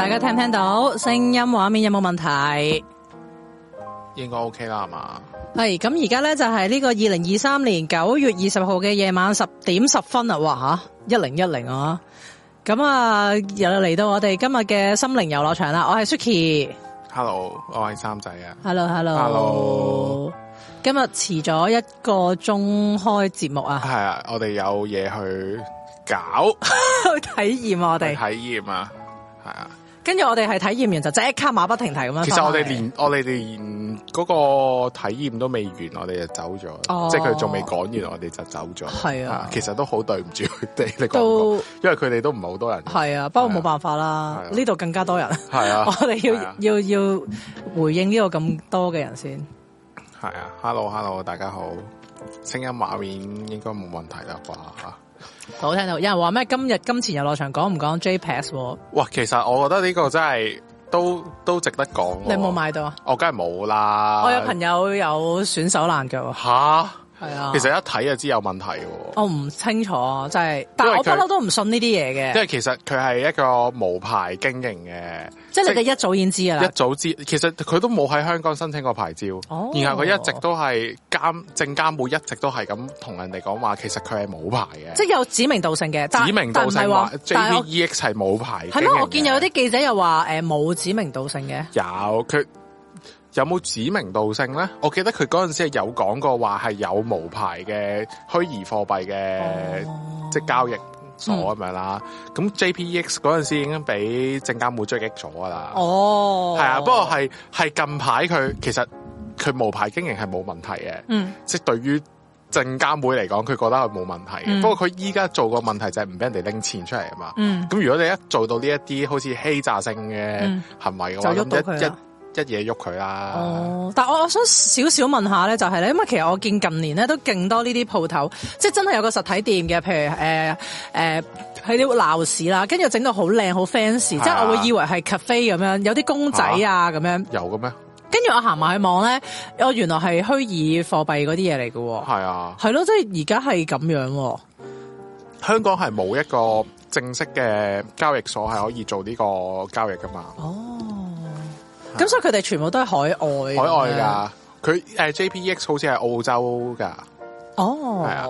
大家聽唔聽到聲音畫面有冇問題？應該 OK 啦，係嘛？係咁，而家咧就係、是、呢個二零二三年九月二十號嘅夜晚十點十分嘩啊！哇吓，一零一零啊！咁啊，又嚟到我哋今日嘅心靈遊樂場啦！我係 Suki，Hello，我係三仔啊！Hello，Hello，Hello！Hello. Hello. 今日遲咗一個鐘開節目啊！係 啊，我哋有嘢去搞，去體驗我哋體驗啊，係啊。跟住我哋係體驗完就即刻馬不停蹄咁樣。其實我哋連我哋哋嗰個體驗都未完，我哋就走咗。Oh. 即係佢仲未講完，我哋就走咗。係啊，其實都好對唔住佢哋。你說說，都因為佢哋都唔係好多人。係啊，不過冇辦法啦。呢度，啊，更加多人。係啊， 我哋要，啊，要要回應呢個咁多嘅人先。係啊，Hello Hello，大家好，聲音畫面應該冇問題啦啩。好聽到，有人話咩今日金錢遊樂場講唔講 JPS 喎？哇、啊，其實我覺得呢個真係都都值得講、啊。你有冇買到啊？我梗係冇啦。我有朋友有損手爛腳喎。吓？係啊，其實一睇就知有問題、啊。我唔清楚，就係，但我不嬲都唔信呢啲嘢嘅。即係其實佢係一個無牌經營嘅。即係你哋一早已知啊。一早知，其實佢都冇喺香港申請過牌照，哦、然後佢一直都係監證監會一直都係咁同人哋講話，其實佢係冇牌嘅。即係有指名道姓嘅，但係唔係話 J B E X 係冇我牌。係咩？我見有啲記者又話誒冇指名道姓嘅。有佢。有冇指名道姓咧？我記得佢嗰陣時有講過話係有無牌嘅虛擬貨幣嘅、哦、即交易所咁樣啦。咁 JPEX 嗰陣時已經俾證監會追擊咗啦。哦，係啊。不過係係近排佢其實佢無牌經營係冇問題嘅。嗯，即對於證監會嚟講，佢覺得係冇問題嘅。嗯、不過佢依家做個問題就係唔俾人哋拎錢出嚟啊嘛。咁、嗯、如果你一做到呢一啲好似欺詐性嘅行為嘅話，嗯、就得一嘢喐佢啦。哦，但係我我想少少問下咧，就係、是、咧，因為其實我見近年咧都勁多呢啲鋪頭，即係真係有個實體店嘅，譬如誒誒喺啲鬧市啦，跟住整到好靚好 fancy，即係我會以為係 cafe 咁樣，有啲公仔啊咁、啊、樣。有嘅咩？跟住我行埋去望咧，我原來係虛擬貨幣嗰啲嘢嚟嘅。係啊。係咯，即係而家係咁樣、哦。香港係冇一個正式嘅交易所係可以做呢個交易噶嘛？哦。咁所以佢哋全部都係海外，海外噶。佢誒、呃、JPEX 好似係澳洲噶，哦、oh.，係啊，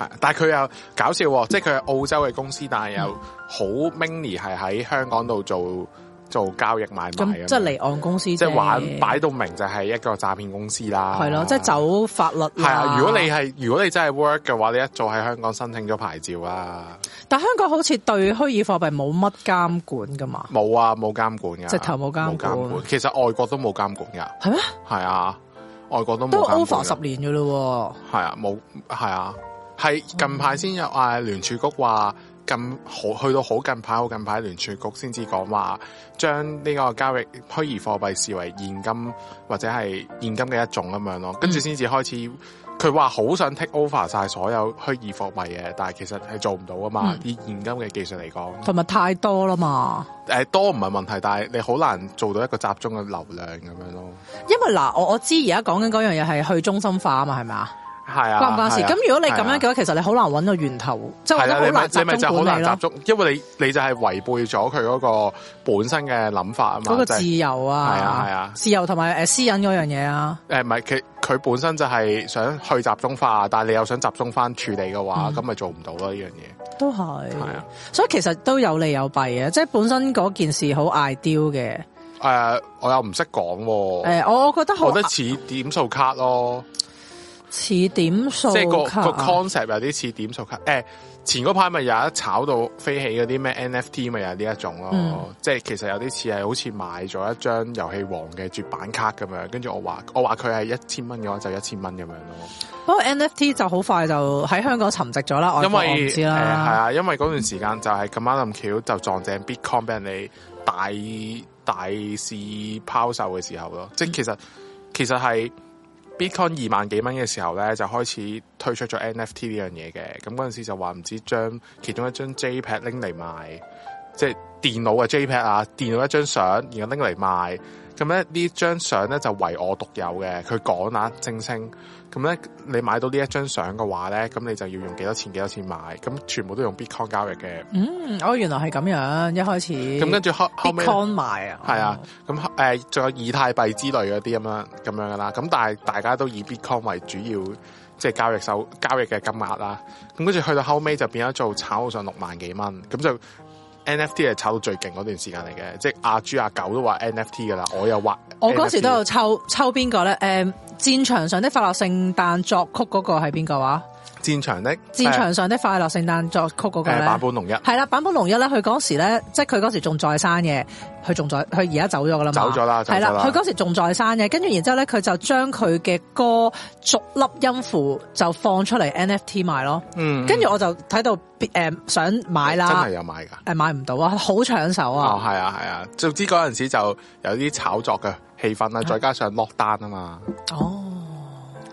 係。但係佢又搞笑，即係佢係澳洲嘅公司，但係又好 mini 係喺香港度做。做交易買賣即係離岸公司，即係玩擺到明就係一個詐騙公司啦。係咯的，的即係走法律。係啊，如果你係如果你真係 work 嘅話，你一早喺香港申請咗牌照啊。但香港好似對虛擬貨幣冇乜監管噶嘛？冇啊，冇監管嘅，直頭冇監，監管。其實外國都冇監管嘅，係咩嗎？係啊，外國都冇。都 over 十年嘅咯，哦。係啊，冇係啊，係近排先有啊，聯儲局話。咁好去到好近排，好近排聯儲局先至講話將呢個交易虛擬貨幣視為現金或者係現金嘅一種咁樣咯，嗯、跟住先至開始。佢話好想 take over 曬所有虛擬貨幣嘅，但係其實係做唔到啊嘛。嗯、以現金嘅技術嚟講，同埋太多啦嘛。誒，多唔係問題，但係你好難做到一個集中嘅流量咁樣咯。因為嗱，我我知而家講緊嗰樣嘢係去中心化啊嘛，係咪啊？係啊，關唔關事？咁如果你咁樣嘅話，其實你好難揾到源頭，即係好難集中管理咯。因為你你就係違背咗佢嗰個本身嘅諗法啊嘛，嗰個自由啊，係啊係啊，自由同埋誒私隱嗰樣嘢啊。誒，唔係佢佢本身就係想去集中化，但係你又想集中翻處理嘅話，咁咪做唔到咯呢樣嘢。都係係啊，所以其實都有利有弊嘅。即係本身嗰件事好 ideal 嘅。誒，我又唔識講。誒，我覺得我覺得似點數卡咯。似點數，即係個個 concept 有啲似點數卡。誒、欸，前嗰排咪有一炒到飛起嗰啲咩 NFT，咪有呢一種咯。嗯、即係其實有啲似係好似買咗一張遊戲王嘅絕版卡咁樣，跟住我話我話佢係一千蚊嘅話就一千蚊咁樣咯。不過 NFT 就好快就喺香港沉寂咗啦，因為唔知啦。係啊，因為嗰段時間就係咁啱咁巧就撞正 Bitcoin 俾、嗯、人哋大大肆拋售嘅時候咯。即係其實其實係。Bitcoin 二萬幾蚊嘅時候咧，就開始推出咗 NFT 呢樣嘢嘅，咁嗰陣時就話唔知將其中一張 JPEG 拎嚟賣，即係電腦嘅 JPEG 啊，電腦一張相，然後拎嚟賣，咁咧呢張相咧就唯我獨有嘅，佢講啊，正清，清。咁咧，你買到呢一張相嘅話咧，咁你就要用幾多錢幾多錢買，咁全部都用 Bitcoin 交易嘅。嗯，哦，原來係咁樣，一開始。咁跟住後後尾，Bitcoin 買來啊。係啊，咁、呃、誒，仲有以太幣之類嗰啲咁樣咁樣噶啦。咁但係大家都以 Bitcoin 為主要即係、就是、交易手交易嘅金額啦。咁跟住去到後尾，就變咗做炒上六萬幾蚊，咁就。NFT 係炒到最勁嗰段時間嚟嘅，即係阿豬阿狗都話 NFT 噶啦，我又話我嗰時都有抽抽邊個咧？誒、呃，戰場上的快樂聖誕作曲嗰個係邊個話？戰場的戰場上的快樂聖誕作曲嗰個版本龍一係啦，版本龍一咧，佢嗰時咧，即係佢嗰時仲在生嘅，佢仲在，佢而家走咗啦嘛，走咗啦，係啦，佢嗰時仲在生嘅，跟住然之後咧，佢就將佢嘅歌逐粒音符就放出嚟 NFT 賣咯，跟住、嗯、我就睇到誒、呃、想買啦、啊，真係有買噶，誒、呃、買唔到啊，好搶手啊，哦係啊係啊，啊，總之嗰陣時就有啲炒作嘅氣氛啦，啊、再加上落單啊嘛，哦。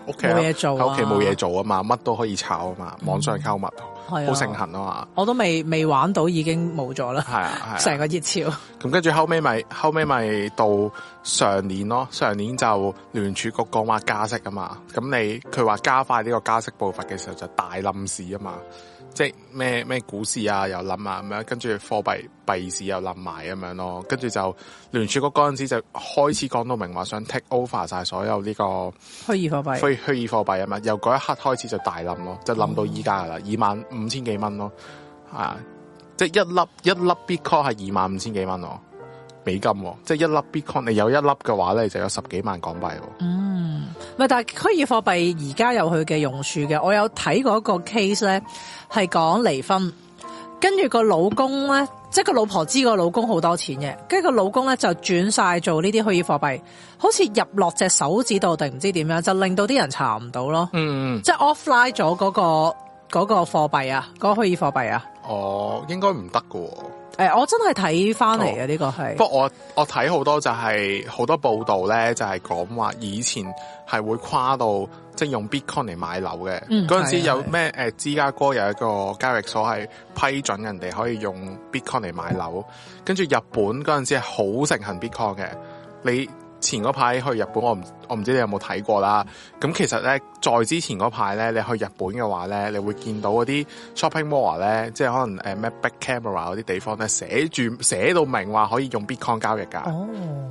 屋企冇嘢做，屋企冇嘢做啊做嘛，乜都可以炒啊嘛，嗯、網上購物好、啊、盛行啊嘛。我都未未玩到，已經冇咗啦。係啊，成、啊、個熱潮。 咁跟住後尾咪後尾咪到上年咯，上年就聯儲局講話加息啊嘛，咁你佢話加快呢個加息步伐嘅時候就大冧市啊嘛。即係咩咩股市啊又冧啊咁樣，跟住貨幣幣市又冧埋咁樣咯，跟住就聯儲局嗰陣時就開始講到明話想 take over 晒所有呢、這個虛擬貨幣虛虛擬貨幣啊嘛，由嗰一刻開始就大冧咯，嗯、就冧到依家噶啦，二萬五千幾蚊咯，嗯、啊，即係一粒一粒 Bitcoin 係二萬五千幾蚊咯。美金喎，哦，即係一粒 Bitcoin，你有一粒嘅話咧，就有十幾萬港幣，哦。嗯，唔係，但係虛擬貨幣而家有佢嘅用處嘅。我有睇過一個 case 咧，係講離婚，跟住個老公咧，即係個老婆知個老公好多錢嘅，跟住個老公咧就轉晒做呢啲虛擬貨幣，好似入落隻手指度定唔知點樣，就令到啲人查唔到咯。嗯、嗯，即係 offline 咗嗰個嗰個貨幣啊，嗰個虛擬貨幣啊。哦，應該唔得嘅。誒、欸，我真係睇翻嚟嘅呢個係。不過我我睇好多就係、是、好多報道咧，就係講話以前係會跨到即係、就是、用 Bitcoin 嚟買樓嘅。嗰陣、嗯、時有咩誒芝加哥有一個交易所係批准人哋可以用 Bitcoin 嚟買樓，跟住、嗯、日本嗰陣時係好盛行 Bitcoin 嘅。你前嗰排去日本，我唔我唔知你有冇睇過啦。咁、嗯、其實咧，在之前嗰排咧，你去日本嘅話咧，你會見到嗰啲 shopping mall 咧，即係可能誒咩 Big Camera 嗰啲地方咧，寫住寫到明話可以用 Bitcoin 交易㗎。哦，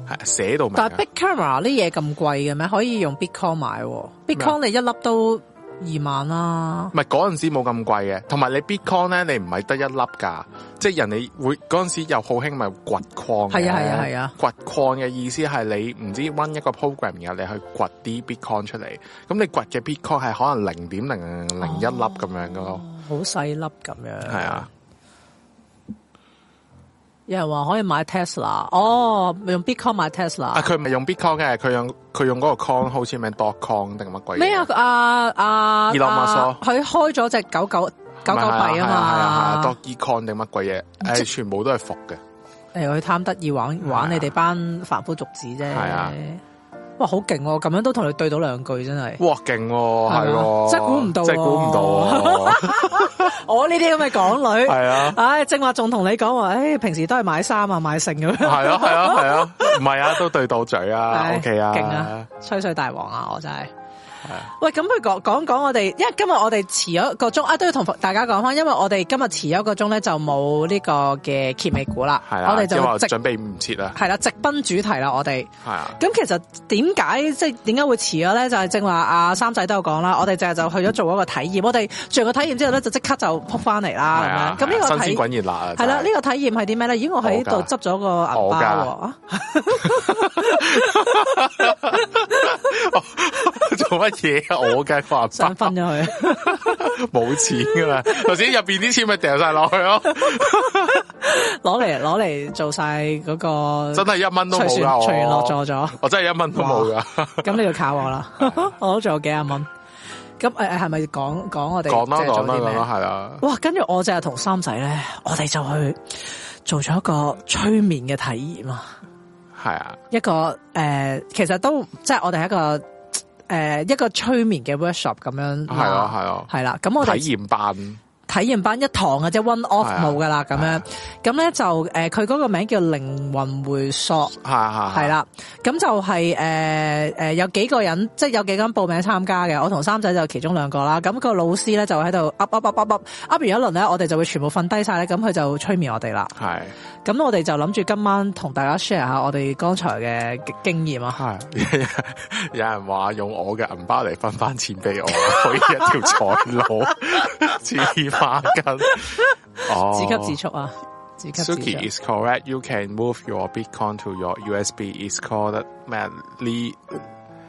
係，寫到明。但係 Big Camera 啲嘢咁貴嘅咩？可以用 Bitcoin 買、嗯、？Bitcoin 你一粒都。二萬啦、啊，唔係嗰陣時冇咁貴嘅，同埋你 bitcoin 咧，你唔係得一粒噶，即係人哋會嗰陣時又好興咪掘礦，係啊係啊係啊，掘、啊啊、礦嘅意思係你唔知 run 一個 program，然後你去掘啲 bitcoin 出嚟，咁你掘嘅 bitcoin 係可能零點零零一粒咁樣嘅、那、咯、個，好細粒咁樣，係啊。有人話可以買 Tesla，哦，oh, 用 Bitcoin 買 Tesla、啊啊。啊，佢唔係用 Bitcoin 嘅，佢用佢用嗰個 Coin，好似名 dogcoin 定乜鬼？咩啊？啊、e、啊！伊朗馬索，佢開咗隻狗狗狗狗幣啊嘛，係啊，啊 dogecon 定乜鬼嘢？係、嗯、全部都係伏嘅。誒、欸，我去貪得意玩玩你哋班凡夫俗子啫。係啊。哇，好勁喎！咁樣都同你對到兩句，真係。哇，勁喎！係咯、啊。真係估唔到、啊。真係估唔到、啊。 我呢啲咁嘅港女，係啊。唉，正話仲同你講話，唉，平時都係買衫啊，買剩咁樣。係 啊，係啊，係啊，唔係啊，都對到嘴啊。唉 o、okay、K 啊，勁啊，吹水大王啊，我真係。喂，咁佢講講講我哋，因為今日我哋遲咗個鐘，啊都要同大家講翻，因為我哋今日遲咗個鐘咧就冇呢個嘅揭尾故啦。係的我哋就直準備唔切啦。係啦，直奔主題啦，我哋係啊。咁的其實點解即係點解會遲咗咧？就係正話阿三仔都有講啦。我哋就係就去咗做一個體驗。我哋做個體驗之後咧，就即刻就撲翻嚟啦。咁樣呢個新鮮滾熱辣係啦。呢吧的個體驗係啲咩咧？咦，這個，我喺度執咗個銀包，做嘢我嘅罰分分咗去，冇錢噶啦，頭先入邊啲錢咪掉晒落去咯，攞嚟攞嚟做晒嗰個，真係一蚊都冇落咗咗！我真係一蚊都冇噶。咁你要靠我啦 吧，我都仲有幾廿蚊。咁誒係咪講講我哋講啦講啦係啦。啊、哇，跟住我就係同三仔咧，我哋就去做咗一個催眠嘅體驗啊。係啊，一個誒、呃，其實都即係我哋一個。誒一個催眠嘅 workshop 咁樣，係啊係啊，係 啦，咁的我體驗班。體驗班一堂一 off, 啊，即 one off 冇噶啦，咁樣咁咧就誒，佢嗰個名叫靈魂回溯，係係係啦，咁就係誒誒有幾個人，即係有幾個人報名參加嘅，我同三仔就其中兩個啦。咁個老師咧就喺度噏噏噏噏噏，噏完一輪咧，我哋就會全部瞓低晒咧，咁佢就催眠我哋啦。係，咁我哋就諗住今晚同大家 share 下我哋剛才嘅經驗啊。係、yes, 啊，有人話用我嘅銀包嚟，分翻錢俾我，可以一條財路，孖筋，自給自足啊！自給自足，Suki is correct. You can move your bitcoin to your USB. Is called 咩 l e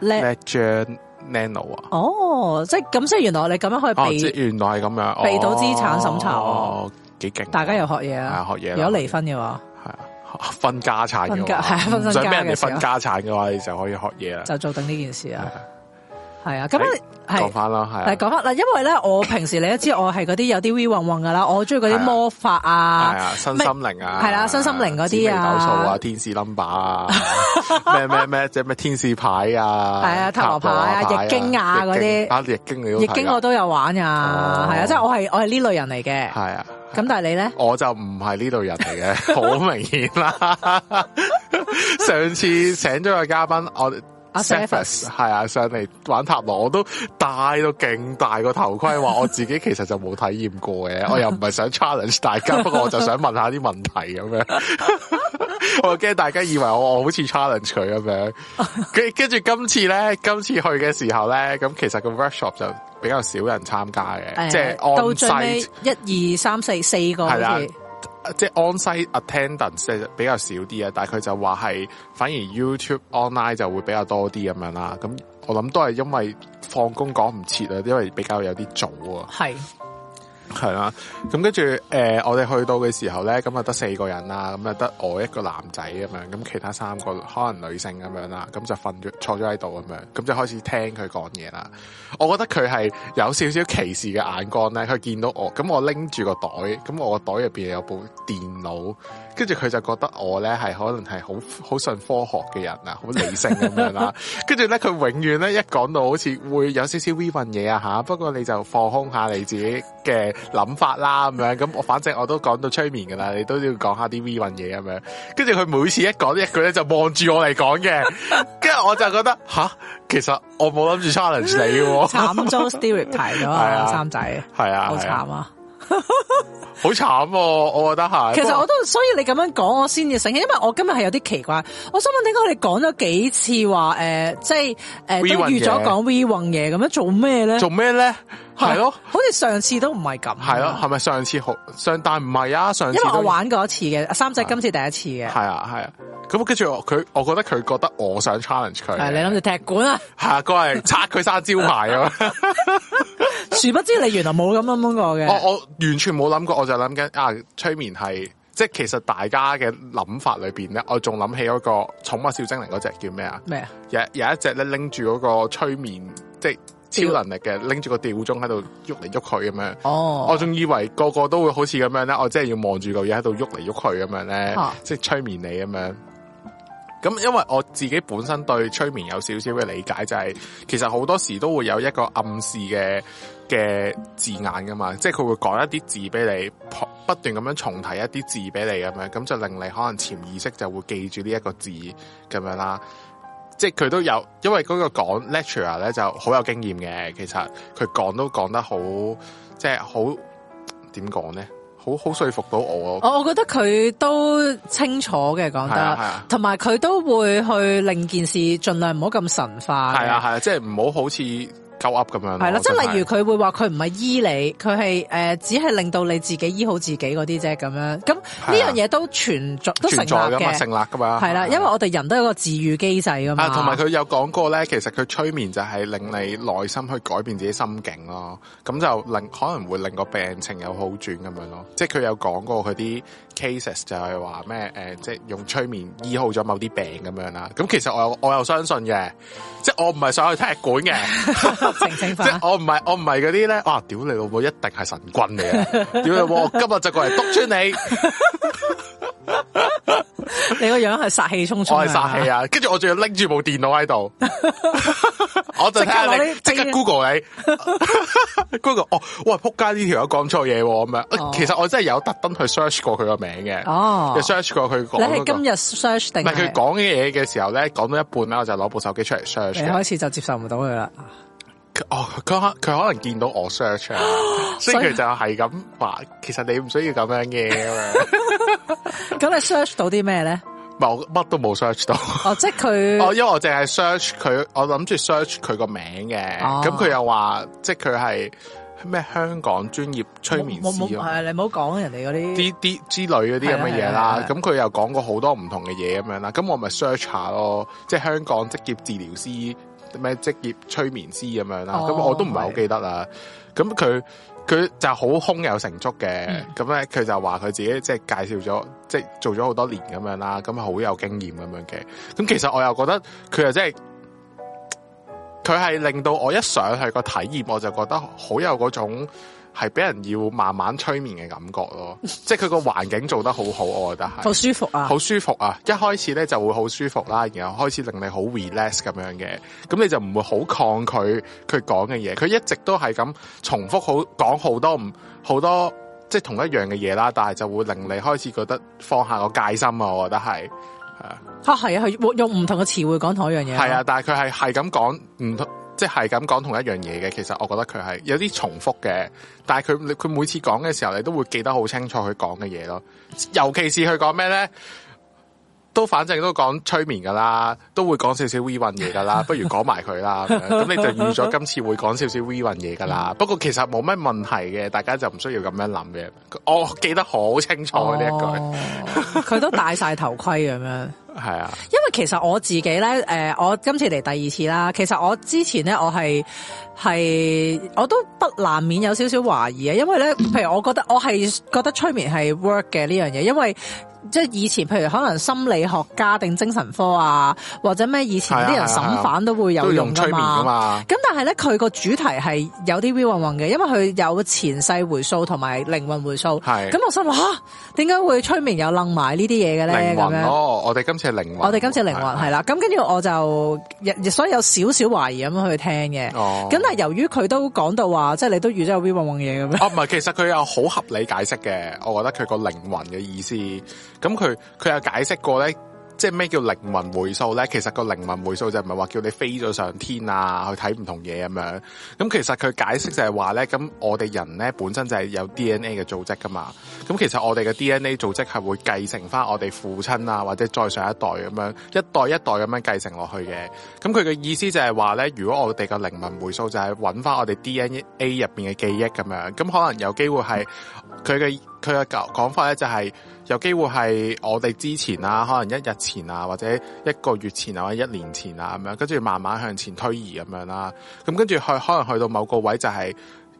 Ledger Nano 啊？哦，即係咁，即係原來你咁樣可以避，即原來係咁樣避到資產審查哦，幾勁！大家又學嘢啊，學嘢。如果離婚嘅話，係啊，分家產嘅話，係俾人哋分家產嘅話，你就可以學嘢啦。就做定呢件事啊！係啊，咁講翻啦，係，講翻嗱，因為咧，我平時你都知，我係嗰啲有啲 V 運運噶啦，我中意嗰啲魔法啊，係啊，新心靈啊，係啦，新心靈嗰啲啊，天使 number 啊，咩咩咩，即係咩天使牌啊，係啊，塔羅牌啊，易經啊嗰啲啊，易經你，易經我都有玩啊。係啊，即係我係我係呢類人嚟嘅，係啊，咁但係你咧，我就唔係呢類人嚟嘅，好明顯啦，上次請咗個嘉賓我。阿 Surface 係啊，Set first, 啊上嚟玩塔羅我都戴到勁大個頭盔，話 我自己其實就冇體驗過嘅，我又唔係想 challenge 大家，不過我就想問下啲問，問題咁樣， 我驚大家以為我，我好似 challenge 佢咁樣。跟跟住今次咧，今次去嘅時候咧，咁其實個 workshop 就比較少人參加嘅，即係 on site 一二三四四個係啦、啊。即係 onsite attendance 比較少啲啊，但係佢就話係反而 YouTube online 就會比較多啲咁樣啦。咁我諗都係因為放工趕唔切啊，因為比較有啲早啊。係。係啦，咁跟住，誒、呃，我哋去到嘅時候咧，咁啊得四個人啦，咁啊得我一個男仔咁樣，咁其他三個可能女性咁樣啦，咁就瞓咗坐咗喺度咁樣，咁就開始聽佢講嘢啦。我覺得佢係有少少歧視嘅眼光咧，佢見到我，咁我拎住個袋，咁我個袋入邊有部電腦。跟住佢就覺得我咧係可能係好好信科學嘅人啊，好理性咁樣啦。跟住咧佢永遠咧一講到好似會有少少 V 運嘢啊嚇，不過你就放空下你自己嘅諗法啦咁樣。咁我反正我都講到催眠噶啦，你都要講下啲 V 運嘢咁樣。跟住佢每次一講咧一句咧就望住我嚟講嘅，跟住我就覺得吓，其實我冇諗住 challenge 你嘅，慘遭 setup 睇咗啊，三仔，係啊，好慘啊！好 慘、 啊，我覺得係。其實我，我都，所以你咁樣講，我先至醒，醒，起，因為我今日係有啲奇怪。我想問你，我哋講咗幾次話，誒、呃，即係誒、呃、都預咗講 V1 嘢咁樣做咩咧？做咩咧？係咯，噢 好似上次都唔係咁。係咯，係咪上次好上？但唔係啊，上次因為我玩過一次嘅，三仔今次第一次嘅。係啊，係啊。咁跟住我，佢，我覺得佢覺得我想 challenge 佢。係你諗住踢館啊？吓，哥係拆佢生招牌啊！ 殊不知你原來冇咁諗過嘅。 我我完全冇諗過，我就諗緊啊！催眠係，即係其實大家嘅諗法裏邊咧，我仲諗起嗰個寵物小精靈嗰隻叫咩啊？咩啊麼？有有一隻咧拎住嗰個催眠，即係超能力嘅，拎住跳個吊鐘喺度喐嚟喐去咁樣。哦。我仲以為個個都會好似咁樣咧，我真係要望住個嘢喺度喐嚟喐去咁樣咧，啊、即係催眠你咁樣。咁、嗯、因為我自己本身對催眠有少少嘅理解、就是，就係其實好多時都會有一個暗示嘅。嘅字眼噶嘛，即係佢會講一啲字俾你，不斷咁樣重提一啲字俾你咁樣，咁就令你可能潛意識就會記住呢一個字咁樣啦。即係佢都有，因為嗰個講 lecture 咧就好有經驗嘅，其實佢講都講得好，即係好點講咧，好好說服到我。我我覺得佢都清楚嘅講得，係啊，同埋佢都會去令件事盡量唔好咁神化。係啊係啊，即係唔好好似。up 咁樣，係啦了，即係例如佢會話佢唔係醫你，佢係誒只係令到你自己醫好自己嗰啲啫咁樣。咁呢樣嘢了都存在，都存在嘅，成立噶嘛？係啦了，了因為我哋人都有個自愈機制噶嘛。啊，同埋佢有講過咧，其實佢催眠就係令你內心去改變自己心境咯。咁就令可能會令個病情有好轉咁樣咯。即係佢有講過佢啲 cases 就係話咩誒，即係用催眠醫好咗某啲病咁樣啦。咁其實我又我又相信嘅，即係我唔係上去踢館嘅。 即我唔係我唔係嗰啲咧，哇屌你老母一定係神棍嚟嘅。屌你老母，今日就過嚟督穿你，你個樣係殺氣冲沖，我係殺氣啊！跟住我仲要拎住部電腦喺度，我就睇下即刻 Google 你 Google 哦，哇仆街呢條友講錯嘢咁樣，其實我真係有特登去 search 過佢個名嘅，哦，search 過佢，你係今日 search 定唔係佢講嘅嘢嘅時候咧，講到一半咧，我就攞部手機出嚟 search，你開始就接受唔到佢啦。哦，佢可佢可能見到我 search 啊， 所以佢就係咁話，其實你唔需要咁樣嘅。咁 你 search 到啲咩咧？我乜都冇 search 到。哦，即係佢。哦，因為我淨係 search 佢，我諗住 search 佢個名嘅。咁佢、哦、又話，即係佢係咩香港專業催眠師。誒，你唔好講人哋嗰啲啲啲之類嗰啲咁嘅嘢啦。咁佢、啊啊啊、又講過好多唔同嘅嘢咁樣啦。咁我咪 search 下咯，即係、就是、香港職業治療師。咩職業催眠師咁樣啦，咁、哦、我都唔係好記得啦。咁佢佢就好胸有成竹嘅，咁咧佢就話佢自己即係介紹咗，即、就、係、是、做咗好多年咁樣啦，咁係好有經驗咁樣嘅。咁其實我又覺得佢又即係，佢係令到我一上去個體驗，我就覺得好有嗰種。係俾人要慢慢催眠嘅感覺咯， 即係佢個環境做得好好，我覺得係好舒服啊，好舒服啊！一開始咧就會好舒服啦，然後開始令你好 relax 咁樣嘅，咁你就唔會好抗拒佢講嘅嘢，佢一直都係咁重複好講好多唔好多即係同一樣嘅嘢啦，但係就會令你開始覺得放下個戒心啊，我覺得係啊，係啊，係用唔同嘅詞彙講同一樣嘢，係 啊，但係佢係係咁講唔同。即係咁講同一樣嘢嘅，其實我覺得佢係有啲重複嘅，但係佢佢每次講嘅時候，你都會記得好清楚佢講嘅嘢咯。尤其是佢講咩咧，都反正都講催眠噶啦，都會講少少 we 嘢噶啦，不如講埋佢啦。咁 你就預咗今次會講少少 we 嘢噶啦。 不過其實冇咩問題嘅，大家就唔需要咁樣諗嘅。我、哦、記得好清楚呢一句、哦，佢 都戴晒頭盔咁樣。係啊，因為其實我自己咧，誒、呃，我今次嚟第二次啦。其實我之前咧，我係係我都不難免有少少懷疑啊。因為咧，譬如我覺得我係覺得催眠係 work 嘅呢樣嘢，因為即係以前譬如可能心理學家定精神科啊，或者咩以前啲人審犯都會有用、啊啊啊、會用催眠噶嘛。咁但係咧，佢個主題係有啲虛晃晃嘅，因為佢有前世回溯同埋靈魂回溯。係咁是，我心諗，點、啊、解會催眠有掕埋呢啲嘢嘅咧？靈魂咯、哦，我哋今次。靈魂我哋今次靈魂係啦，咁跟住我就，所以有少少懷疑咁樣去聽嘅。哦，咁但係由於佢都講到話，即係你都遇咗有 view 望嘢咁樣。哦，唔係，其實佢有好合理解釋嘅。我覺得佢個靈魂嘅意思，咁佢佢有解釋過咧。即係咩叫靈魂回溯咧？其實個靈魂回溯就唔係話叫你飛咗上天啊，去睇唔同嘢咁樣。咁、嗯、其實佢解釋就係話咧，咁我哋人咧本身就係有 D N A 嘅組織㗎嘛。咁、嗯、其實我哋嘅 D N A 組織係會繼承返我哋父親啊，或者再上一代咁樣，一代一代咁樣繼承落去嘅。咁佢嘅意思就係話咧，如果我哋個靈魂回溯就係揾返我哋 D N A 入邊嘅記憶咁樣，咁、嗯、可能有機會係佢嘅佢嘅講法咧就係、是。有機會係我哋之前啦、啊，可能一日前啊，或者一個月前啊，或者一年前啊咁樣，跟住慢慢向前推移咁樣啦、啊。咁跟住去，可能去到某個位就係、是、誒、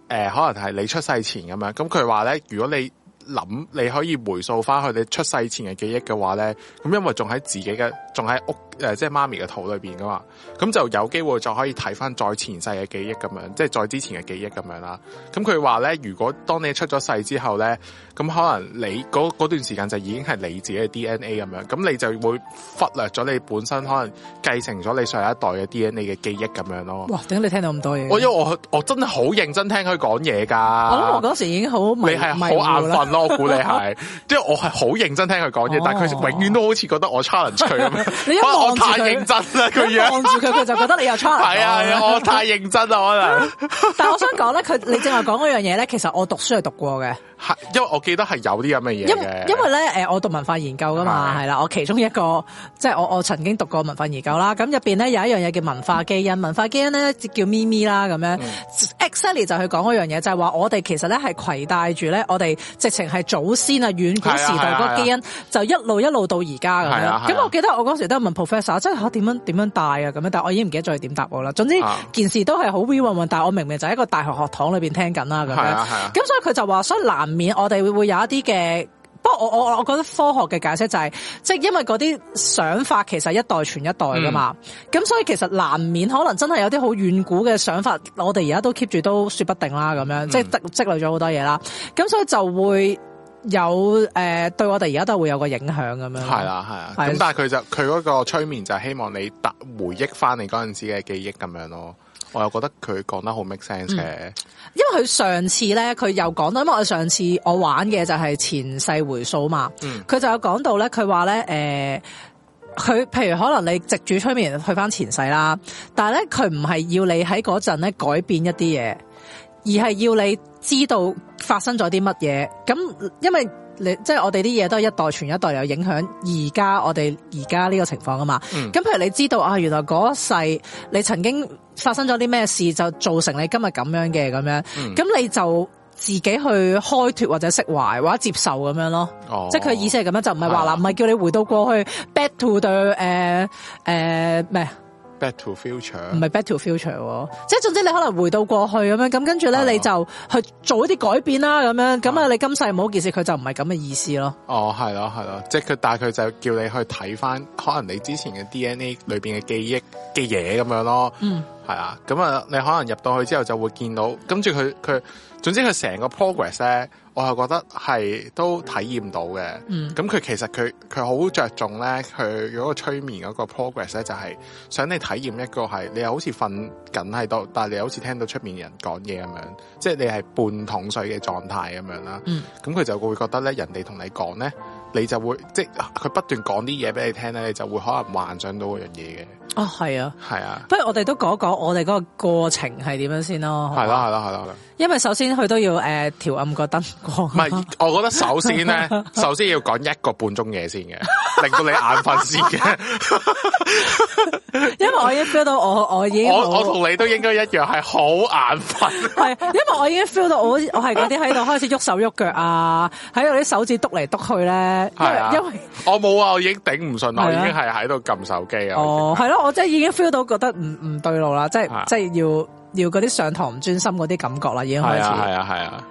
呃，可能係你出世前咁樣。咁佢話咧，如果你諗你可以回溯翻佢哋出世前嘅記憶嘅話咧，咁因為仲喺自己嘅，仲喺屋誒、呃，即係媽咪嘅肚裏邊噶嘛，咁就有機會就可以睇翻再前世嘅記憶咁樣，即係再之前嘅記憶咁樣啦。咁佢話咧，如果當你出咗世之後咧，咁可能你嗰段時間就已經係你自己嘅 DNA 咁樣，咁你就會忽略咗你本身可能繼承咗你上一代嘅 DNA 嘅記憶咁樣咯。哇！點解你聽到咁多嘢？我因為我我真係好認真聽佢講嘢噶。我諗我嗰時已經好你係好眼瞓咯。 我估你係，即係我係好認真聽佢講嘢，但係佢永遠都好似覺得我差人 a 咁樣。因為我太認真啦，佢樣住佢，佢 就覺得你又 c h a l 係啊，我太認真啦，可能。 但係我想講咧，佢你正話講嗰樣嘢咧，其實我讀書係讀過嘅。係，因為我記得係有啲咁嘅嘢嘅。因為咧，誒，我讀文化研究噶嘛，係啦， 我其中一個即係、就是、我我曾經讀過文化研究啦。咁入邊咧有一樣嘢叫文化基因， 文化基因咧叫咪咪啦咁樣。e x c e l y 就去講嗰樣嘢，就係、是、話我哋其實咧係攜帶住咧，我哋直。係祖先啊，遠古時代嗰基因、啊啊啊、就一路一路到而家咁樣。咁、啊啊、我記得我嗰時都問 Professor，即係吓點樣點樣帶啊咁樣，樣啊、但係我已經唔記得再點答我啦。總之、啊、件事都係好 real one one 但係我明明就喺個大學學堂裏邊聽緊啦咁樣。咁、啊啊、所以佢就話，所以難免我哋會會有一啲嘅。我我我覺得科學嘅解釋就係、是，即係因為嗰啲想法其實一代傳一代噶嘛，咁、嗯、所以其實難免可能真係有啲好遠古嘅想法，我哋而家都 keep 住都説不定啦咁樣，嗯、即係積累咗好多嘢啦，咁所以就會有誒、呃、對我哋而家都會有個影響咁樣。係啦，係啊，咁、啊、是但係佢就佢嗰個催眠就係希望你回憶翻你嗰陣時嘅記憶咁樣咯，我又覺得佢講得好 make sense。因為佢上次咧，佢又講到，因為我上次我玩嘅就係前世回溯嘛，佢、嗯、就有講到咧，佢話咧，誒、呃，佢譬如可能你藉住催眠去返前世啦，但係咧佢唔係要你喺嗰陣咧改變一啲嘢，而係要你知道發生咗啲乜嘢。咁因為你即係、就是、我哋啲嘢都係一代傳一代，又影響而家我哋而家呢個情況啊嘛。咁、嗯、譬如你知道啊，原來嗰世你曾經。發生咗啲咩事，就造成你今日咁樣嘅，咁樣，咁、嗯、你就自己去開脫或者釋懷或者接受咁樣咯。哦，即係佢意思係咁樣，就唔係話嗱，唔係、啊、叫你回到過去。Back to 對，誒誒咩？Back to future？唔係 Back to future，哦、即係總之你可能回到過去咁樣，咁跟住咧、uh huh. 你就去做一啲改變啦，咁樣咁啊，uh huh. 你今世冇件事，佢就唔係咁嘅意思咯。哦、oh，係咯，係咯，即係佢，但係佢就叫你去睇翻可能你之前嘅 DNA 裏邊嘅記憶嘅嘢，咁樣咯。嗯、mm.，係啊，咁啊，你可能入到去之後就會見到，跟住佢佢，總之佢成個 progress 咧。我係覺得係都體驗到嘅，咁佢、嗯、其實佢佢好着重咧，佢嗰個催眠嗰個 progress 咧，就係、是、想你體驗一個係你，你又好似瞓緊喺度，但係你又好似聽到出面人講嘢咁樣，即係你係半桶水嘅狀態咁樣啦。咁佢、嗯、就會覺得咧，人哋同你講咧，你就會即係佢不斷講啲嘢俾你聽咧，你就會可能幻想到嗰樣嘢嘅。哦，係啊、oh，係啊的，不如我哋都講一講我哋嗰個過程係點樣先咯。係啦，係啦，係啦，因為首先佢都要誒調暗個燈光。唔係，我覺得首先咧， 首先要講一個半鐘嘢先嘅，令到你眼瞓先嘅。因為我已經 feel 到我我已經我我同你都應該一樣係好眼瞓。係，因為我已經 feel 到我我係嗰啲喺度開始喐手喐腳啊，喺度啲手指篤嚟篤去咧。係啊，因為我冇啊，我已經頂唔順，對我已經係喺度撳手機啊。哦、oh，係咯。我真係已經 feel 到覺得唔唔對路啦，即係是、啊、即係要要嗰啲上堂唔專心嗰啲感覺啦，已經開始。係啊係啊係啊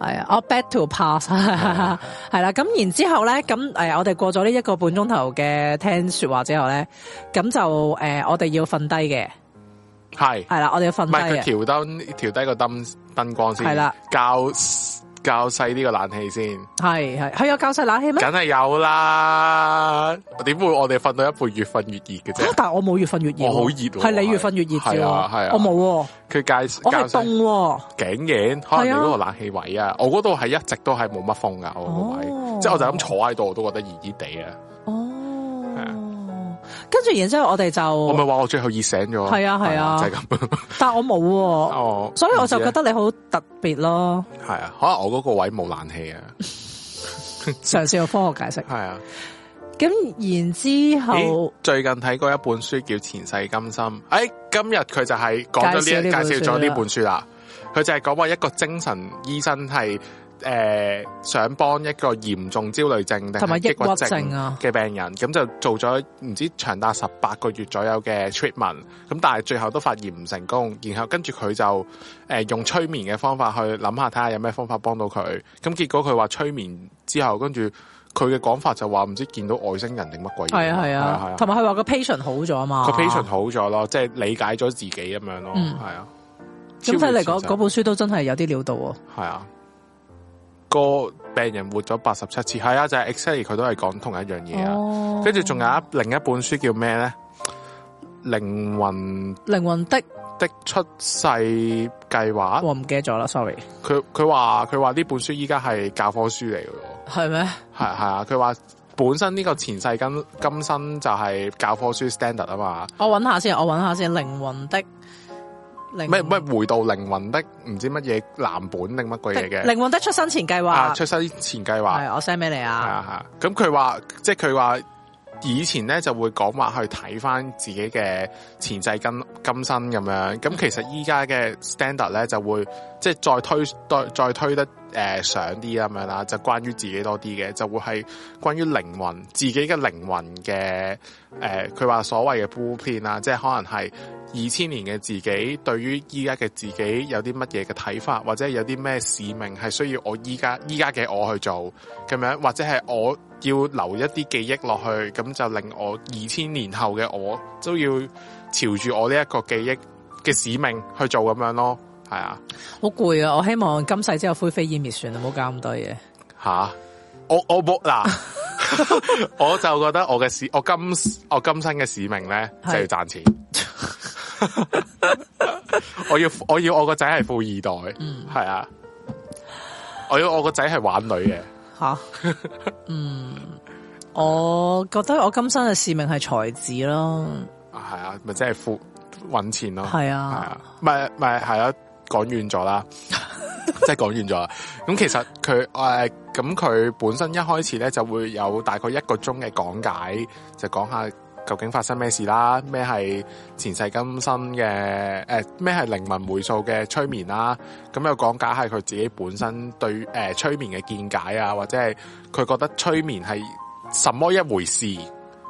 係啊，I bad to pass、 啊。係啦、啊，咁然之後咧，咁誒、哎，我哋過咗呢一個半鐘頭嘅聽說話之後咧，咁就誒、呃，我哋要瞓低嘅。係係啦，我哋要瞓低。唔係，調燈調低個燈燈光先。係啦、啊，較。較細呢個冷氣先，係係係有較細冷氣咩？梗係有啦。點會我哋瞓到一半越瞓越熱嘅啫？但係我冇越瞓越熱，我好熱，係你越瞓越熱，係啊係啊，啊我冇。佢介我凍，竟然可能你嗰個冷氣位啊，我嗰度係一直都係冇乜風噶、哦，我個位，即係我就咁坐喺度，我都覺得熱熱地啊。跟住然之後我哋就我咪話我最後熱醒咗，係啊係啊，就係咁。啊啊、但係我冇、啊，哦、啊，所以我就覺得你好特別咯。係啊，可能我嗰個位冇冷氣啊。嘗試用科學解釋，係啊。咁然之後最近睇過一本書叫《前世今生》，誒，今日佢就係講咗呢，介紹咗呢本書啦。佢就係講話一個精神醫生係。誒、呃，想幫一個嚴重焦慮症定係抑鬱症啊嘅病人，咁、啊、就做咗唔知長達十八個月左右嘅 treatment，咁但係最後都發現唔成功，然後跟住佢就誒、呃、用催眠嘅方法去諗下，睇下有咩方法幫到佢，咁結果佢話催眠之後，跟住佢嘅講法就話唔知見到外星人定乜鬼嘢，係啊係啊係啊，同埋佢話個 patient 好咗啊嘛，個 patient 好咗咯，即係理解咗自己咁樣咯，係、嗯、啊，整體嚟講嗰本書都真係有啲料到，係啊。 個病人活咗八十七次，係啊，就係 exactly 佢都係講同一樣嘢啊。跟住仲有一另一本書叫咩咧？靈魂靈魂的的出世計劃，我唔記得咗啦，sorry。佢佢話佢話呢本書依家係教科書嚟嘅，係咩？係係啊，佢話本身呢個前世今，今生就係教科書 standard 啊嘛。我揾下先，我揾下先，靈魂的。咩咩回到靈魂的唔知乜嘢藍本定乜鬼嘢嘅靈魂的出生前計劃啊，出生前計劃係我 send 俾你啊，係啊，係啊。咁佢話即係佢話。以前咧就會講話去睇返自己嘅前世、今今生咁樣，咁其實依家嘅 standard 咧就會即係再推多再，再推得誒、呃、上啲咁樣啦，就關於自己多啲嘅，就會係關於靈魂自己嘅靈魂嘅誒，佢、呃、話所謂嘅 blueprint 啊，即係可能係二千年嘅自己對於依家嘅自己有啲乜嘢嘅睇法，或者有啲咩使命係需要我依家依家嘅我去做咁樣，或者係我。要留一啲記憶落去，咁就令我二千年後嘅我都要朝住我呢一個記憶嘅使命去做咁樣咯，係啊，好攰啊！我希望今世之後灰飛煙滅算啦，唔好搞咁多嘢吓，我我嗱，我就覺得我嘅使，我今我今生嘅使命咧，是就係要賺錢 我要，我要我要我個仔係富二代，嗯，係啊，我要我個仔係玩女嘅。吓， 嗯，我覺得我今生嘅使命係才子咯，係啊，咪即係富搵錢咯，係啊，係啊，咪咪係咯，講遠咗啦，啊、 即係講完咗啦，咁、嗯、其實佢誒，咁、呃、佢、嗯、本身一開始咧就會有大概一個鐘嘅講解，就講下。究竟發生咩事啦？咩係前世今生嘅？誒咩係靈魂回溯嘅催眠啦、啊？咁又講解係佢自己本身對誒、呃、催眠嘅見解啊，或者係佢覺得催眠係什麼一回事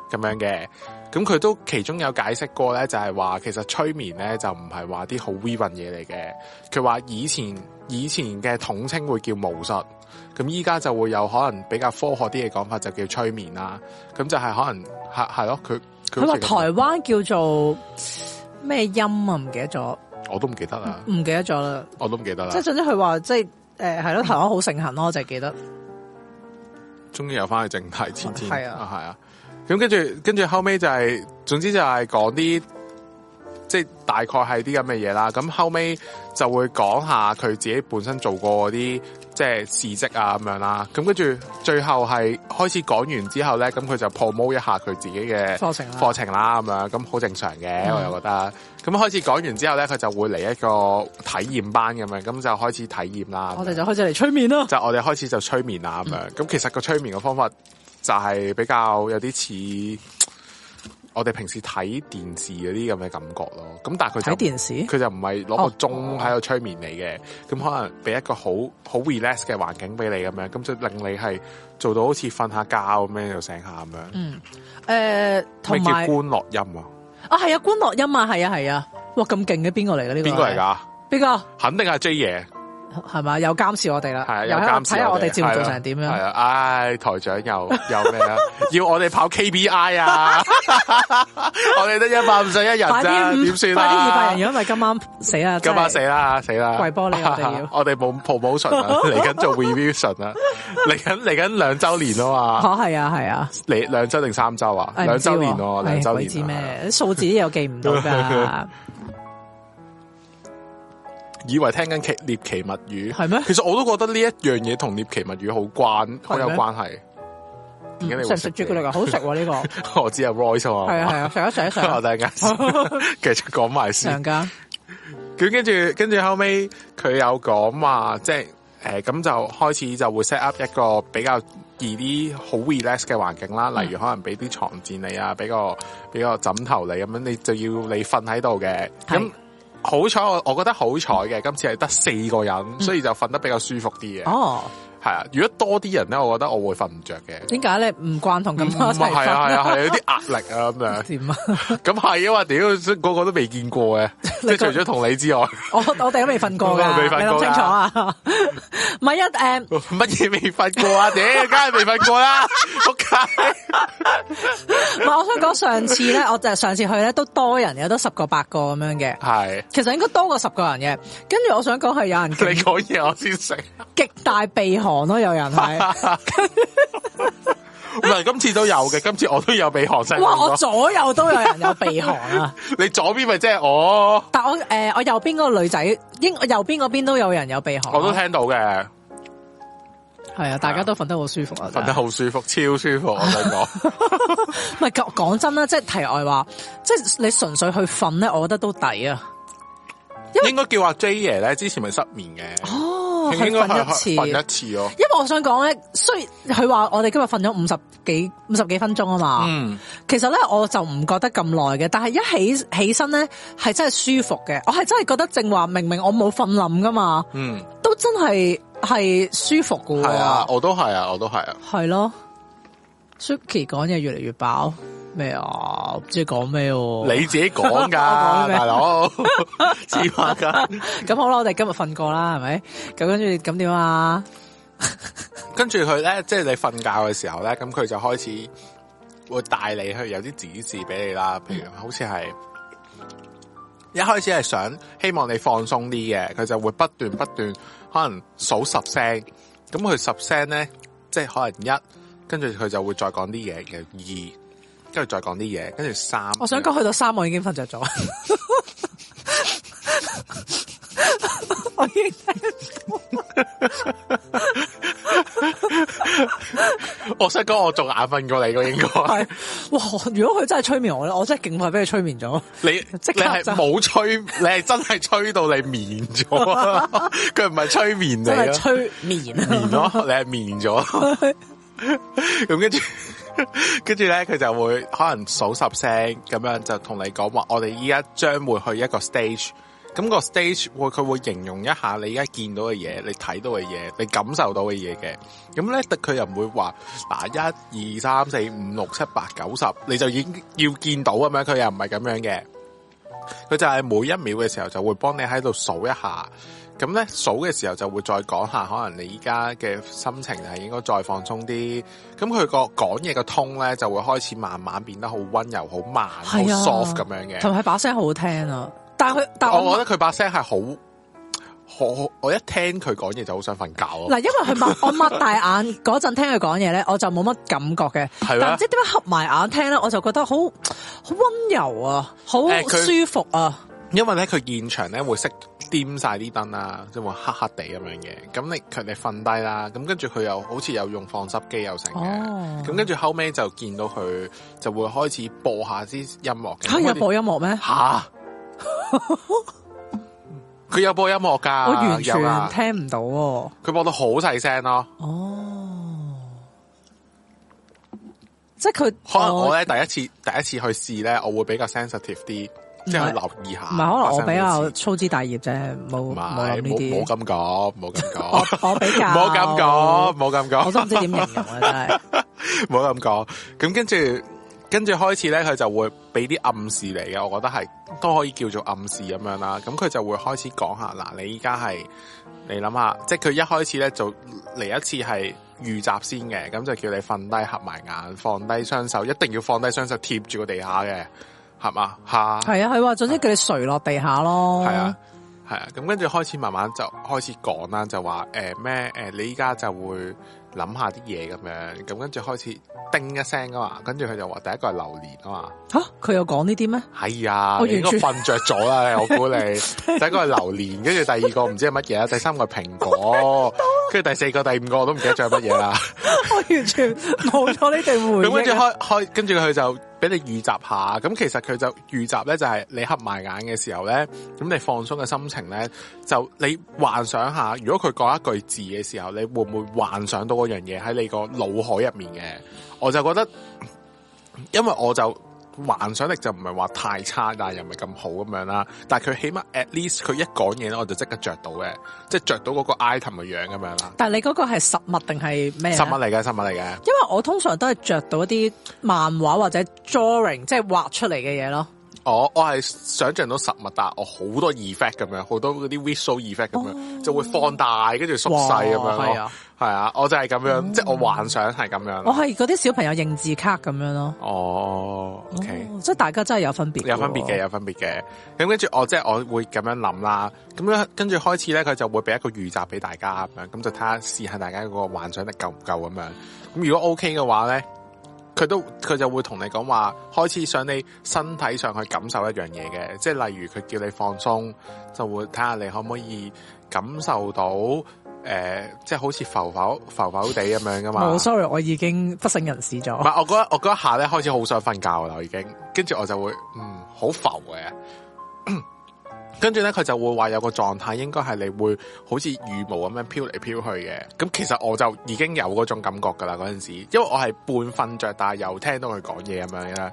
咁樣嘅？咁佢都其中有解釋過咧，就係、是、話其實催眠咧就唔係話啲好 w e a 嘢嚟嘅。佢話以前以前嘅統稱會叫巫術，咁依家就會有可能比較科學啲嘅講法就叫催眠啦、啊。咁就係可能。係係咯，佢佢話台灣叫做咩音啊？唔記得咗，我都唔記得啦，唔記得咗啦，我都唔記得啦。即係總之佢話即係誒係咯，台灣好盛行咯，我就係記得。終於又翻去正題，前天係啊係啊，咁、啊、跟住跟住後尾就係、是，總之就係講啲。即係大概係啲咁嘅嘢啦，咁後尾就會講下佢自己本身做過啲即係事蹟啊咁樣啦，咁跟住最後係開始講完之後咧，咁佢就 promote 一下佢自己嘅課程啦，課程啦咁樣，咁好正常嘅，嗯、我又覺得，咁開始講完之後咧，佢就會嚟一個體驗班咁樣，咁就開始體驗啦。我哋就開始嚟催眠咯，就我哋開始就催眠啦咁、嗯、樣，咁其實個催眠嘅方法就係比較有啲似。我哋平時睇電視嗰啲咁嘅感覺咯，咁但係佢就佢就唔係攞個鐘喺度催眠你嘅，咁、哦、可能俾一個好好 relax 嘅環境俾你咁樣，咁就令你係做到好似瞓下覺咁樣又醒下咁樣。嗯，誒、呃，咩叫觀樂音、啊啊、音啊？啊，係啊，觀樂音啊，係啊，係啊，哇，咁勁嘅邊個嚟嘅呢個？邊個嚟噶？邊個、啊？誰肯定係 J 嘢。係嘛？有監視我哋啦，又睇下我哋節目做成點樣？係啊，唉，台長又又咩啊？要我哋跑 KBI 啊？我哋得一百五十一人啫，點算啊？快啲二百人，因為今晚死啊！今晚死啦，死啦！跪玻璃我哋要，我哋補補補唇，嚟緊做 revision 啊！嚟緊嚟緊兩周年啊嘛！哦，係啊，係啊，你兩周定三周啊？兩周年哦，兩周年。知咩？數字又記唔到噶。以為聽緊《奇獵奇物語》係咩？其實我都覺得呢一樣嘢同《獵奇物語》好關，好有關係。食食朱古力啊，好食呢個。我知啊，Roy 錯啊。係係，上一上一上。我大件事，繼續講埋先。上架。咁跟住，跟住後尾，佢有講話，即係誒，咁就開始就會 set up 一個比較易啲、好 relax 嘅環境啦。例如可能俾啲床墊你啊，俾個俾個枕頭你咁樣，你就要你瞓喺度嘅咁。好彩我我覺得好彩嘅，今次係得四個人，嗯、所以就瞓得比較舒服啲嘅。哦係啊，如果多啲人咧，我覺得我會瞓唔着嘅。點解咧？唔慣同咁多人。係啊係啊，有啲壓力啊咁樣。點啊？咁係啊嘛？屌，個個都未見過嘅，即係除咗同你之外，我我哋都未瞓過啊！未瞓過清楚啊？唔係一誒，乜嘢未瞓過啊？屌，梗係未瞓過啦！唔係，我想講上次咧，我就係上次去咧都多人，有都十個八個咁樣嘅。係。其實應該多過十個人嘅。跟住我想講係有人。你講嘢，我先食。極大備好。寒都有人係 唔係今次都有嘅，今次我都有鼻鼾聲。哇，我左右都有人有鼻鼾啊！ 你左邊咪即係我，但我誒、呃，我右邊嗰個女仔，應我右邊嗰邊都有人有鼻鼾，啊。我都聽到嘅，係啊， 大家都瞓得好舒服啊，瞓得好舒服，超舒服，我同你講。唔係講真啦，即係題外話，即係你純粹去瞓咧，我覺得都抵啊。應該叫阿 J 爺咧，之前咪失眠嘅 佢瞓一次，瞓一次咯。因為我想講咧，雖然佢話我哋今日瞓咗五十幾五十幾分鐘啊嘛，嗯、其實咧我就唔覺得咁耐嘅。但係一起起身咧，係真係舒服嘅。我係真係覺得正話，明明我冇瞓冧噶嘛，嗯、都真係係舒服嘅、啊。係啊，我都係啊，我都係啊，係咯。Suki 講嘢越嚟越飽。嗯咩啊？唔知講咩、啊？ 你自己講噶大佬，自拍噶咁好啦。我哋今日瞓過啦，係咪咁跟住咁點啊？跟住佢咧，即係你瞓覺嘅時候咧，咁佢就開始會帶你去有啲指示俾你啦。譬如好似係一開始係想希望你放鬆啲嘅，佢就會不斷不斷可能數十聲咁。佢十聲咧，即係可能一，跟住佢就會再講啲嘢嘅二。跟住再講啲嘢，跟住三。我想講去到三樣，我已經瞓着咗。 我，我應該，我想講我仲眼瞓過你咯，應該。係哇，如果佢真係催眠我咧，我真係驚我係俾佢催眠咗。你即係冇催，你係真係催到你眠咗。佢唔係催眠你，催眠眠，你係眠咗。咁跟住。跟住咧，佢 就會可能數十聲咁樣就，就同你講話，我哋依家將會去一個 stage，咁個 stage 會佢會形容一下你而家見到嘅嘢，你睇到嘅嘢，你感受到嘅嘢嘅。咁咧，佢又唔會話嗱一二三四五六七八九十，你就已經要見到咁樣，佢又唔係咁樣嘅，佢就係每一秒嘅時候，就會幫你喺度數一下。咁咧數嘅時候就會再講下，可能你依家嘅心情係應該再放鬆啲。咁佢、那個講嘢個 tone 咧就會開始慢慢變得好温柔、好慢、好、啊、soft 咁樣嘅，同埋佢把聲好好聽啊！但係佢，但係我，我覺得佢把聲係好，我我一聽佢講嘢就好想瞓覺嗱、啊，因為佢擘我擘大眼嗰陣 聽佢講嘢咧，我就冇乜感覺嘅，啊、但係即係點解合埋眼聽咧，我就覺得好好温柔啊，好舒服啊。嗯。因為咧佢現場咧會熄掂晒啲燈啊，即係會黑黑地咁樣嘅。咁你佢哋瞓低啦，咁跟住佢又好似又用放濕機又成嘅。咁跟住後尾就見到佢就會開始播下啲音樂嘅。有播音樂咩？吓，佢有播音樂噶，我完全、啊、聽唔到、哦。佢播到好細聲咯。哦、oh.，即係佢可能我咧我第一次第一次去試咧，我會比較 sensitive 啲。即係留意下，唔係可能我比較粗枝大葉啫，冇冇呢啲。唔好咁講，唔好咁講。我比較，唔好咁講，唔好咁講。我都唔知點形容啊，真係。 唔好咁講。咁跟住，跟住開始咧，佢就會俾啲暗示嚟嘅。我覺得係都可以叫做暗示咁樣啦。咁佢就會開始講下嗱，你依家係你諗下，即係佢一開始咧就嚟一次係預習先嘅，咁就叫你瞓低合埋眼，放低雙手，一定要放低雙手貼住個地下嘅。係嘛，係啊，係啊，啊，總之叫你垂落地下咯。係啊，係啊，咁跟住開始慢慢就開始講啦，就話誒咩誒，你依家就會諗下啲嘢，咁樣，咁跟住開始叮一聲噶嘛，跟住佢就話第一個係榴蓮啊嘛，吓，佢又講呢啲咩？係啊，啊我應該瞓着咗啦，我估你 第一個係榴蓮跟住第二個唔知係乜嘢啦， 第三個係蘋果，跟住第四個、第五個我都唔記得咗係乜嘢啦， 我完全冇咗呢啲回憶。咁跟住開開，跟住佢就。俾你預習下，咁其實佢就預習咧，就係你合埋眼嘅時候咧，咁你放鬆嘅心情咧，就你幻想下，如果佢講一句字嘅時候，你會唔會幻想到嗰樣嘢喺你個腦海入面嘅？我就覺得，因為我就。幻想力就唔係話太差，但係又唔係咁好咁樣啦。但係佢起碼 at least 佢一講嘢咧，我就即刻着到嘅，即係着到嗰個 item 嘅樣咁樣啦。但係你嗰個係實物定係咩？實物嚟嘅，實物嚟嘅。因為我通常都係着到一啲漫畫或者 drawing，即係畫出嚟嘅嘢咯。我我係想象到實物，但我好多 effect 咁樣，好多嗰啲 visual effect 咁樣，就會放大跟住縮細咁樣咯。係啊，我就係咁樣，mm hmm. 即係我幻想係咁樣。我係嗰啲小朋友認字卡咁樣咯。哦、oh，OK，oh, 即係大家真係有分別，有分別嘅，有分別嘅。咁跟住我即係我會咁樣諗啦。咁樣跟住開始咧，佢就會俾一個預習俾大家咁樣，咁就睇下試下大家嗰個幻想力夠唔夠咁樣。咁如果 OK 嘅話咧。佢都佢就會同你講話，開始想你身體上去感受一樣嘢嘅，即係例如佢叫你放鬆，就會睇下你可唔可以感受到，誒、呃，即係好似浮浮浮浮地咁樣噶嘛。我 sorry，我已經不省人事咗。唔係，我覺得我嗰一下咧開始好想瞓覺啦，我已經，跟住我就會嗯好浮嘅。 跟住咧，佢就會話有個狀態，應該係你會好似羽毛咁樣飄嚟飄去嘅。咁其實我就已經有嗰種感覺噶啦，嗰陣時，因為我係半瞓着，但係又聽到佢講嘢咁樣嘅。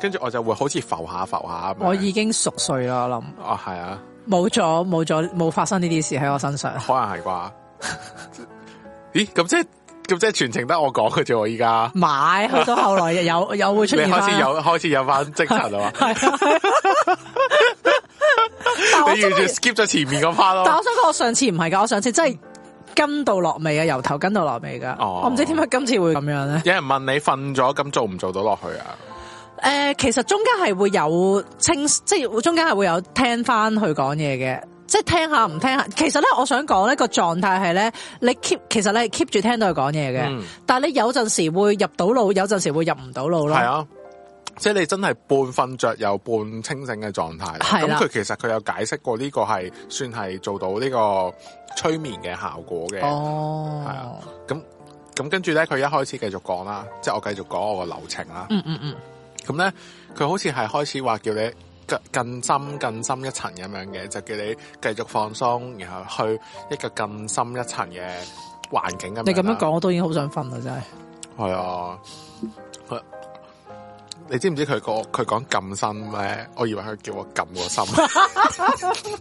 跟住我就會好似浮下浮下咁。我已經熟睡啦，我諗。哦，係啊，冇咗冇咗冇發生呢啲事喺我身上， 可能係啩？咦，咁即係咁即係全程得我講嘅啫？我依家買，去到後來有 有，有，有會出現你開，開始有開始有翻精神啊嘛。 你完全 skip 咗前面咁翻咯，但我， 但我想講，我上次唔係噶，我上次真係跟到落尾啊，由頭跟到落尾噶，哦、我唔知點解今次會咁樣咧。有人問你瞓咗，咁做唔做到落去啊？誒、呃，其實中間係會，會有聽，即係中間係會有聽翻佢講嘢嘅，即係聽下唔聽下。其實咧，我想講呢個狀態係咧，你 keep 其實你 keep 住聽到佢講嘢嘅，嗯、但係你有陣時會入到腦，有陣時會入唔到腦咯。係啊。即係你真係半瞓着又半清醒嘅狀態，咁佢其實佢有解釋過呢、呢個係算係做到呢個催眠嘅效果嘅，係、哦、啊。咁咁跟住咧，佢一開始繼續講啦，即係我繼續講我個流程啦。嗯嗯嗯。咁咧，佢好似係開始話叫你更更深更深一層咁樣嘅，就叫你繼續放鬆，然後去一個更深一層嘅環境咁。你咁樣講，我都已經好想瞓啦，真係。係 啊。你知唔知佢個佢講撳心咧？我以為佢叫我撳個心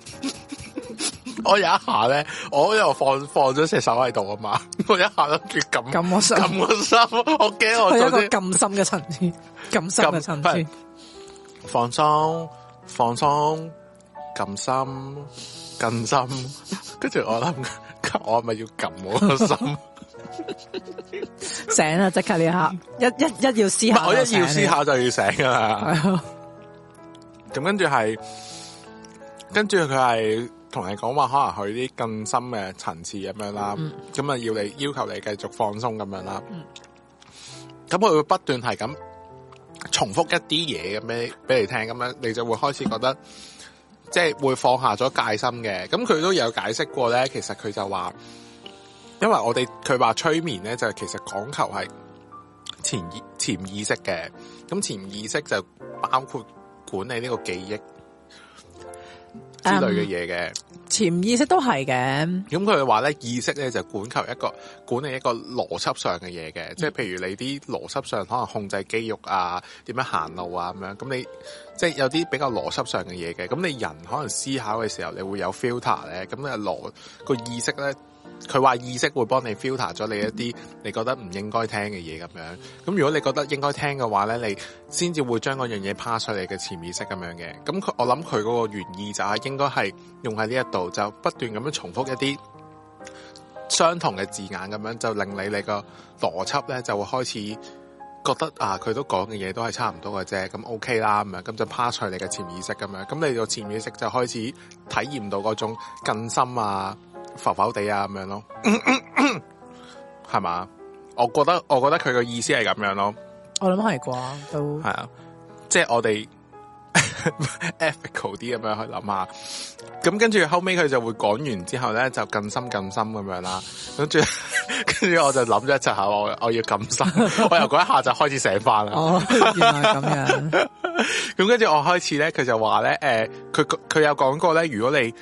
我我，我有一下咧，我又放放咗隻手喺度啊嘛！我一下諗住撳撳個心，撳個心，我驚我係一個撳心嘅層次，撳心嘅層次。放鬆，放鬆，撳心，撳心，跟住我諗，我係咪要撳個心。 醒啦，即刻呢下，一一一要思考，我一要思考就，就要醒噶啦。咁 跟住係，跟住佢係同你講話，可能去啲更深嘅層次咁樣啦。咁啊、嗯，要你要求你繼續放鬆咁樣啦。咁佢、嗯、會不斷係咁重複一啲嘢咁俾俾你聽，咁樣你就會開始覺得， 即係會放下咗戒心嘅。咁佢都有解釋過咧，其實佢就話。因為我哋佢話催眠咧，就係其實講求係潛意潛意識嘅，咁潛意識就包括管理呢個記憶之類嘅嘢嘅。Um, 潛意識都係嘅。咁佢哋話咧，意識咧就管求一個管理一個邏輯上嘅嘢嘅，即係譬如你啲邏輯上可能控制肌肉啊，點樣行路啊咁樣，咁你即係有啲比較邏輯上嘅嘢嘅，咁你人可能思考嘅時候你會有 filter 咧，咁你嗰個意識咧。佢話意識會幫你 filter 咗你一啲你覺得唔應該聽嘅嘢咁樣，咁如果你覺得應該聽嘅話呢，你先至會將嗰樣嘢 pass 出你嘅潛意識咁樣嘅。咁佢我諗佢嗰個原意就係應該係用喺呢一度，就不斷咁樣重複一啲相同嘅字眼咁樣，就令你你個邏輯呢就會開始覺得啊，佢都講嘅嘢都係差唔多嘅啫，咁 OK 啦咁樣，咁就 pass 出你嘅潛意識咁樣，咁你個潛意識就開始體驗到嗰種更深啊。浮浮地啊，咁樣咯，係、嗯、嘛、嗯，我覺得我覺得佢嘅意思係咁樣咯。我諗係啩，都係啊，即係我哋 ethical 啲咁樣去諗下。咁跟住後尾，佢就會講完之後咧，就咁深咁深咁樣啦。 跟住跟住我就諗咗一陣，我我要咁深， 我由嗰一下就開始醒翻啦，哦。原來咁樣。咁 跟住我開始咧，佢就話咧，誒、欸，佢佢有講過咧，如果你。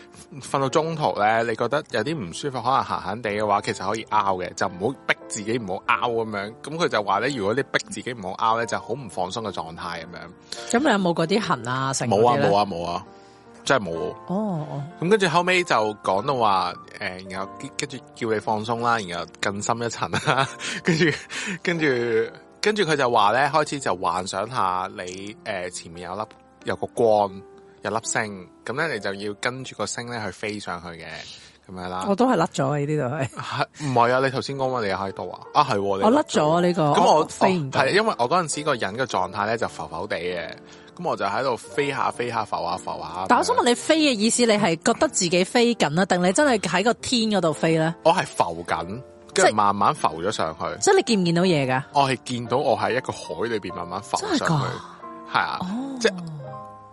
瞓到中途咧，你覺得有啲唔舒服，可能閒閒地嘅話，其實可以拗嘅，就唔好逼自己唔好拗咁樣。咁佢就話咧，如果你逼自己唔好拗咧，就好、是、唔放鬆嘅狀態咁樣。咁你、嗯嗯、有冇嗰啲痕啊？成冇啊冇啊冇啊，真係冇、啊。哦哦。咁跟住後尾就講到話，誒、呃，然後跟住叫你放鬆啦，然後更深一層啦，跟住跟住跟住佢就話咧，開始就幻想下你誒、呃、前面有粒有個光。有粒星，咁咧你就要跟住個星咧去飛上去嘅，咁樣啦。我都係甩咗啊！喺呢度，唔係啊！你頭先講話你哋喺度啊，啊係我甩咗啊呢個。咁我飛唔到，因為我嗰陣時個人嘅狀態咧就浮浮地嘅，咁我就喺度飛下飛下浮下浮下。但我想問你飛嘅意思，你係覺得自己飛緊啊，定你真係喺個天嗰度飛咧？我係浮緊，跟住慢慢浮咗上去。即係你見唔見到嘢噶？我係見到我喺一個海裏邊慢慢浮上去，係啊，即係。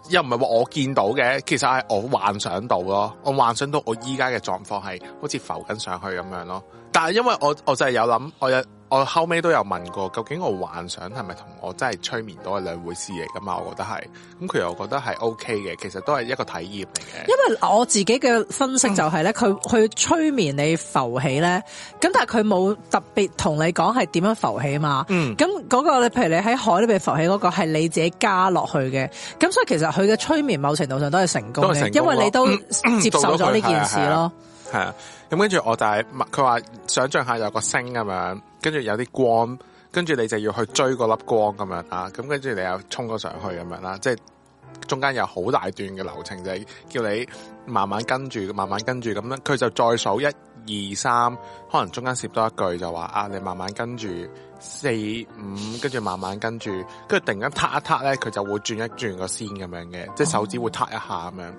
又唔係話我見到嘅，其實係我幻想到咯，我幻想到我依家嘅狀況係好似浮緊上去咁樣咯。但係，因為我我真係有諗，我有我後尾都有問過，究竟我幻想係咪同我真係催眠到係兩回事嚟噶嘛？我覺得係，咁佢又覺得係 O K 嘅，其實都係一個體驗嚟嘅。因為我自己嘅分析就係、是、咧，佢佢、嗯、催眠你浮起咧，咁但係佢冇特別同你講係點樣浮起嘛。咁嗰、嗯那個你，譬如你喺海裏邊浮起嗰、那個係你自己加落去嘅，咁所以其實佢嘅催眠某程度上都係成功嘅，功因為你都接受咗呢件事咯。嗯嗯係啊，咁、嗯、跟住我就係、是，佢話想象下有個星咁樣，跟住有啲光，跟住你就要去追嗰粒光咁樣啊，咁跟住你又衝咗上去咁樣啦，即係中間有好大段嘅流程，就係、是、叫你慢慢跟住，慢慢跟住咁樣，佢就再數一、二、三，可能中間攝多一句就話啊，你慢慢跟住四、五，跟住慢慢跟住，跟住突然間撻一撻咧，佢就會轉一轉個線咁樣嘅，即係手指會撻一下咁樣。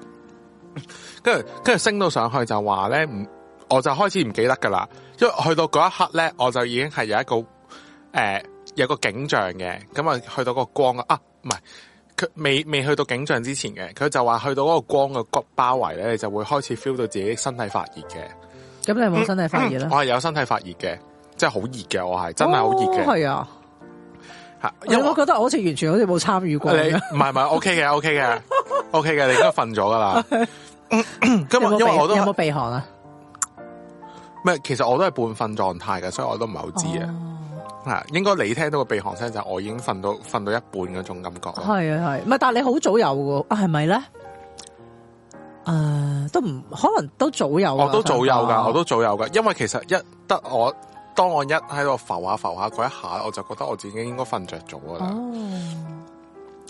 跟住，跟住升到上去就話咧，唔，我就開始唔記得噶啦。因為去到嗰一刻咧，我就已經係有一個，誒、呃，有個景象嘅。咁啊，去到嗰個光啊，啊，唔係佢未未去到景象之前嘅，佢就話去到嗰個光嘅光包圍咧，就會開始 feel 到自己身體發熱嘅。咁你有冇身體發熱咧？我係有身體發熱嘅，即係好熱嘅。我係、哦、真係好熱嘅，係啊，吓。有我覺得我好似完全好似冇參與過。唔係唔係，OK 嘅，OK 嘅，OK 嘅。Okay 你應該瞓咗噶啦。 今日、嗯嗯、因為我都有冇鼻鼾啊？唔其實我都係半瞓狀態嘅，所以我都唔係好知啊。係、哦，應該你聽到個鼻鼾聲就係我已經瞓到瞓到一半嗰種感覺。係啊係，唔係但係你好早有噶，係咪咧？誒，uh, 都唔可能都早有，我都早有噶，我都早有噶。因為其實一得我當我一喺度浮下浮下嗰一下,一下，我就覺得我自己應該瞓着咗啦。哦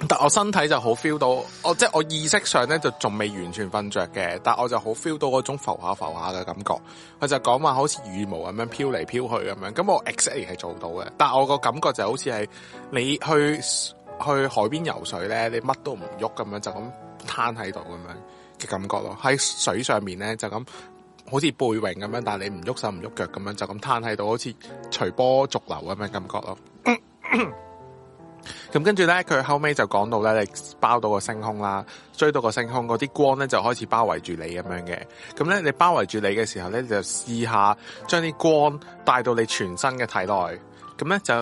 但我身體就好 feel 到，我即係我意識上咧就仲未完全瞓着嘅，但係我就好 feel 到嗰種浮下浮下嘅感覺。佢就講話好似羽毛咁樣飄嚟飄去咁樣，咁我 exactly 係做到嘅。但係我個感覺就好似係你去去海邊游水咧，你乜都唔喐咁樣，就咁攤喺度咁樣嘅感覺咯。喺水上面咧，就咁好似背泳咁樣，但係你唔喐手唔喐腳咁樣，就咁攤喺度，好似隨波逐流咁樣感覺咯。 咁跟住咧，佢後尾就講到咧，你包到個星空啦，追到個星空，嗰啲光咧就開始包圍住你咁樣嘅。咁咧，你包圍住你嘅時候咧，你就試下將啲光帶到你全身嘅體內。咁咧就，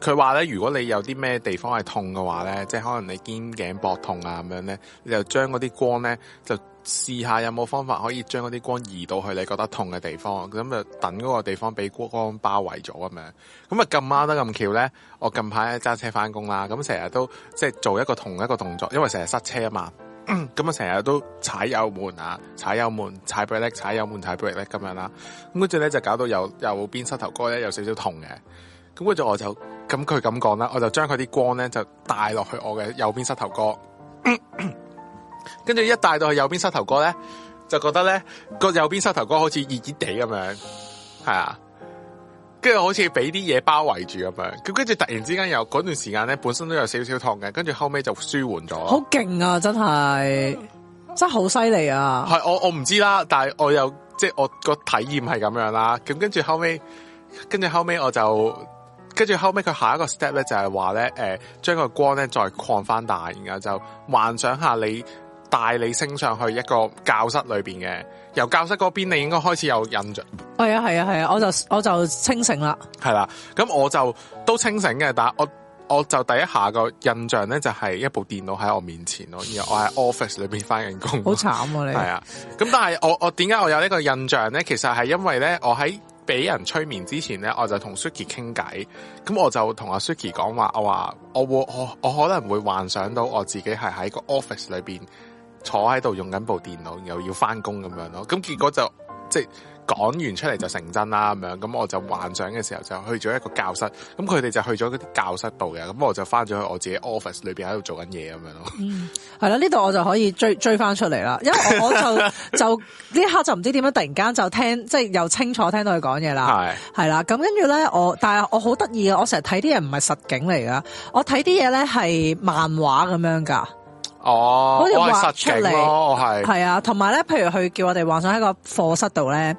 佢話咧，如果你有啲咩地方係痛嘅話咧，即係可能你肩頸膊痛啊咁樣咧，你就將嗰啲光咧就。試下有冇方法可以將嗰啲光移到去你覺得痛嘅地方，咁就等嗰個地方俾光包圍咗咁樣，咁啊咁啱得咁巧咧。我近排揸車翻工啦，咁成日都即係做一個同一個動作，因為成日塞車啊嘛，咁啊成日都踩油門啊，踩油門，踩 brake 咧，踩油門，踩 brake 咧，咁樣啦。咁跟住咧就搞到右右邊膝頭哥咧有少少痛嘅。咁跟住我就咁佢咁講啦，我就將佢啲光咧就帶落去我嘅右邊膝頭哥。 跟住一帶到去右邊膝頭哥咧，就覺得咧個右邊膝頭哥好似熱熱地咁樣。係啊，跟住好似俾啲嘢包圍住咁樣。咁跟住突然之間有嗰段時間咧，本身都有少少痛嘅，跟住後尾就舒緩咗。好勁啊，真係真係好犀利啊！係我我唔知啦，但係我又即係我個體驗係咁樣啦。咁跟住後尾，跟住後尾我就跟住後尾佢下一個 step 咧就係話咧，誒、呃，將個光咧再擴翻大，然後就幻想下你。帶你升上去一個教室裏邊嘅，由教室嗰邊你應該開始有印象。係啊係啊係啊，我就我就清醒啦。係啦、啊，咁我就都清醒嘅，但係我我就第一下個印象咧就係、是、一部電腦喺我面前咯，然後我喺 office 裏邊翻緊工。好慘啊你！係啊，咁、 啊、但係我我點解我，我有呢個印象咧？其實係因為咧，我喺俾人催眠之前咧，我就同 Suki 傾偈，咁我就同阿 Suki 講話，我話我會我我，我可能會幻想到我自己係喺個 office 裏邊。坐喺度用緊部電腦，又要翻工咁樣咯，咁結果就即係講完出嚟就成真啦咁樣，咁我就幻想嘅時候就去咗一個教室，咁佢哋就去咗嗰啲教室度嘅，咁我就翻咗去我自己 office 裏邊喺度做緊嘢咁樣咯。嗯，係啦， 呢度我就可以追追翻出嚟啦，因為我，我就就呢刻就唔知點樣突然間就聽即係、就是、又清楚聽到佢講嘢啦，係係啦，咁跟住咧我，但係我好得意，我成日睇啲嘢唔係實景嚟噶，我睇啲嘢咧係漫畫咁樣噶。哦，好似畫出嚟咯，係係啊，同埋咧，譬如佢叫我哋幻想喺個課室度咧，誒、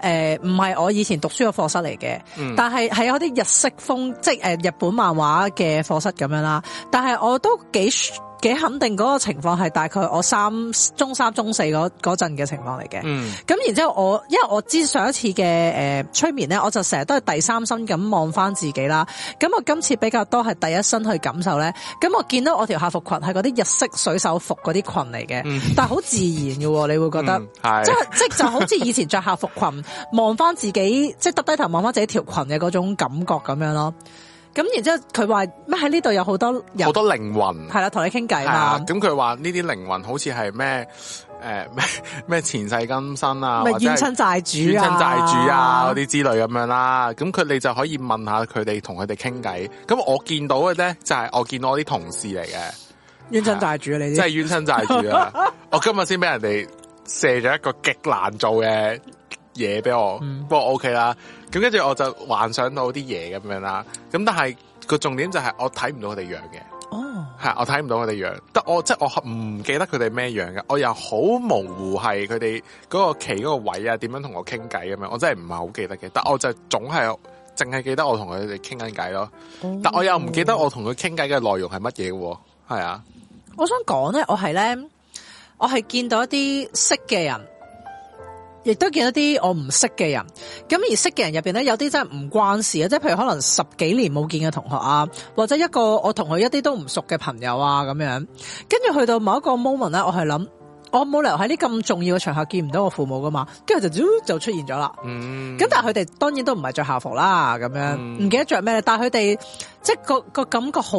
呃，唔係我以前讀書嘅課室嚟嘅，嗯、但係係有啲日式風，即係誒日本漫畫嘅課室咁樣啦，但係我都幾。幾肯定嗰個情況係大概我三中三中四嗰嗰陣嘅情況嚟嘅。咁、嗯、然之後我，因為我知上一次嘅誒、呃、催眠咧，我就成日都係第三身咁望翻自己啦。咁我今次比較多係第一身去感受咧。咁我見到我條校服裙係嗰啲日式水手服嗰啲裙嚟嘅，嗯、但係好自然嘅、啊，你會覺得，即係即就好似以前着校服裙望翻 自己，即係耷低頭望翻自己條裙嘅嗰種感覺咁樣咯。咁然之後佢話咩喺呢度有好多好多靈魂係啦，同你傾偈啦。咁佢話呢啲靈魂好似係咩誒咩咩前世今生啊，冤親債主、啊、冤親債主啊嗰啲、啊、之類咁樣啦、啊。咁佢你就可以問下佢哋，同佢哋傾偈。咁我見到嘅咧就係、是、我見到我啲同事嚟嘅冤親債主，你即係冤親債主啊！我今日先俾人哋射咗一個極難做嘅。嘢俾我，不過 O K 啦。咁跟住我就幻想到啲嘢咁樣啦。咁但係個重點就係我睇唔到佢哋樣嘅。哦，係我睇唔到佢哋樣，得我即係、就是、我唔記得佢哋咩樣嘅。我又好模糊係佢哋嗰個企嗰個位啊，點樣同我傾偈咁樣。我真係唔係好記得嘅。但我就是總係淨係記得我同佢哋傾緊偈咯。哦、但我又唔記得我同佢傾偈嘅內容係乜嘢。係啊，我想講咧，我係咧，我係見到一啲識嘅人。亦都見一啲我唔識嘅人，咁而識嘅人入邊咧，有啲真係唔關事啊！即係譬如可能十幾年冇見嘅同學啊，或者一個我同佢一啲都唔熟嘅朋友啊，咁樣，跟住去到某一個 moment 咧，我係諗，我冇理由喺呢咁重要嘅場合見唔到我父母噶嘛，跟住就就出現咗啦。嗯，咁但係佢哋當然都唔係着校服啦，咁樣唔記得着咩，但係佢哋即係個個感覺好。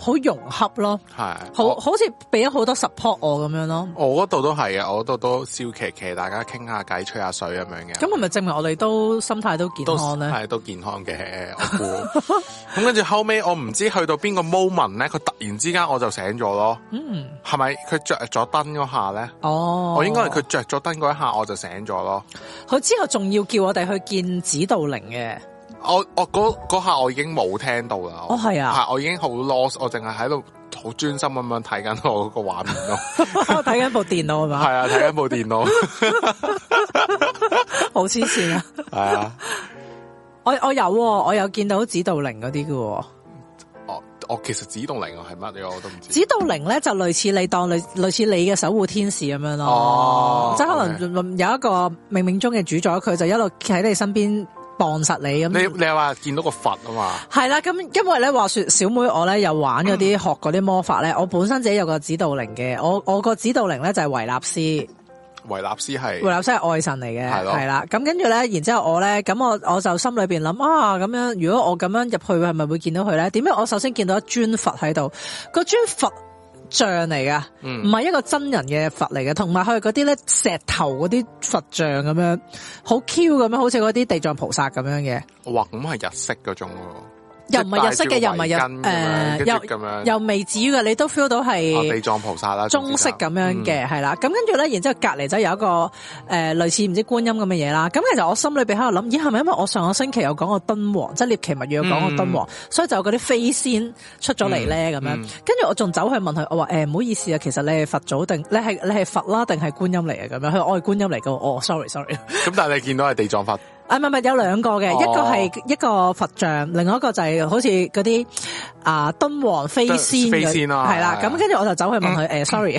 好融洽咯，係的好我好似俾咗好多 support 我咁樣咯。我嗰度都係嘅，我嗰度都笑騎騎，大家傾下偈，吹下水咁樣嘅。咁係咪證明我哋都心態都健康咧？係都，都健康嘅。我估。咁跟住後尾，我唔 知去到邊個 moment 咧，佢突然之間我就醒咗咯。嗯、mm.，係咪佢着咗燈嗰下咧？哦，我應該係佢着咗燈嗰一下，我就醒咗咯。佢之後仲要叫我哋去見指導靈嘅。我我嗰下我已經冇聽到啦，係、哦啊、我已經好 lost，我淨係喺度好專心咁樣睇緊我嗰個畫面咯，睇緊部電腦係嘛？係 啊，睇緊部電腦， 好黐線經啊， 啊！係啊，我我有，我有見、哦、到指導靈嗰啲噶。哦，我其實指導靈係乜嘢我都唔知。指導靈咧就類似你當類類似你嘅守護天使咁樣咯，即係、哦、 可能有一個冥冥中嘅主宰，佢就一路喺你身邊。傍實你咁，你你係話見到個佛啊嘛？係啦，咁因為咧，話說小妹我咧有玩嗰啲學嗰啲魔法咧，嗯、我本身自己有個指導靈嘅，我我個指導靈咧就係維納斯，維納斯係維納斯係愛神嚟嘅，係咯，係啦，咁跟住咧，然之後我咧，咁我我就心裏邊諗啊，咁樣如果我咁樣入去，係咪會見到佢咧？點解我首先見到一尊佛喺度，個尊佛？像嚟噶，唔係、嗯、一個真人嘅佛嚟嘅，同埋佢係嗰啲咧石頭啲佛像咁樣，好 Q 咁樣，好似啲地藏菩薩咁樣嘅。哇，咁係日式嗰種。又唔係日式嘅，又唔係日，誒、呃，呃、又咁樣，又，又未至於嘅，呃、你都 feel 到係、啊、地藏菩薩、啊嗯、啦，中式咁樣嘅，係啦，咁跟住咧，然之後隔籬就有一個誒、呃、類似唔知觀音咁嘅嘢啦，咁其實我心裏邊喺度諗，咦、欸，係咪因為我上個星期有講過敦煌，即係獵奇物語有講過敦煌，嗯、所以就有嗰啲飛仙出咗嚟咧，咁、嗯、樣，跟住我仲走去問佢，我話誒唔好意思啊，其實你係佛祖定你係你係佛啦，定係觀音嚟啊，咁樣，佢我係觀音嚟噶，我、哦、sorry sorry。咁 但係你見到係地藏佛。啊，唔係唔係，有兩個嘅，一個係一個佛像，另外一個就係好似嗰啲啊敦煌飛仙，飛仙啊，係啦。咁跟住我就走去問佢，誒，sorry，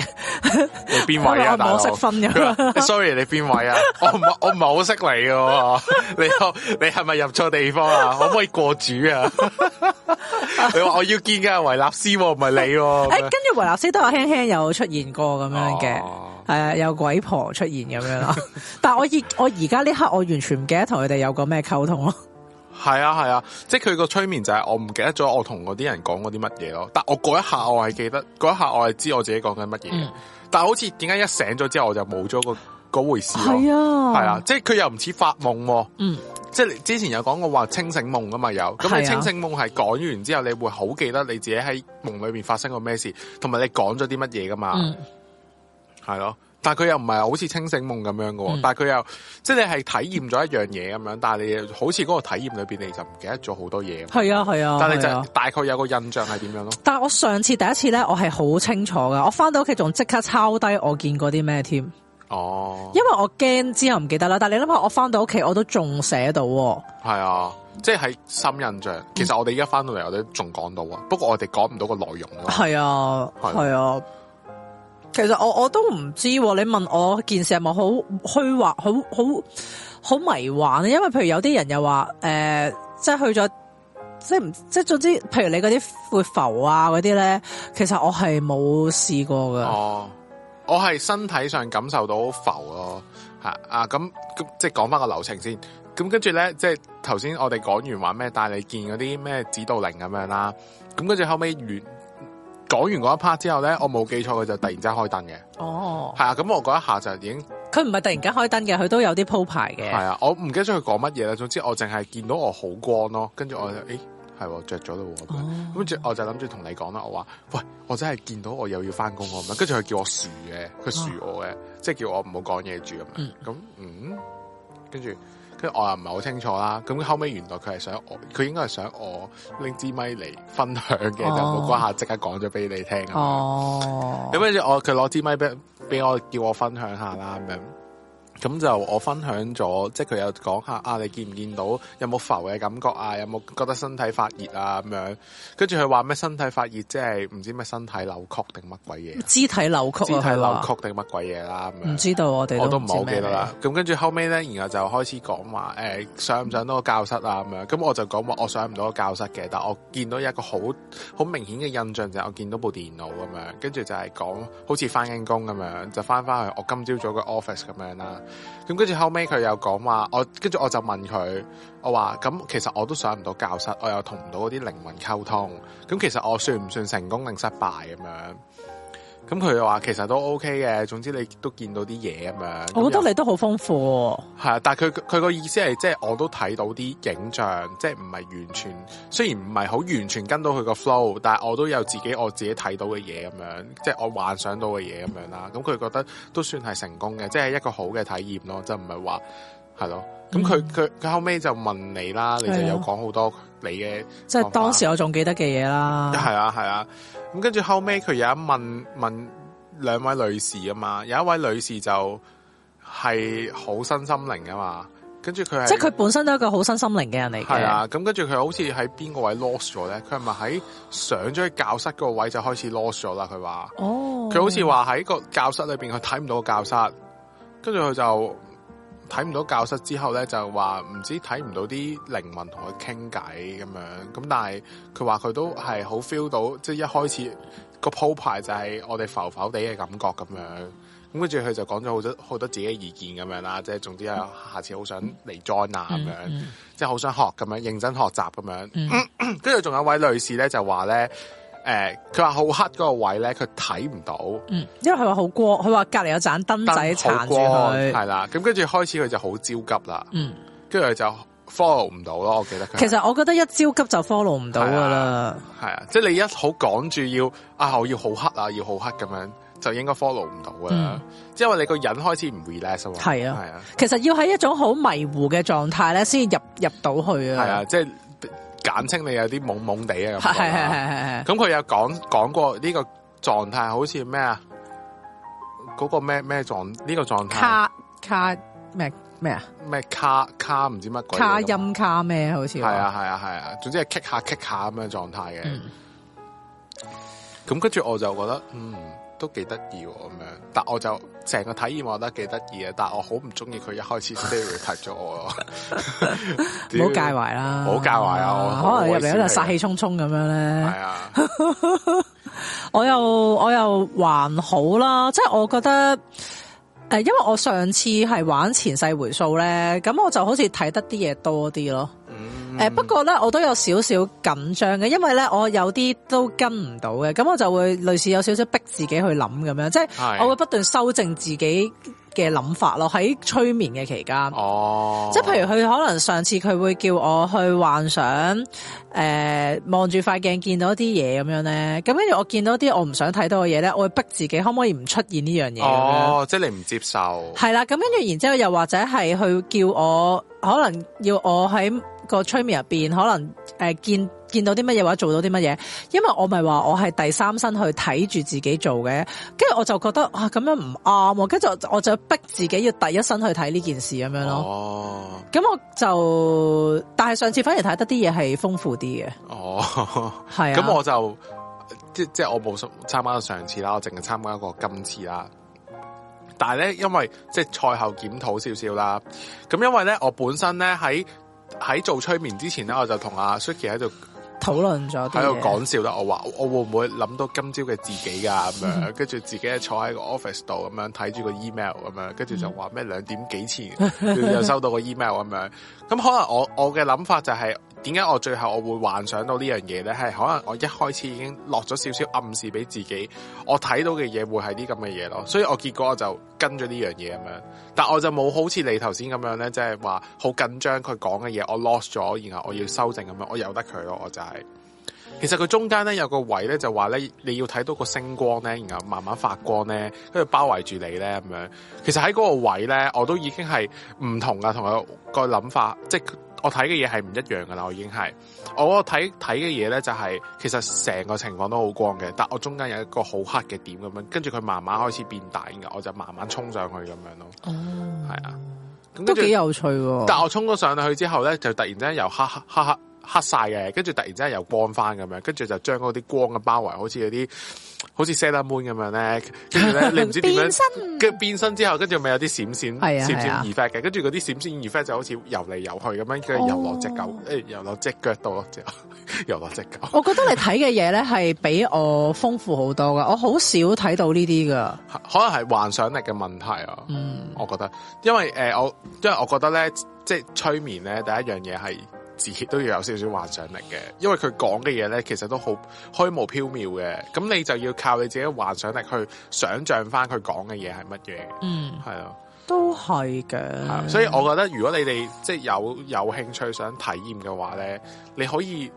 你邊位啊？我唔識分嘅，sorry，你邊位啊？我唔我唔係好識你嘅，你你係咪入錯地方啊？可唔可以過主啊？你話我要見嘅係維納斯喎，唔係你喎。誒，跟住維納斯都有輕輕有出現過咁樣嘅。係啊，有鬼婆出現咁樣咯， 但係我而我而家呢刻我完全唔記得同佢哋有個咩溝通咯。係 啊係啊，即係佢個催眠就係我唔記得咗我同嗰啲人講嗰啲乜嘢咯。但我嗰一下我係記得，嗰一下我係知我自己講緊乜嘢。嗯、但係好似點解一醒咗之後我就冇咗個嗰回事咯？係、嗯、啊，係啊、嗯、啊，即係佢又唔似發夢，嗯，即係之前有講過話清醒夢噶嘛有。咁你清醒夢係講完之後你會好記得你自己喺夢裏邊發生過咩事，同埋你講咗啲乜嘢噶嘛？嗯係咯，但係佢又唔係好似清醒夢咁樣嘅、嗯，但係佢又即係你係體驗咗一樣嘢咁樣，但係你好似嗰個體驗裏邊，你就唔記得咗好多嘢。係啊係啊，啊但係就、啊、大概有個印象係點樣咯。但係我上次第一次咧，我係好清楚噶，我翻到屋企仲即刻抄低我見過啲咩添。哦，因為我驚之後唔記得啦。但係你諗下，我翻到屋企我都仲寫到。係啊，即係喺深印象。其實我哋而家翻到嚟我哋都仲講到啊，嗯、不過我哋講唔到個內容咯。係啊，係啊。其實我我都唔知，你問我件事係咪好虛幻、好好好迷幻咧？因為譬如有啲人又話，誒、呃，即係去咗，即係即係總之，譬如你嗰啲會浮啊嗰啲咧，其實我係冇試過噶。哦，我係身體上感受到浮咯，吓啊咁咁、啊，即係講翻個流程先。咁跟住咧，即係頭先我哋講完話咩，帶你見嗰啲咩指導靈咁樣啦。咁跟住後尾。完。完講完嗰一 part 之後咧，我冇記錯，佢就突然之間開燈嘅。哦，係啊，咁我嗰一下就已經。佢唔係突然間開燈嘅，佢都有啲鋪排嘅。係、嗯、啊，我唔記得咗佢講乜嘢啦。總之我淨係見到我好光咯，跟住我誒，係着咗啦。咁跟住我就諗住同你講啦。我話喂，我真係見到我又要翻工啊！咁跟住佢叫我噓嘅，佢噓我嘅，哦、即係叫我唔好講嘢住咁。咁嗯，嗯，跟住。即我又唔係好清楚啦，咁後尾，原來佢係想我，佢應該係想我拎支咪嚟分享嘅，就冇關下即刻講咗俾你聽哦。咁跟住我佢攞支咪俾俾我叫我分享下啦咁樣。嗯，是。咁就我分享咗，即係佢有講下啊，你見唔見到有冇浮嘅感覺啊？有冇覺得身體發熱啊？咁樣，跟住佢話咩身體發熱，即係唔知咩身體扭曲定乜鬼嘢？肢體扭曲、啊，肢體扭曲定乜鬼嘢啦？唔知道我哋我都唔好記得啦。咁麼跟住後尾咧，然後就開始講話誒，上唔上到個教室啊？咁樣，咁我就講話我我上唔到個教室嘅，但係我見到一個好好明顯嘅印象就係我見到部電腦咁樣，跟住就係講好似翻緊工咁樣，就翻翻去我今朝早嘅 office 咁樣啦。咁跟住後尾，佢又講話，我跟住我就問佢，我話咁其實我都上唔到教室，我又同唔到嗰啲靈魂溝通，咁其實我算唔算成功定失敗咁樣？咁佢又話其實都 OK 嘅，總之你都見到啲嘢咁樣。嗯、我覺得你都好豐富、哦。係啊，但係佢佢個意思係即係我都睇到啲影像，即係唔係完全，雖然唔係好完全跟到佢個 flow，但係我都有自己我自己睇到嘅嘢咁樣，即係我幻想到嘅嘢咁樣啦。咁佢、嗯、覺得都算係成功嘅，即係一個好嘅體驗咯，即係唔係話係咯。咁佢佢佢後尾就問你啦，嗯、你就有講好多你嘅，即係當時我仲記得嘅嘢啦。係啊，係啊。咁跟住後尾，佢有一問問兩位女士啊嘛，有一位女士就係好身心靈啊嘛，跟住佢即係佢本身都係一個好身心靈嘅人嚟嘅。係啊，咁跟住佢好似喺邊個位 loss 咗咧？佢係咪喺上咗去教室嗰個位就開始 loss 咗啦？佢話哦，佢、oh. 好似話喺個教室裏邊佢睇唔到個教室，跟住佢就。睇唔到教室之後咧，就話唔知睇唔到啲靈魂同佢傾偈咁樣，咁但係佢話佢都係好 feel 到，即係一開始個鋪排就係我哋浮浮地嘅感覺咁樣。咁跟住佢就講咗好多好多自己嘅意見咁樣啦，即係總之啊，下次好想嚟 join 啊咁樣，即係好想學，mm hmm. 想學咁樣，認真學習咁樣。跟住仲有一位女士咧，就話咧。誒，佢話好黑嗰個位咧，佢睇唔到。嗯，因為佢話好光，佢話隔籬有盞燈仔纏住佢。係啦，咁跟住開始佢就好焦急啦。嗯，跟住佢就 follow 唔到咯，我記得。其實我覺得一焦急就 follow 唔到噶啦。係啊，即係你一好講住要啊，我要好黑啊，要好黑咁樣，就應該 follow 唔到啊。即因為你個人開始唔 relax 啊。係啊，係啊。其實要喺一種好迷糊嘅狀態咧，先入入到去啊。係啊，即係。簡稱你有啲懵懵地啊，咁，咁佢有講講過呢個狀態，好似咩啊？嗰個咩咩狀？呢個狀態卡卡咩咩啊？咩卡卡唔知乜鬼卡音卡咩？好似係啊係啊、係啊，總之係棘下、棘下咁嘅狀態嘅。咁跟住我就覺得嗯。都幾得意咁樣，但我就成個體驗我覺得幾得意啊！但係我好唔中意佢一開始 stay 咗 我，唔好 介懷啦，唔好介懷啊！可能入嚟度殺氣冲冲咁樣咧，係啊，我又我又還好啦，即係我覺得誒、呃，因為我上次係玩前世回數咧，咁我就好似睇得啲嘢多啲咯。誒，嗯、不過咧，我都有少少緊張嘅，因為咧，我有啲都跟唔到嘅，咁我就會類似有少少逼自己去諗咁樣，即係是的 我會不斷修正自己嘅諗法咯。喺催眠嘅期間，哦、即係譬如佢可能上次佢會叫我去幻想，誒、呃，望住塊鏡見到啲嘢咁樣咧，咁跟住我見到啲我唔想睇到嘅嘢咧，我會逼自己可唔可以唔出現呢樣嘢？哦樣，即係你唔接受係啦。咁跟住，然之後又或者係佢叫我可能要我喺。個催眠入邊可能誒、呃、見見到啲乜嘢，或者做到啲乜嘢，因為我咪話我係第三身去睇住自己做嘅，跟住我就覺得啊，咁樣唔啱，跟住我就逼自己要第一身去睇呢件事咁樣咯。哦，咁我就，但係上次反而睇得啲嘢係豐富啲嘅。哦，係 啊，咁我就即即係我冇參參加到上次啦，我淨係參加一個今次啦。但係咧，因為即係賽後檢討少少啦，咁因為咧，我本身咧喺。喺做催眠之前咧，我就同阿 Suki 喺度討論咗，喺度講笑啦。我話：我會唔會諗到今朝嘅自己噶、啊、咁樣？跟住自己坐喺個 office 度咁樣睇住個 email 咁樣，跟住就話咩兩點幾前又 收到個 email 咁樣。咁可能我我嘅諗法就係點解我最後我會幻想到呢樣嘢呢？係可能我一開始已經落咗少少暗示俾自己，我睇到嘅嘢會係啲咁嘅嘢咯。所以我結果我就跟咗呢樣嘢咁樣，但我就冇好似你頭先咁樣呢，即係話好緊張佢講嘅嘢，我 lost 咗，然後我要修正咁樣，我由得佢咯，我就係、是。其實佢中間咧有個位咧，就話、是、咧你要睇到個星光咧，然後慢慢發光咧，跟住包圍住你咧咁樣。其實喺嗰個位咧，我都已經係唔同噶，同埋個諗法，即係我睇嘅嘢係唔一樣噶啦。我已經係我睇睇嘅嘢咧，就係、是、其實成個情況都好光嘅，但我中間有一個好黑嘅點咁樣，跟住佢慢慢開始變大，然後我就慢慢衝上去咁樣咯。哦、嗯，係啊，咁都幾有趣。但我衝咗上去之後咧，就突然間由黑黑黑黑。黑晒嘅，跟住突然之係又光翻咁樣，跟住就將嗰啲光嘅包圍，好似嗰啲好似 s e t moon 咁樣咧。跟住咧，你唔知點樣，跟變身之後，跟住咪有啲閃閃閃閃而 f 嘅，跟住嗰啲閃閃而 f 就好似游嚟游去咁樣，跟住游落隻狗，誒，游落隻腳度咯，隻游落隻狗。我覺得你睇嘅嘢咧係比我豐富好多噶，我好少睇到呢啲噶。可能係幻想力嘅問題啊，我覺得，因為誒，我因為我覺得咧，即係催眠咧，第一樣嘢係。自己都要有少少幻想力嘅，因為佢講嘅嘢咧，其實都好虛無縹緲嘅。咁你就要靠你自己嘅幻想力去想象翻佢講嘅嘢係乜嘢。嗯，係啊的，都係嘅。所以我覺得如果你哋即係有有興趣想體驗嘅話咧，你可以。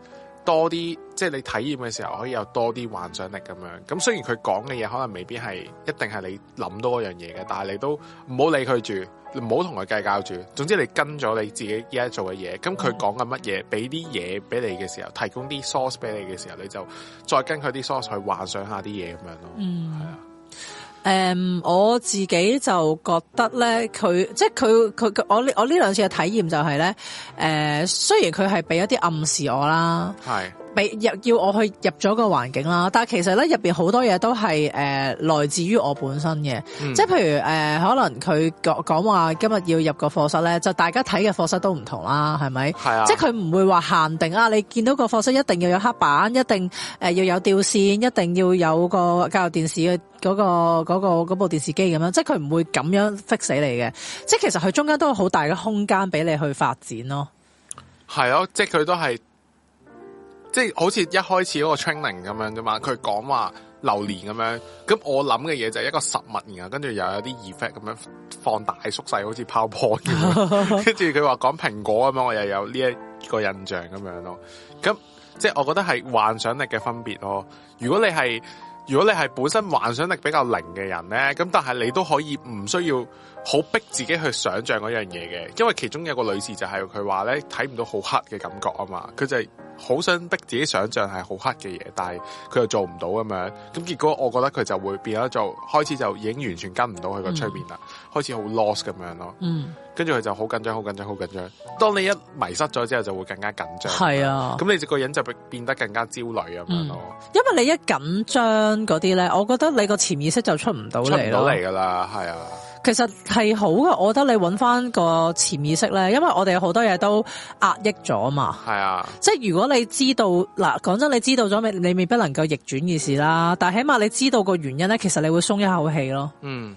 多啲，即係你體驗嘅時候，可以有多啲幻想力咁樣。咁雖然佢講嘅嘢可能未必係一定係你諗到嗰樣嘢嘅，但係你都唔好理佢住，你唔好同佢計較住。總之你跟咗你自己依家做嘅嘢，咁佢講緊乜嘢，俾啲嘢俾你嘅時候，提供啲 source 俾你嘅時候，你就再跟佢啲 source 去幻想下啲嘢咁樣咯。嗯，係啊。誒、um，我自己就覺得咧，佢即係佢佢佢，我我呢兩次嘅體驗就係咧，誒、呃、雖然佢係俾一啲暗示我啦。係、嗯。俾入要我去入咗個環境啦，但係其實咧入邊好多嘢都係誒、呃、來自於我本身嘅，即係譬如誒、呃、可能佢講講話今日要入個課室咧，就大家睇嘅課室都唔同啦，係咪？係啊，即係佢唔會話限定啊，你見到個課室一定要有黑板，一定誒要有吊線，一定要有個教育電視嘅嗰、那個嗰、那個嗰部電視機咁樣，即係佢唔會咁樣 fix 死你嘅，即係其實佢中間都有好大嘅空間俾你去發展咯。係啊，即係佢都係。即係好似一開始嗰個 training 咁樣啫嘛，佢講話榴蓮咁樣，咁我諗嘅嘢就係一個實物然後，跟住又有啲 effect 咁樣放大縮細，好似泡泡咁。跟住佢話講蘋果咁樣，我又有呢一個印象咁樣咯。咁即係我覺得係幻想力嘅分別咯。如果你係如果你係本身幻想力比較零嘅人咧，咁但係你都可以唔需要。好逼自己去想象嗰樣嘢嘅，因為其中有一個女士就係佢話咧睇唔到好黑嘅感覺啊嘛，佢就係好想逼自己想象係好黑嘅嘢，但係佢又做唔到咁樣，咁結果我覺得佢就會變咗做開始就已經完全跟唔到佢個催眠啦，嗯、開始好 los、嗯、s 咁樣咯，跟住佢就好緊張，好緊張，好緊張。當你一迷失咗之後，就會更加緊張，係啊，咁你個人就變得更加焦慮咁樣咯、嗯。因為你一緊張嗰啲咧，我覺得你個潛意識就出唔到嚟，出唔到嚟噶啦，係啊。其實係好嘅，我覺得你揾翻個潛意識咧，因為我哋好多嘢都壓抑咗嘛。係是啊，即，即係如果你知道嗱，講真你知道咗未你未必能夠逆轉嘅事啦。但係起碼你知道個原因咧，其實你會鬆一口氣咯。嗯，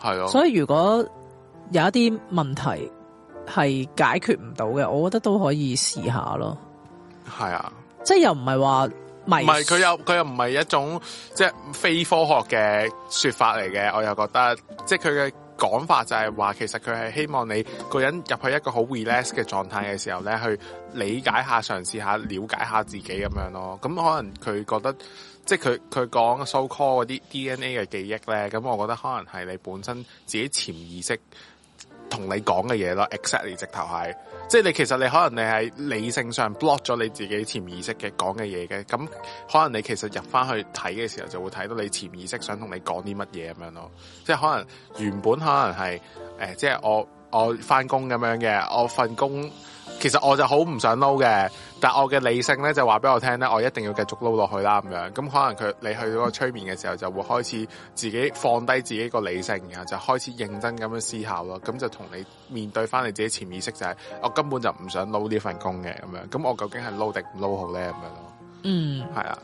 係啊。所以如果有一啲問題係解決唔到嘅，我覺得都可以試下咯。係是啊，即，即係又唔係話。唔係佢又佢又唔係一種即係非科學嘅説法嚟嘅，我又覺得即係佢嘅講法就係話，其實佢係希望你個人入去一個好 relax 嘅狀態嘅時候咧，去理解下、嘗試下、了解下自己咁樣咯。咁可能佢覺得即係佢佢講 so call 嗰啲 DNA 嘅記憶咧，咁我覺得可能係你本身自己潛意識。同你講嘅嘢咯，exactly 直頭係，即係你其實你可能你係理性上 block 咗你自己潛意識嘅講嘅嘢嘅，咁可能你其實入翻去睇嘅時候就會睇到你潛意識想同你講啲乜嘢咁樣咯，即係可能原本可能係誒、欸，即係我我翻工咁樣嘅，我份工其實我就好唔想撈嘅。但我嘅理性咧就話俾我聽咧，我一定要繼續撈落去啦咁樣，咁可能佢你去到個催眠嘅時候，就會開始自己放低自己個理性，然後就開始認真咁樣思考咯，咁就同你面對翻你自己潛意識就係、是，我根本就唔想撈呢份工嘅咁樣，咁我究竟係撈定唔撈好咧咁樣咯，嗯、mm.，係啊。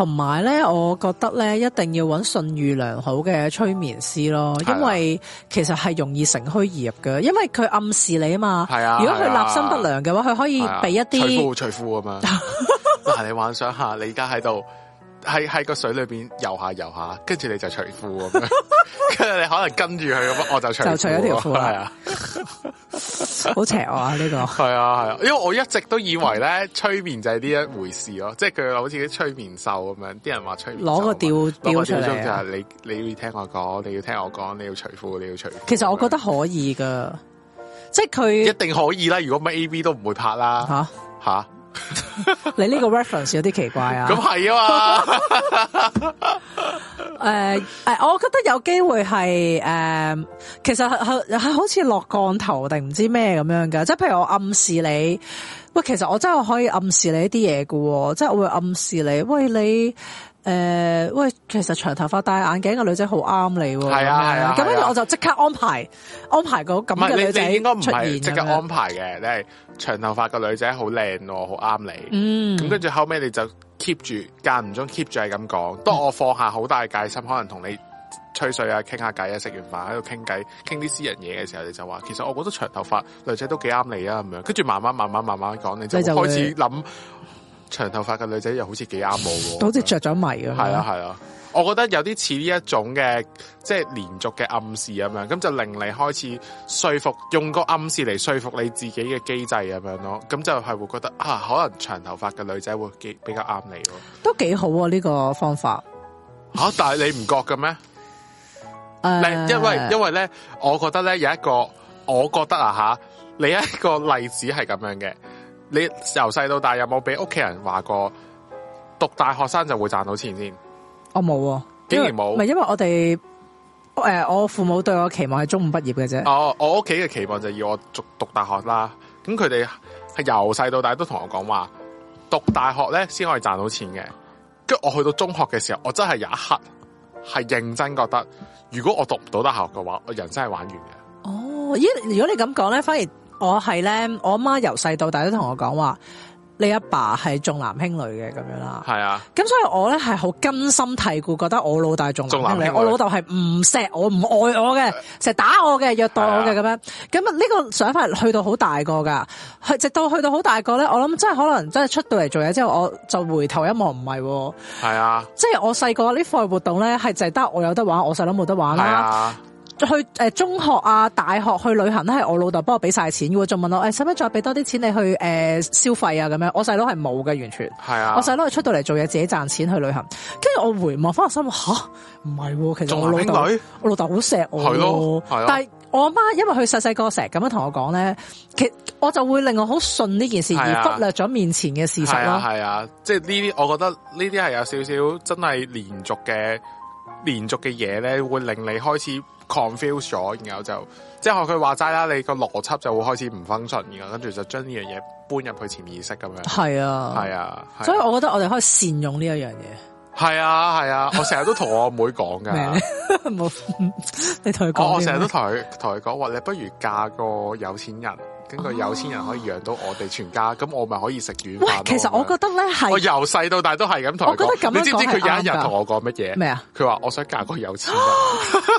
同埋咧，我覺得咧一定要揾信譽良好嘅催眠師咯，因為其實係容易乘虛而入嘅，因為佢暗示你啊嘛。係啊，如果佢立心不良嘅話，佢、啊、可以俾一啲，財富、啊，財富啊嘛！嗱， 你幻想下，你而家喺度。喺喺個水裏邊游下游下，跟住你就除褲咁樣，跟住你可能跟住佢咁，我就除就除咗條褲係啊，好邪啊呢個係啊係啊，因為我一直都以為咧催眠就係呢一回事咯，即係佢好似啲催眠獸咁樣，啲人話催眠。攞個吊樣吊，吊出嚟就係你你要聽我講，你要聽我講，你要除褲，你要除。要樣其實我覺得可以噶，即係佢一定可以啦。如果乜 AV 都唔會拍啦，吓吓。 你呢個 reference 有啲奇怪啊、 呃，咁係啊嘛，誒誒，我覺得有機會係誒、呃，其實係好似落降頭定唔知咩咁樣噶，即係譬如我暗示你，喂，其實我真係可以暗示你一啲嘢噶，即係我會暗示你，喂你。誒、呃，喂，其實長頭髮戴眼鏡嘅女仔好啱你喎。係啊係啊，咁樣、啊、我就即刻安排、嗯、安排個咁嘅女仔出現。應該唔係即刻安排嘅，你係嗎長頭髮嘅女仔好靚，好啱你。嗯。咁跟住後尾你就 keep 住間唔中 keep 住係咁講。當我放下好大嘅戒心，嗯、可能同你吹水啊、傾下偈啊、食完飯喺度傾偈，傾啲私人嘢嘅時候，你就話，其實我覺得長頭髮女仔都幾啱你啊，咁樣。跟住慢慢慢慢慢慢講，你就開始諗。 長頭髮嘅女仔又好似幾啱我，好似着咗迷咯。係啊係啊，啊 我覺得有啲似呢一種嘅，即係連續嘅暗示咁樣，咁就令你開始說服，用個暗示嚟說服你自己嘅機制咁樣咯。咁就係會覺得啊，可能長頭髮嘅女仔會幾比較啱你咯。都幾好呢個方法。吓、 啊，但係你唔覺嘅咩？誒， 因為因為咧，我覺得咧有一個，我覺得啊吓，你一個例子係咁樣嘅。你由細到大有冇俾屋企人話過讀大學生就會賺到錢先？我冇，竟然冇。唔係因，因為我哋誒、呃，我父母對我期望係中五畢業嘅啫。哦，我屋企嘅期望就要我讀讀大學啦。咁佢哋係由細到大都同我講話，讀大學咧先可以賺到錢嘅。跟住我去到中學嘅時候，我真係有一刻係認真覺得，如果我讀唔到大學嘅話，我人生係玩完嘅。哦，依如果你咁講咧，反而。我係咧，我阿媽由細到大都同我講話，你阿爸係重男輕女嘅咁樣啦。係啊。咁 所以我咧係好根深蒂固，覺得我老大重男輕女，我老豆係唔錫我、唔愛我嘅，成日 打我嘅、虐待我嘅咁 樣。咁啊呢個想法去到好大個噶，去直到去到好大個咧，我諗真係可能真係出到嚟做嘢之後，我就回頭一望唔係。係啊。即係我細個呢，課外活動咧，係就係得我有得玩，我細佬冇得玩啦。 去誒中學啊，大學去旅行咧，係我老豆幫我俾晒錢嘅，仲問我誒，使唔使再俾多啲錢你去誒、呃、消費啊？咁樣我細佬係冇嘅，完全係是啊！我細佬係出到嚟做嘢，自己賺錢去旅行。跟住我回望翻，我心話吓，唔係、啊，其實我老豆，我老豆好錫我，係咯、啊，係咯、啊。但係我阿媽因為佢細細個成日咁樣同我講咧，其實我就會令我好信呢件事，是啊，而忽略咗面前嘅事實咯。係啊，啊，啊，即係呢啲，我覺得呢啲係有少少真係連續嘅連續嘅嘢咧，會令你開始。confuse 咗，Conf used, 然後就即係學佢話齋啦，你個邏輯就會開始唔 function，然後跟住就將呢樣嘢搬入去潛意識咁樣。係啊，係啊，啊所以我覺得我哋可以善用呢一樣嘢。係啊，係啊，我成日都同我妹講噶，冇 什麼 你同佢講。我成日都同佢同佢講話，你不如嫁個有錢人。經過有錢人可以養到我哋全家，咁我咪可以食軟飯喂其實我覺得咧係我由細到大都係咁同我講，你知唔知佢有一日同我講乜嘢？咩啊？佢話，我想嫁個有錢人。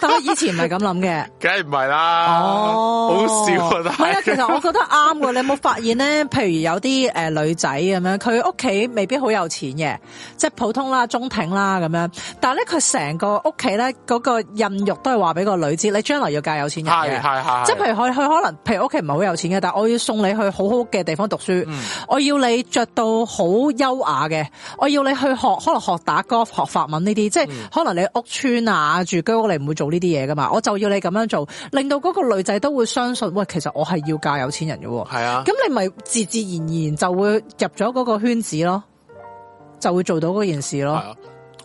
但係以前唔係咁諗嘅，梗係唔係啦。好笑啊！但係其實我覺得啱嘅。你有冇發現咧？譬如有啲誒女仔咁樣，佢屋企未必好有錢嘅，即係普通啦，中挺啦咁樣。但係咧，佢成個屋企咧嗰個孕育都係話俾個女知，你將來要嫁有錢人。係係係，即係譬如佢佢可能譬如屋企唔係好有錢嘅。但我要送你去好好嘅地方讀書，嗯、我要你着到好優雅嘅，我要你去學可能學打 golf 學法文呢啲，即係可能你屋村啊住居屋你唔會做呢啲嘢噶嘛，我就要你咁樣做，令到嗰個女仔都會相信，喂，其實我係要嫁有錢人嘅，係啊，咁你咪自自然然就會入咗嗰個圈子咯，就會做到嗰件事咯。啊、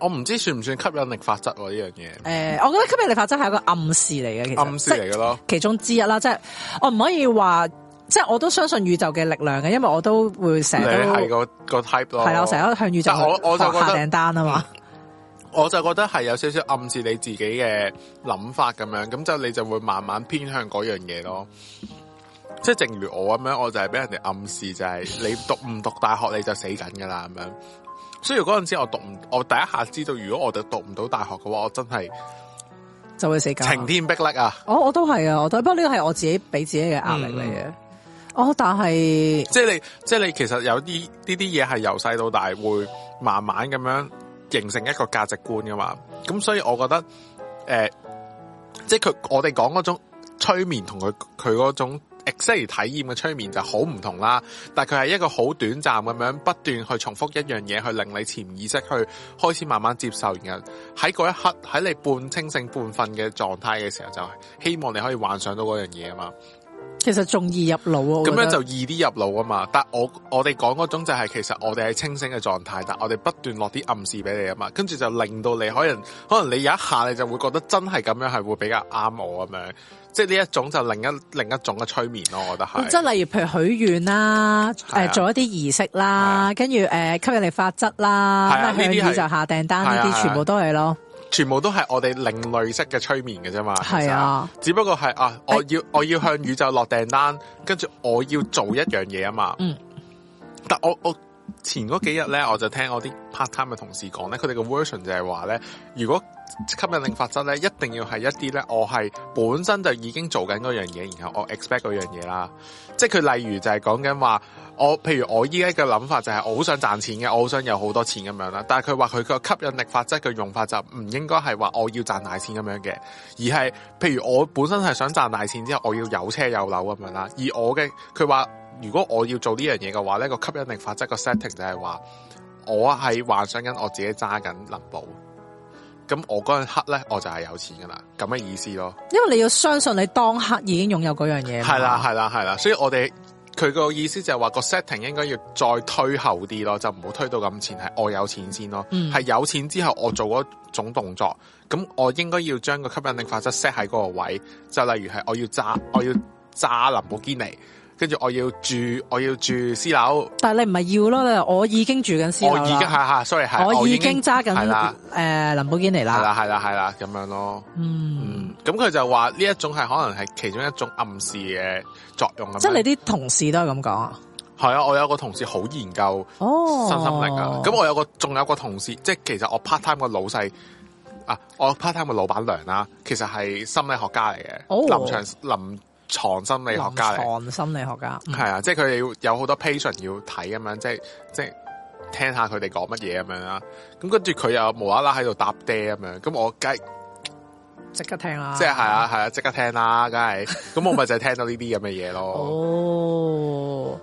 我唔知算唔算吸引力法則呢樣嘢？誒、呃，我覺得吸引力法則係一個暗示嚟嘅，暗示嚟嘅咯，其中之一啦，即係我唔可以話。即係我都相信宇宙嘅力量嘅，因為我都會成日，你係嗰 type 咯，係我成日向宇宙我下訂單啊嘛。我就覺得係、嗯、有少少暗示你自己嘅諗法咁樣，咁就你就會慢慢偏向嗰樣嘢咯。即係正如我咁樣，我就係俾人哋暗示就係、是、你讀唔讀大學你就死緊噶啦咁樣。所以嗰陣時我讀唔，我第一下知道如果我哋讀唔到大學嘅話，我真係就會死緊。晴天霹靂啊、哦、啊！我我都係啊，我不過呢個係我自己俾自己嘅壓力嚟嘅、嗯。哦，oh，但係即係你，即係你，其實有啲呢啲嘢係由細到大會慢慢咁樣形成一個價值觀噶嘛。咁所以我覺得，誒、呃，即係佢我哋講嗰種催眠同佢佢嗰種 exper 體驗嘅催眠就好唔同啦。但係佢係一個好短暫咁樣，不斷去重複一樣嘢，去令你潛意識去開始慢慢接受。然後喺嗰一刻，喺你半清醒半瞓嘅狀態嘅時候，就是、希望你可以幻想到嗰樣嘢啊嘛。其實仲易入腦啊，咁樣就易啲入腦啊嘛。但我我哋講嗰種就係、是，其實我哋係清醒嘅狀態，但我哋不斷落啲暗示俾你啊嘛，跟住就令到你可能可能你有一下你就會覺得真係咁樣係會比較啱我咁、啊、樣，即係呢一種就另一另一種嘅催眠咯、啊。我覺得係，即係例如譬如許願啦，誒、啊呃、做一啲儀式啦，跟住誒吸引你法則啦，啊、向子就下訂單呢啲、啊、全部都係咯。全部都係我哋另類式嘅催眠嘅啫嘛，係啊，只不過係啊，我要我要向宇宙落訂單，跟住我要做一樣嘢啊嘛。嗯，但我我前嗰幾日咧，我就聽我啲 part time 嘅同事講咧，佢哋嘅 version 就係話咧，如果。吸引力法則咧，一定要係一啲咧，我係本身就已經做緊嗰樣嘢，然後我 expect 嗰樣嘢啦。即係佢例如就係講緊話，我譬如我依家嘅諗法就係、是、我好想賺錢嘅，我好想有好多錢咁樣啦。但係佢話佢個吸引力法則嘅用法就唔應該係話我要賺大錢咁樣嘅，而係譬如我本身係想賺大錢之後，我要有車有樓咁樣啦。而我嘅佢話如果我要做呢樣嘢嘅話咧，呢個吸引力法則個 setting 就係話我係幻想緊我自己揸緊林寶。咁我嗰陣刻咧，我就係有錢噶啦，咁嘅意思咯。因為你要相信你當刻已經擁有嗰樣嘢。係啦係啦係啦，所以我哋佢個意思就係話個 setting 應該要再推後啲咯，就唔好推到咁前，係我有錢先咯，係、嗯、有錢之後我做嗰種動作，咁我應該要將個吸引力法則 set 喺嗰個位，就例如係我要揸我要揸林寶堅尼。跟住我要住，我要住私樓。但係你唔係要咯，我已經住緊私樓我已經係吓，sorry，我已經揸緊啦。誒，林寶堅尼啦，係啦，係啦，係啦，咁樣咯。嗯，咁佢就話呢一種係可能係其中一種暗示嘅作用。即係你啲同事都係咁講啊？係啊，我有個同事好研究哦，身心靈啊。咁我有個仲有個同事，即係其實我 part time 個老細啊，我 part time 嘅老闆娘啦，其實係心理學家嚟嘅。林長林。臨床心理學家嚟，臨床心理學家係啊，即係佢哋有好多 patient 要睇咁樣，即係即係聽下佢哋講乜嘢咁樣啦。咁跟住佢又無啦啦喺度搭爹咁樣，咁我梗即刻聽啦。即係係啊係啊，即刻聽啦，梗係咁我咪就係聽到呢啲咁嘅嘢咯。哦，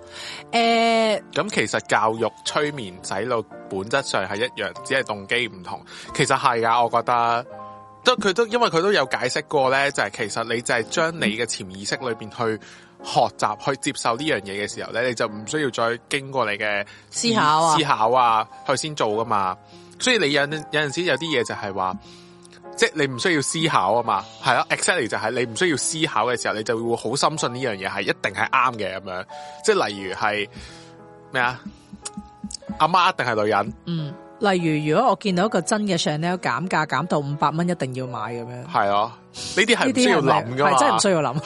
誒，咁其實教育催眠洗腦本質上係一樣，只係動機唔同。其實係啊，我覺得。都佢都因為佢都有解釋過咧，就係其實你就係將你嘅潛意識裏邊去學習去接受呢樣嘢嘅時候咧，你就唔需要再經過你嘅思考啊思考啊去先做噶嘛所以你有有陣時有啲嘢就係話，即係你唔需要思考啊嘛。係啊 exactly 就係你唔需要思考嘅時候，你就會好深信呢樣嘢係一定係啱嘅咁樣。即係例如係咩啊？阿媽一定係女人。嗯。例如，如果我見到一個真嘅 Chanel 減價減到五百蚊，一定要買咁樣？係啊，呢啲係唔需要諗噶，係真係唔需要諗。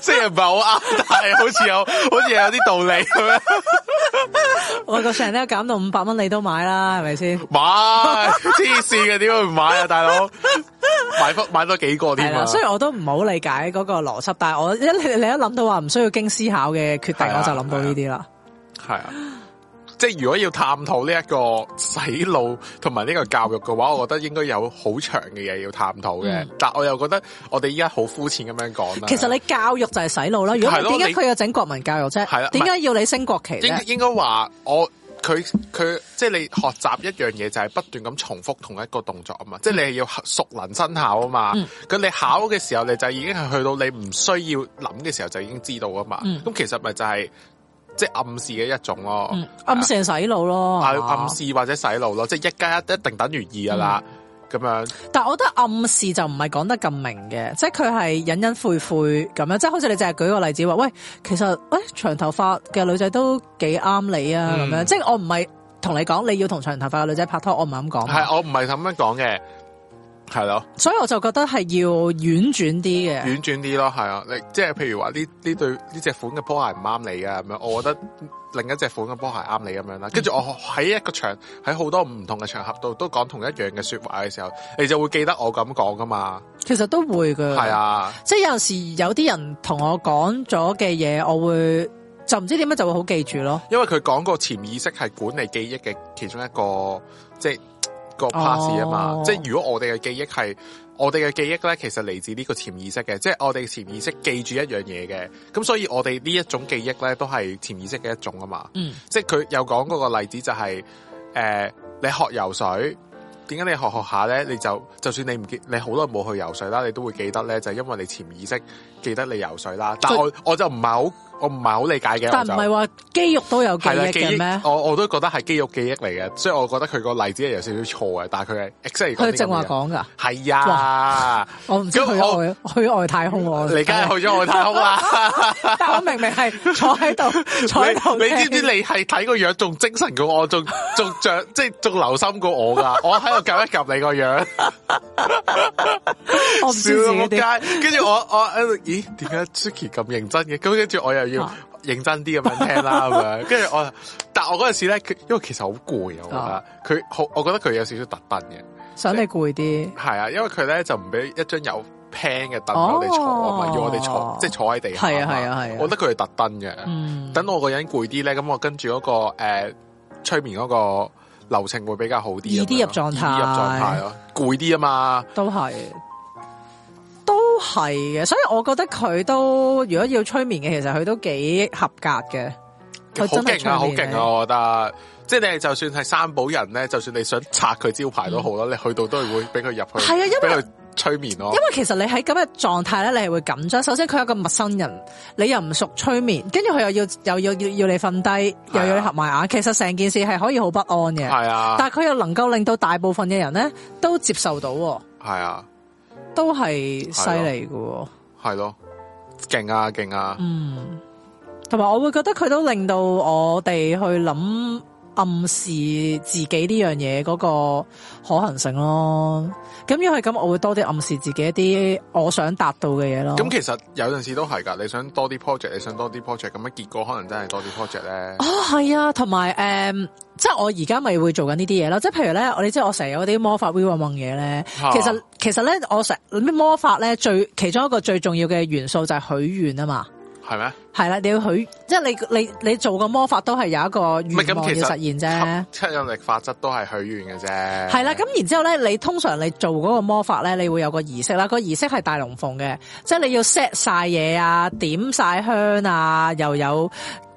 雖然唔係好啱，但係好似有好似有啲道理咁樣。我個 Chanel 減到五百蚊，你都買啦，係咪先？買，黐線嘅，點解唔買啊，大佬？買多買多幾個添啊？雖然我都唔好理解嗰個邏輯，但係我一你一諗到話唔需要經思考嘅決定，啊、我就諗到呢啲啦。係啊。即係如果要探討呢一個洗腦同埋呢個教育嘅話，我覺得應該有好長嘅嘢要探討嘅。嗯、但我又覺得我哋依家好膚淺咁樣講啦。其實你教育就係洗腦啦。如果唔係，點解佢要整國民教育啫？係啊，點解要你升國旗咧？應該話我佢佢即係你學習一樣嘢就係不斷咁重複同一個動作啊嘛。即係、嗯、你係要熟能生巧啊嘛。咁、嗯、你考嘅時候你就已經係去到你唔需要諗嘅時候就已經知道啊嘛。咁、嗯嗯、其實咪就係、是。即係暗示嘅一種咯、嗯，暗示係洗腦咯，係、啊啊、暗示或者洗腦咯，啊、即係一加一一定等於二啊啦，咁、嗯、樣。但係我覺得暗示就唔係講得咁明嘅，即係佢係隱隱晦晦咁樣，即係好似你淨係舉個例子話，喂，其實，喂，長頭髮嘅女仔都幾啱你啊，咁、嗯、樣。即係我唔係同你講你要同長頭髮嘅女仔拍拖，我唔係咁講。係嘛，我唔係咁樣講嘅。 係咯，所以我就覺得係要婉轉啲嘅，婉轉啲咯，係啊，你即係譬如話呢，呢對呢隻款嘅波鞋唔啱你嘅，咁樣，我覺得另一隻款嘅波鞋啱你咁樣啦。跟住、嗯、我喺一個場，喺好多唔同嘅場合度都講同一樣嘅說話嘅時候，你就會記得我咁講噶嘛。其實都會嘅，係啊的，即係有陣時有啲人同我講咗嘅嘢，我會就唔知點解就會好記住咯。因為佢講過潛意識係管理記憶嘅其中一個，即係。個 pass 啊嘛，oh. 即係如果我哋嘅記憶係我哋嘅記憶咧，其實嚟自呢個潛意識嘅，即係我哋潛意識記住一樣嘢嘅，咁所以我哋呢一種記憶咧都係潛意識嘅一種啊嘛，嗯，mm. 即係佢有講嗰個例子就係，誒，你學游水，點解你學學下咧，你就就算你唔記，你好耐冇去游水啦，你都會記得咧，就係因為你潛意識記得你游水啦，但係我我就唔係好。我唔係好理解嘅，但唔係話肌肉都有記憶嘅咩？我我都覺得係肌肉記憶嚟嘅，所以我覺得佢個例子係有少少錯嘅。但係佢係，佢正話講噶，係呀。我唔知去去外太空。你梗係去咗外太空啦？但我明明係坐喺度，坐喺度。你知唔知你係睇個樣仲精神過我，仲仲着即係仲留心過我噶？我喺度 𥄫 一 𥄫 你個樣。笑到我街，跟住我我咦？點解 Suki 咁認真嘅？咁跟住我又。要認真啲咁樣聽啦，咁樣，跟住我，但我嗰陣時咧，佢因為其實好攰啊，佢好，我覺得佢、oh. 有少少特登嘅，想你攰啲，係、嗯、啊，因為佢咧就唔俾一張有 pan 嘅凳我哋坐，唔係、oh. 要我哋坐，即係坐喺地下。係啊係啊係啊，啊啊我覺得佢係特登嘅，mm. 等我個人攰啲咧，咁我跟住嗰、那個誒、呃、催眠嗰個流程會比較好啲，易啲入狀態，易入狀態咯，攰啲啊嘛，都係。係嘅，所以我覺得佢都如果要催眠嘅，其實佢都幾合格嘅。佢真係勁啊，好勁啊！嗯、我覺得，即係你就算係三寶人咧，就算你想拆佢招牌都好啦，嗯、你去到都係會俾佢入去，係啊，因為催眠咯、啊。因為其實你喺咁嘅狀態咧，你係會緊張。首先佢係個陌生人，你又唔熟催眠，跟住佢又要又要要要你瞓低，又要，又要，要，要你、啊、又要合埋眼。其實成件事係可以好不安嘅，係啊。啊但係佢又能夠令到大部分嘅人咧都接受到，係啊。都係犀利嘅，係咯，勁啊勁啊，啊嗯，同埋我會覺得佢都令到我哋去諗，暗示自己呢樣嘢，嗰個可行性咯，咁因為咁我會多啲暗示自己一啲我想達到嘅嘢咯。咁其實有陣時都係噶，你想多啲 project，你想多啲 project，咁樣結果可能真係多啲 project 咧。哦，係啊，同埋誒，即係我而家咪會做緊呢啲嘢咯，即係譬如咧，我你知我成日有啲魔法喐喐嘢咧，其實其實咧我成日諗啲魔法咧最其中一個最重要嘅元素就係許願啊嘛。係咩？係啦，你要許，即係你你你做個魔法都係有一個願望其實要實現啫。吸引力法則都係許願嘅啫。係啦，咁然之後咧，你通常你做嗰個魔法咧，你會有個儀式啦。個儀式係大龍鳳嘅，即係你要 set 晒嘢啊，點晒香啊，又有。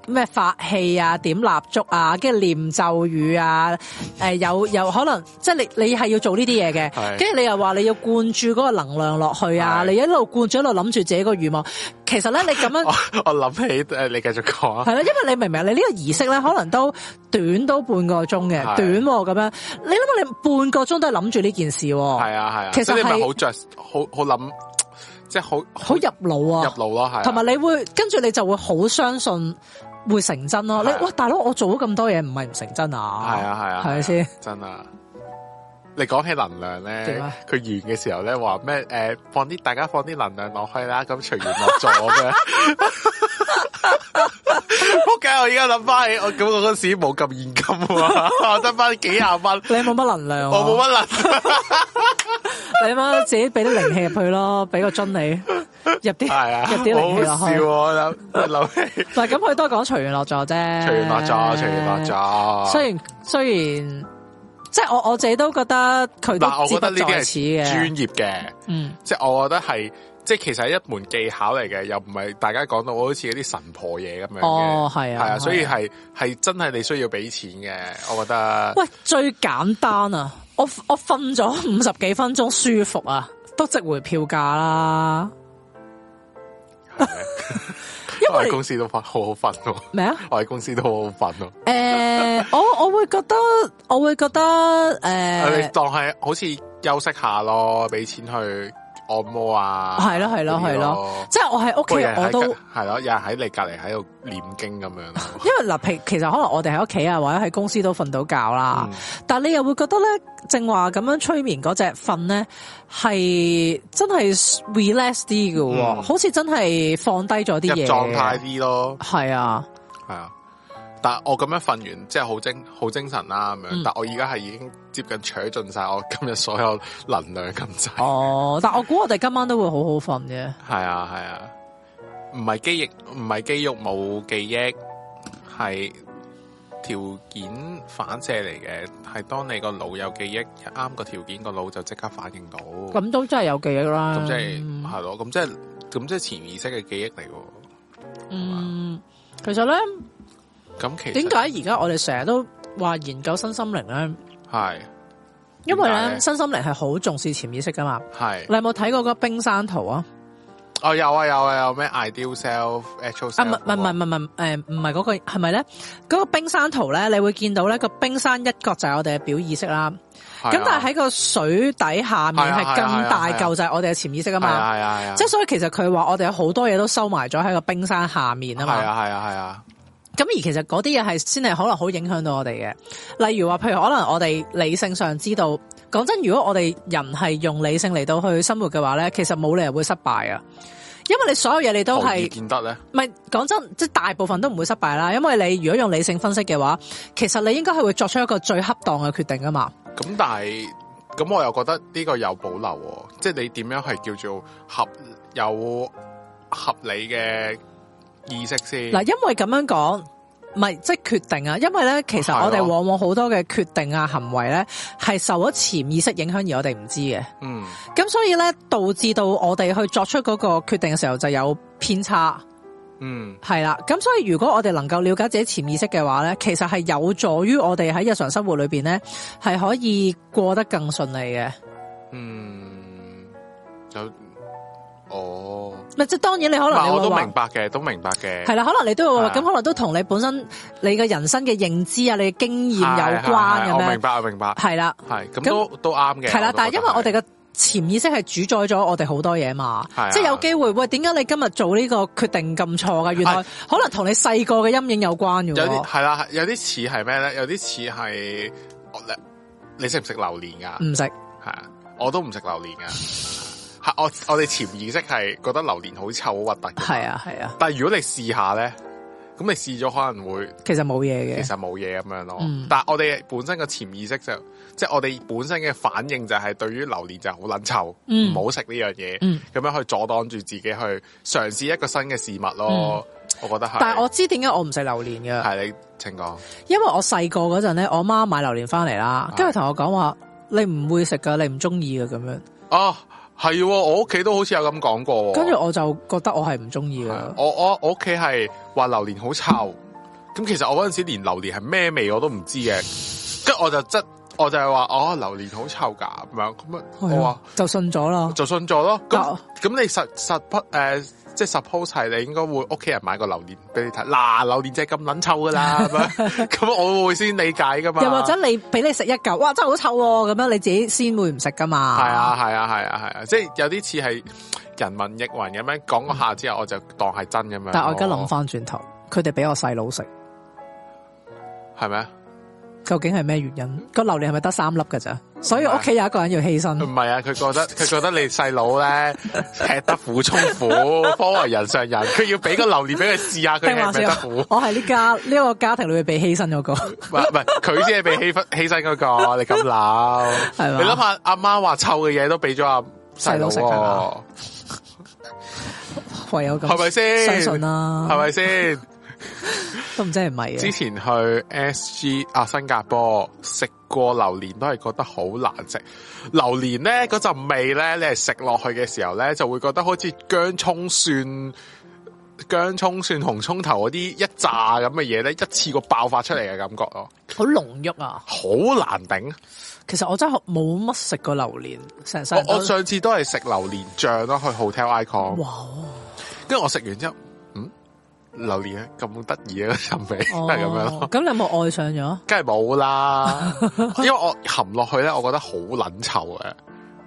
咩法器啊？點蠟燭啊？跟住唸咒語啊？誒、呃，有有可能即係你你係要做呢啲嘢嘅，跟住 是的 你又話你要灌注嗰個能量落去啊？是的 你一路灌住一路諗住自己個願望，其實咧你咁樣， 我諗起誒、呃，你繼續講。係啦，因為你明唔明？你呢個儀式咧，可能都短到半個鐘嘅， 是的 短咁、哦、樣。你諗下，你半個鐘都係諗住呢件事。係啊係啊，其實你咪好着，好好諗，即係好好入腦啊。入腦咯，係。同埋你會跟住你就會好相信。會成真咯！是的 你哇，大佬，我做咗咁多嘢，唔係唔成真啊？係啊，係啊，係咪先？吧真啊！你講起能量咧，佢樣完嘅時候咧話咩？誒、呃，放啲大家放啲能量落去啦，咁隨緣落咗。咁樣。OK，我而家諗翻起，我咁我嗰時冇咁現金，得翻幾廿蚊。你冇乜能量，我冇乜能量。你媽自己俾啲靈氣入去咯，俾個樽你，入啲，入啲靈氣咯。好我留嗱，氣。唔係咁，佢都係講隨緣落座啫。隨緣落座，隨緣落座雖。雖然雖然。即係我我自己都覺得佢都值得在此嘅專業嘅，嗯，即係我覺得係、嗯，即係其實係一門技巧嚟嘅，又唔係大家講到我好似嗰啲神婆嘢咁樣。哦，係啊，係啊，啊所以係係真係你需要俾錢嘅，我覺得。喂，最簡單啊！我我瞓咗五十幾分鐘舒服啊，都值回票價啦。嗎 我哋公司都瞓、啊麼，好好瞓咯。咩啊？我哋公司都好好瞓咯。誒，我我會覺得，我會覺得，誒、欸，你當係好似休息下咯，俾錢去按摩啊，係咯，係咯，係咯，即 係、 就是、我喺屋企我都係咯，有人喺你隔籬喺度念經咁樣。 因為嗱，平其實可能我哋喺屋企啊，或者喺公司都瞓到覺啦。嗯、但係你又會覺得咧，正話咁樣催眠嗰隻瞓咧，係、嗯、真係 relax 啲嘅喎，好似真係放低咗啲嘢，狀態啲咯。係是啊，係啊。但我咁樣瞓完，即係好精好精神啦咁樣。嗯、但我而家係已經接近取盡晒我今日所有能量咁滯。哦， 但我估我哋今晚都會好好瞓嘅。係啊係啊，唔係、記憶、肌肉，唔係肌肉冇記憶，係條件反射嚟嘅。係當你個腦有記憶，啱個條件，個腦就即刻反應到。咁都真係有記憶啦。咁即係係咯，咁即係咁即係潛意識嘅記憶嚟嘅。嗯，其實咧。嗯咁點解而家我哋成日都話研究身心靈咧？係是，因為咧身心靈係好重視潛意識噶嘛。係是，你有冇睇過個冰山圖啊？哦有啊有啊有咩 ideal、那個、self、actual self？啊唔唔唔唔唔，誒唔係嗰個係咪咧？嗰、那個冰山圖咧，你會見到咧個冰山一角就係我哋嘅表意識啦。咁、啊、但係喺個水底下面係咁大嚿，就係我哋嘅潛意識啊嘛。係啊係啊，即係、啊啊啊啊、所以其實佢話我哋有好多嘢都收埋咗喺個冰山下面啊嘛。係啊係啊係啊。咁而其實嗰啲嘢係先係可能好影響到我哋嘅，例如話，譬如可能我哋理性上知道，講真，如果我哋人係用理性嚟到去生活嘅話咧，其實冇理由會失敗啊，因為你所有嘢你都係易見得咧。唔係，講真，即係大部分都唔會失敗啦，因為你如果用理性分析嘅話，其實你應該係會作出一個最恰當嘅決定啊嘛。咁但係，咁我又覺得呢個有保留喎，即係你點樣係叫做合有合理嘅？意識先嗱、就是，因為咁樣講，唔係即係決定啊。因為咧，其實我哋往往好多嘅決定啊、行為咧，係受咗潛意識影響而我哋唔知嘅。嗯，咁所以咧，導致到我哋去作出嗰個決定嘅時候就有偏差。嗯，係啦。咁所以如果我哋能夠了解自己潛意識嘅話咧，其實係有助於我哋喺日常生活裏邊咧，係可以過得更順利嘅。嗯，有哦。咪即係當然，你可能我都明白嘅，都明白嘅。係啦，可能你都咁，可能都同你本身你嘅人生嘅認知啊，你嘅經驗有關。明白，明白。係啦，係咁都都啱嘅。係啦，但係因為我哋嘅潛意識係主宰咗我哋好多嘢嘛，即係有機會喂，點解你今日做呢個決定咁錯噶？原來可能同你細個嘅陰影有關嘅。有啲係啦，有啲似係咩咧？有啲似係你食唔食榴蓮噶？唔食。係啊，我都唔食榴蓮噶。我我哋潛意識係覺得榴蓮好臭好核突。係啊係啊。但係如果你試下咧，咁你試咗可能會其實冇嘢嘅，其實冇嘢咁樣咯。但係我哋本身個潛意識就即係我哋本身嘅反應就係對於榴蓮就好捻臭，唔好食呢樣嘢，咁樣去阻擋住自己去嘗試一個新嘅事物咯。我覺得係。但係我知點解我唔食榴蓮噶？係你請講。因為我細個嗰陣咧，我媽買榴蓮翻嚟啦，跟住同我講話：你唔會食噶，你唔中意噶咁樣。哦。係，我屋企都好似有咁講過。跟住我就覺得我係唔中意啦。我我我屋企係話榴蓮好臭，咁 其實我嗰陣時連榴蓮係咩味我都唔知嘅，跟住我就執。我就係話哦，榴蓮好臭噶咁樣，咁啊、哎呀，我話說就信咗咯，就信咗咯。咁我你實實誒、呃，即係 suppose 你應該會屋企人買個榴蓮俾你睇，嗱、啊，榴蓮即係咁撚臭噶啦，咁咁 我會先理解噶嘛。又或者你俾你食一嚿，哇，真係好臭咁、啊、樣，你自己先會唔食噶嘛。係啊，係啊，係啊，係啊，即係、啊啊啊啊、有啲似係人云亦云咁樣講個下之後，我就當係真咁樣。嗯、但係我而家諗翻轉頭，佢哋俾我細佬食，係咪？啊？究竟係咩原因？個榴蓮係咪得三粒嘅咋，所以屋企有一個人要犧牲。唔係啊，佢覺得佢覺得你細佬咧吃得苦充苦，方為人上人。佢要俾個榴蓮俾佢試下，佢係咪得苦？我係呢家呢、呢個家庭裏邊被犧牲嗰、嗰個。唔係，唔係，佢先係被犧牲犧牲嗰個。 你咁諗，吧你諗下阿媽話臭嘅嘢，都俾咗阿細佬食， 唯有係咪先相信啊？係咪先？ 都唔知係唔係？ 之前去 SG 啊，新加坡食過榴蓮，都係覺得好難食。榴蓮咧，嗰陣味咧，你係食落去嘅時候咧，就會覺得好似薑葱蒜、薑葱蒜、紅葱頭嗰啲一炸咁嘅嘢咧，一次過爆發出嚟嘅感覺咯，好濃郁啊，好難頂。其實我真係冇乜食過榴蓮，成世我上次都係食榴蓮醬咯，去 Hotel Icon，哇，跟住我食完之後。榴蓮咁得意嘅一陣味，係咁、啊哦、樣咯。咁你有冇愛上咗？梗係冇啦， 因為我含落去咧，我覺得好撚臭嘅，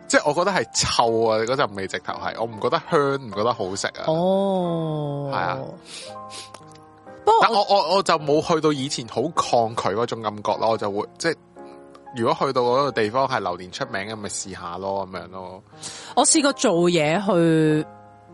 即係我覺得係臭啊！嗰、那、陣、個、味直頭係，我唔覺得香，唔覺得好食、哦、啊。哦，係啊。不過我我我就冇去到以前好抗拒嗰種感覺咯，我就會即係如果去到嗰個地方係榴蓮出名嘅，咪試下咯，咁樣咯。我試過做嘢去。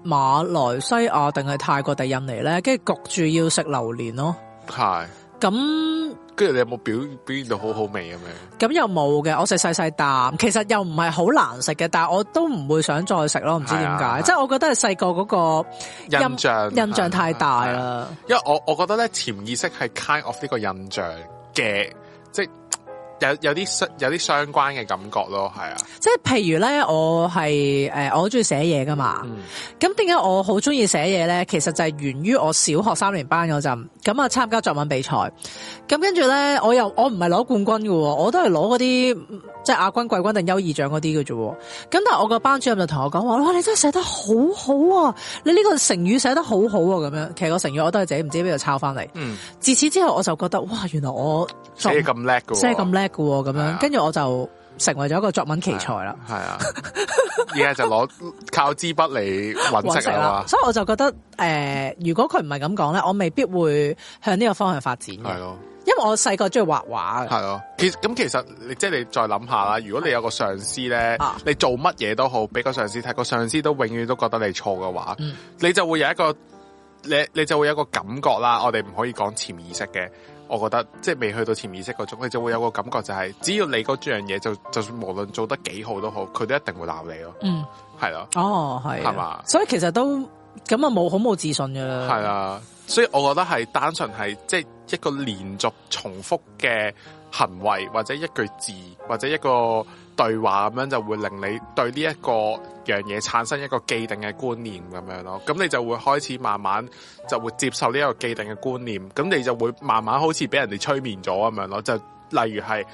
馬來西亞定係泰國定印尼咧，跟住焗住要食榴蓮咯。係的，咁跟住你有冇表表現到好好味咁樣？咁又冇嘅，我食細細啖，其實又唔係好難食嘅，但係我都唔會想再食咯，唔知點解。的即係我覺得細個嗰個印象印象太大啦，因為我我覺得咧潛意識係 kind of 呢個印象嘅，即係。有有啲相有啲相關嘅感覺咯，係啊！即係譬如咧，我係誒、呃、我好中意寫嘢噶嘛。咁點解我好中意寫嘢咧？其實就係源於我小學三年班嗰陣，咁啊參加作文比賽，咁跟住咧，我又我唔係攞冠軍嘅喎，我都係攞嗰啲即係亞軍、季軍定優異獎嗰啲嘅啫。咁但係我個班主任就同我講話哇！你真係寫得好好啊！你呢個成語寫得好好啊！咁樣，其實個成語我都係自己唔知邊度抄翻嚟。嗯，自此之後我就覺得哇！原來我寫咁叻嘅，寫咁叻。咁樣，跟住，我就成為咗一個作文奇才啦。係啊，而家 就攞靠支筆嚟揾食啊嘛。吧所以我就覺得，誒、呃，如果佢唔係咁講咧，我未必會向呢個方向發展嘅。係咯，的因為我細個中意畫畫。係啊，其實咁其實，即係你再諗下啦。如果你有個上司咧，的你做乜嘢都好，俾個上司睇，個上司都永遠都覺得你錯嘅話，嗯，你你，你就會有一個你，你就會有個感覺啦。我哋唔可以講潛意識嘅。我覺得即係未去到潛意識嗰種，你就會有個感覺就係、是，只要你嗰樣嘢就，就算無論做得幾好都好，佢都一定會鬧你咯。嗯，係咯的。哦，係。係嘛吧？所以其實都咁啊，冇好冇自信㗎喇。係啊，所以我覺得係單純係即係一個連續重複嘅行為，或者一句字，或者一個對話咁樣就會令你對呢一個樣嘢產生一個既定嘅觀念咁樣咯，咁你就會開始慢慢就會接受呢個既定嘅觀念，咁你就會慢慢好似俾人哋催眠咗咁樣咯。就例如係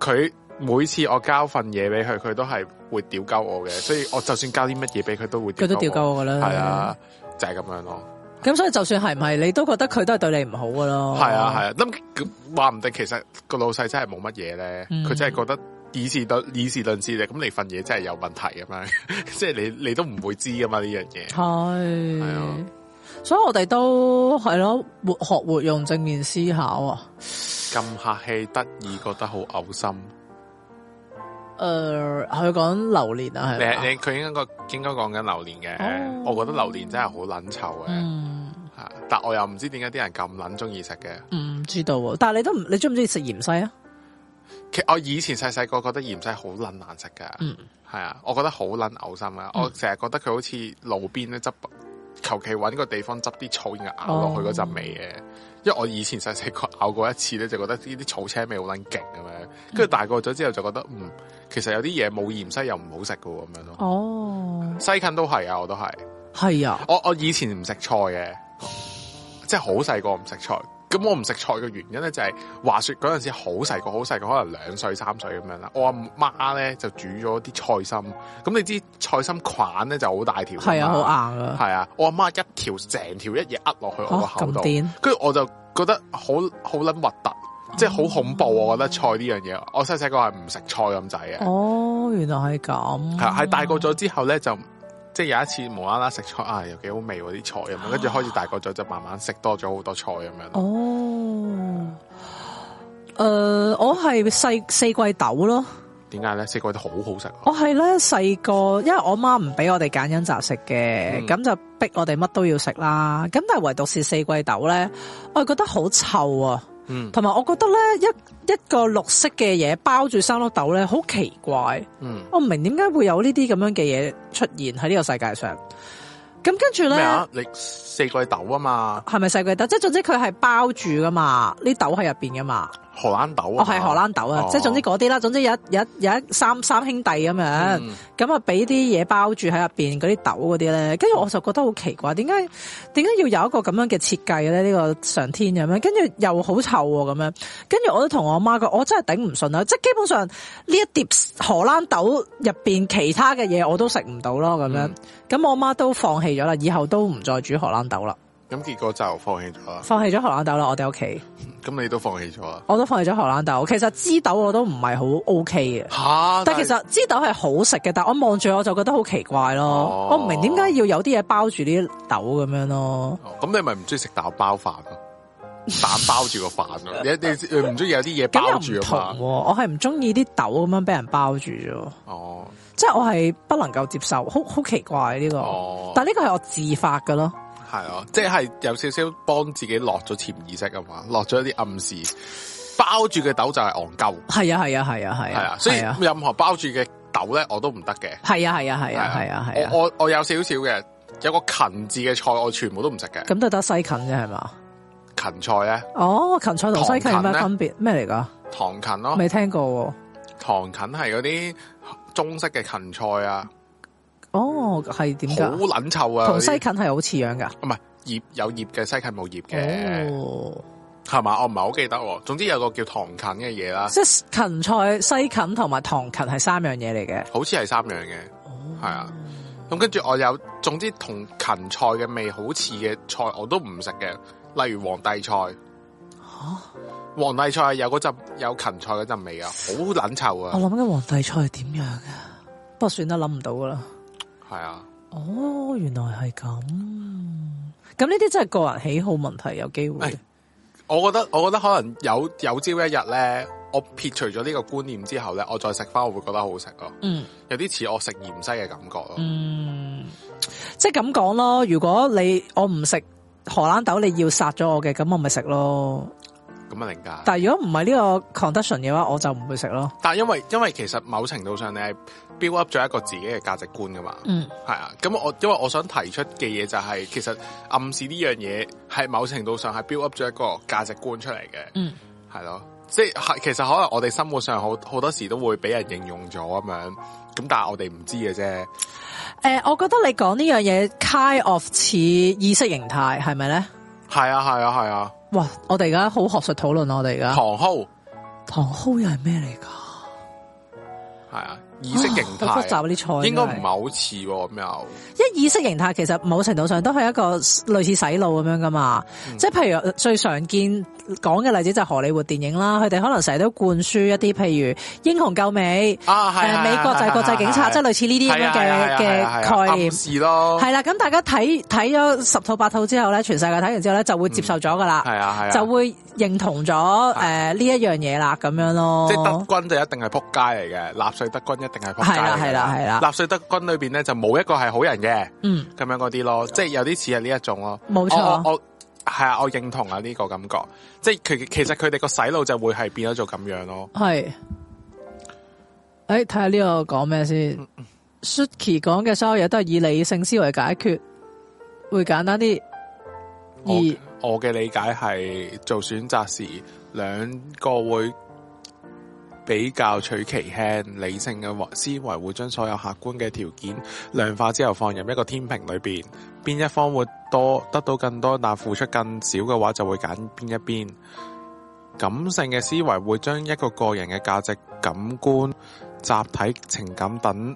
佢每次我交份嘢俾佢，佢都係會屌鳩我嘅，所以我就算交啲乜嘢俾佢都會，佢都屌鳩我噶啦，係啊，啊就係咁樣咯。咁所以就算係唔係，你都覺得佢都係對你唔好噶咯。係啊係啊，咁話唔定其實個老細真係冇乜嘢咧，佢、嗯、真係覺得。以事論以事論事咧，咁你份嘢真係有問題啊 嘛！即係你你都唔會知啊嘛呢樣嘢。係係啊，的所以我哋都係咯，活學活用正面思考啊。咁客氣得意，覺得好嘔心。誒、呃，佢講榴蓮啊，係你佢應該應該講緊榴蓮嘅。哦、我覺得榴蓮真係好捻臭嘅，嗯，但我又唔知點解啲人咁捻中意食嘅。唔知道，嗯知道啊，但係你都唔，你中唔中意食芫茜？啊其實我以前細細個覺得芫荽好捻難食噶，係、嗯、啊，我覺得好捻嘔心噶。嗯、我成日覺得佢好似路邊咧執，求其搵個地方執啲草然後咬落去嗰陣味嘅。哦、因為我以前細細個咬過一次咧，就覺得呢啲草青味好捻勁咁樣。跟住、嗯、大個咗之後就覺得，嗯，其實有啲嘢冇芫荽又唔好食噶咁樣咯。哦，西芹都係啊，我都係，係啊。我我以前唔食菜嘅，即係好細個唔食菜。咁我唔食菜嘅原因咧，就係、是、話說嗰陣時好細個，好細個，可能兩歲三歲咁樣啦。我阿媽咧就煮咗啲菜心，咁你知菜心塊咧就好大條，係啊，好硬啊，係啊。我阿媽一條成條一嘢呃落去我個口度，跟住、哦、我就覺得好好捻核突，即係好恐怖。哦、我覺得菜呢樣嘢，我細細個係唔食菜咁滯嘅。哦，原來係咁，係係大個咗之後咧就。即係有一次無啦啦食菜啊，又幾好味喎啲菜咁樣，跟住、啊、開始大個咗就慢慢食多咗好多菜咁樣。哦，誒、呃，我係細四季豆咯。點解咧？四季豆好好食、啊。我係咧細個，因為我媽唔俾我哋揀飲擇食嘅，咁、嗯、就逼我哋乜都要食啦。咁但係唯獨是四季豆咧，我係覺得好臭啊。嗯，同埋我覺得咧，一一個綠色嘅嘢，包住三粒豆咧，好奇怪，嗯，我唔明點解會有呢啲咁樣嘅嘢出現喺呢個世界上。咁跟住咧，啊，你四季豆啊嘛，係咪四季豆？即係總之佢係包住噶嘛，呢豆喺入邊噶嘛。荷蘭豆啊！我係、哦、荷蘭豆啊！哦、即係總之嗰啲啦，總之有有有一，有一，有一三三兄弟咁樣，咁啊俾啲嘢包住喺入邊嗰啲豆嗰啲咧，跟住我就覺得好奇怪，點解點解要有一個咁樣嘅設計咧？呢、這個上天咁樣，跟住又好臭咁、啊、樣，跟住我都同我媽講，我真係頂唔順啦！即係基本上呢一碟荷蘭豆入邊其他嘅嘢我都食唔到咯，咁樣咁、嗯、我媽都放棄咗啦，以後都唔再煮荷蘭豆啦。咁結果就放棄咗啦，放棄咗荷蘭豆啦，我哋屋企。咁、 嗯、你都放棄咗啊？我都放棄咗荷蘭豆。其實枝豆我都唔係好 OK 嘅，但但其實枝豆係好食嘅，但我望住我就覺得好奇怪咯。我唔明點解要有啲嘢包住啲豆咁樣咯。咁你咪唔中意食豆包飯咯？蛋包住個飯咯？你你你唔中意有啲嘢包住啊？我係唔中意啲豆咁樣俾人包住啫。哦，即係我係不能夠接受，好好奇怪呢、啊這個。但係呢個係我自發噶咯。係咯，即係有少少幫自己落咗潛意識啊嘛，落咗一啲暗示，包住嘅豆就係戇鳩，係啊係啊係啊係啊，所以任何包住嘅豆咧我都唔得嘅，係啊係啊係啊係啊係啊，我我我有少少嘅，有個芹字嘅菜我全部都唔食嘅，咁都得西芹嘅係嘛？芹菜啊，哦，芹菜同西芹有咩分別咩嚟㗎？唐芹咯，未聽過，唐芹係嗰啲中式嘅芹菜啊。哦，係點解好撚臭啊？同西芹係好似樣噶，唔係葉有葉嘅西芹葉，冇葉嘅係嘛？我唔係好記得，總之有個叫唐芹嘅嘢啦。即係芹菜、西芹同埋唐芹係三樣嘢嚟嘅，好似係三樣嘅，係、oh. 啊。咁、嗯、跟住我有，總之同芹菜嘅味好似嘅菜我都唔食嘅，例如皇帝菜。吓，oh. 皇帝菜有嗰陣有芹菜嗰陣味啊，好撚臭啊！我諗緊皇帝菜係點樣啊？不過算啦，諗唔到噶啦。係啊，哦，原來係咁，咁呢啲真係個人喜好問題，有機會、哎。我覺得，我覺得可能有有朝一日咧，我撇除咗呢個觀念之後咧，我再食翻，我會覺得好食咯。嗯，有啲似我食芫茜嘅感覺咯。嗯，即係咁講咯。如果你我唔食荷蘭豆，你要殺咗我嘅，咁我咪食咯。咁嘅定價，但係如果唔係呢個 condition 嘅話，我就唔會食咯。但係因為因為其實某程度上你係 build up 咗一個自己嘅價值觀噶嘛，嗯，係啊。咁我因為我想提出嘅嘢就係、是，其實暗示呢樣嘢係某程度上係 build up 咗一個價值觀出嚟嘅，嗯，係咯，即係其實可能我哋生活上好好多時都會俾人應用咗咁樣，咁但係我哋唔知嘅啫。誒、呃，我覺得你講呢樣嘢，kind of 似意識形態，係咪咧？係啊，係啊，係啊。哇！我哋而家好學術討論，我哋而家唐蒿，唐蒿又係咩嚟噶？係啊。意識形態應該唔係好似咩，因為意識形態其實某程度上都係一個類似洗腦咁樣噶嘛，即係譬如最常見講嘅例子就係荷里活電影啦，佢哋可能成日都灌輸一啲譬如英雄救美啊，誒美國就係國際警察，即係類似呢啲咁樣嘅嘅概念。咯，係啦，咁大家睇睇咗十套八套之後咧，全世界睇完之後咧就會接受咗噶啦，係啊，就會認同咗誒呢一樣嘢啦，咁樣咯。即係德軍就一定係撲街嚟嘅，納粹德軍一。定係係啦係啦係啦，納粹、啊啊啊、德軍裏邊咧就冇一個係好人嘅，嗯，咁樣嗰啲咯，啊、即係有啲似係呢一種咯，冇錯，我係啊，我認同啊呢個感覺，即係其其實佢哋個洗腦就會係變咗做咁樣咯，係，誒，睇下呢個講咩先，Suki 講嘅所有嘢都係以理性思維解決，會簡單啲，而我嘅理解係做選擇時兩個會。比較取其輕，理性嘅思維會將所有客觀嘅條件量化之後放入一個天平裏邊，邊一方會多得到更多，但付出更少嘅話，就會揀邊一邊。感性嘅思維會將一個個人嘅價值、感官、集體、情感等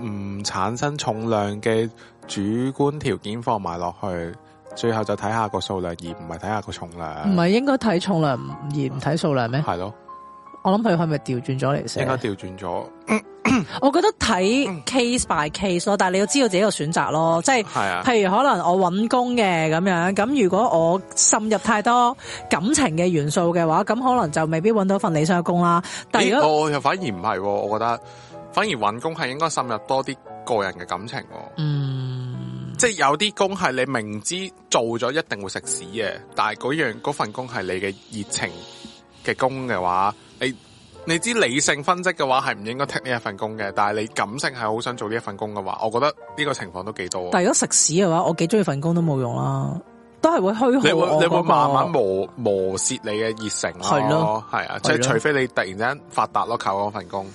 唔產生重量嘅主觀條件放埋落去，最後就睇下個數量，而唔係睇下個重量。唔係應該睇重量而唔睇數量咩？係咯。 我諗佢係咪調轉咗嚟先？應該調轉咗。 我覺得睇 case by case 咯，但係你要知道自己嘅選擇咯，即係，是啊、譬如可能我搵工嘅咁樣，咁如果我滲入太多感情嘅元素嘅話，咁可能就未必搵到份理想嘅工啦。但如果、欸，反而唔係、啊，我覺得反而搵工係應該滲入多啲個人嘅感情、啊。嗯，即係有啲工係你明知做咗一定會食屎嘅，但係嗰樣嗰份工係你嘅熱情嘅工嘅話。你知理性分析嘅話係唔應該剔呢一份工嘅，但係你感性係好想做呢一份工嘅話，我覺得呢個情況都幾多。但係如果食屎嘅話，我幾中意份工都冇用啦，啊，都係會虛耗。你會你會慢慢磨磨蝕你嘅熱誠咯，係啊，即係除非你突然間發達咯，靠嗰份工。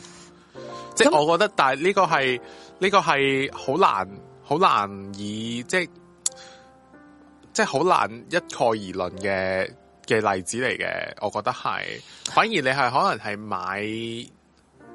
即係的我覺得，但係呢個係呢個係好難好難以，即係即係好難一概而論嘅。嘅例子嚟嘅，我覺得係，反而你係可能係買。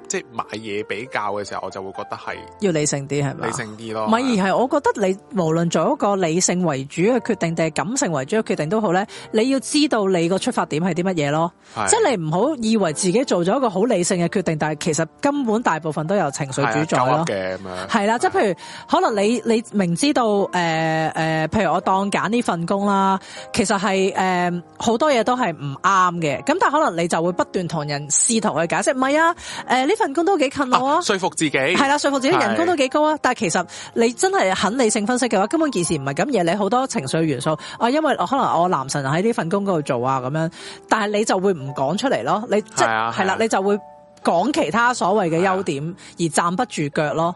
即係買嘢比較嘅時候，我就會覺得係要理性啲，係咪理性啲咯，唔係而係我覺得你無論做一個理性為主嘅決定，定係感性為主嘅決定都好咧，你要知道你個出發點係啲乜嘢咯。是的 即係你唔好以為自己做咗一個好理性嘅決定，但係其實根本大部分都由情緒主宰嘅，係啦，即係譬如的可能你你明知道誒誒、呃呃，譬如我當揀呢份工啦，其實係誒好多嘢都係唔啱嘅。咁但係可能你就會不斷同人試圖去解釋，唔係啊誒呢。呃呃份工都幾近我啊，啊，說服自己係啦，說服自己人工都幾高啊，的但係其實你真係很理性分析嘅話，根本件事唔係咁嘢，你好多情緒元素啊，因為可能我男神喺呢份工嗰度做啊，咁樣，但係你就會唔講出嚟咯，你的即係啦的的，你就會講其他所謂嘅優點的而站不住腳咯。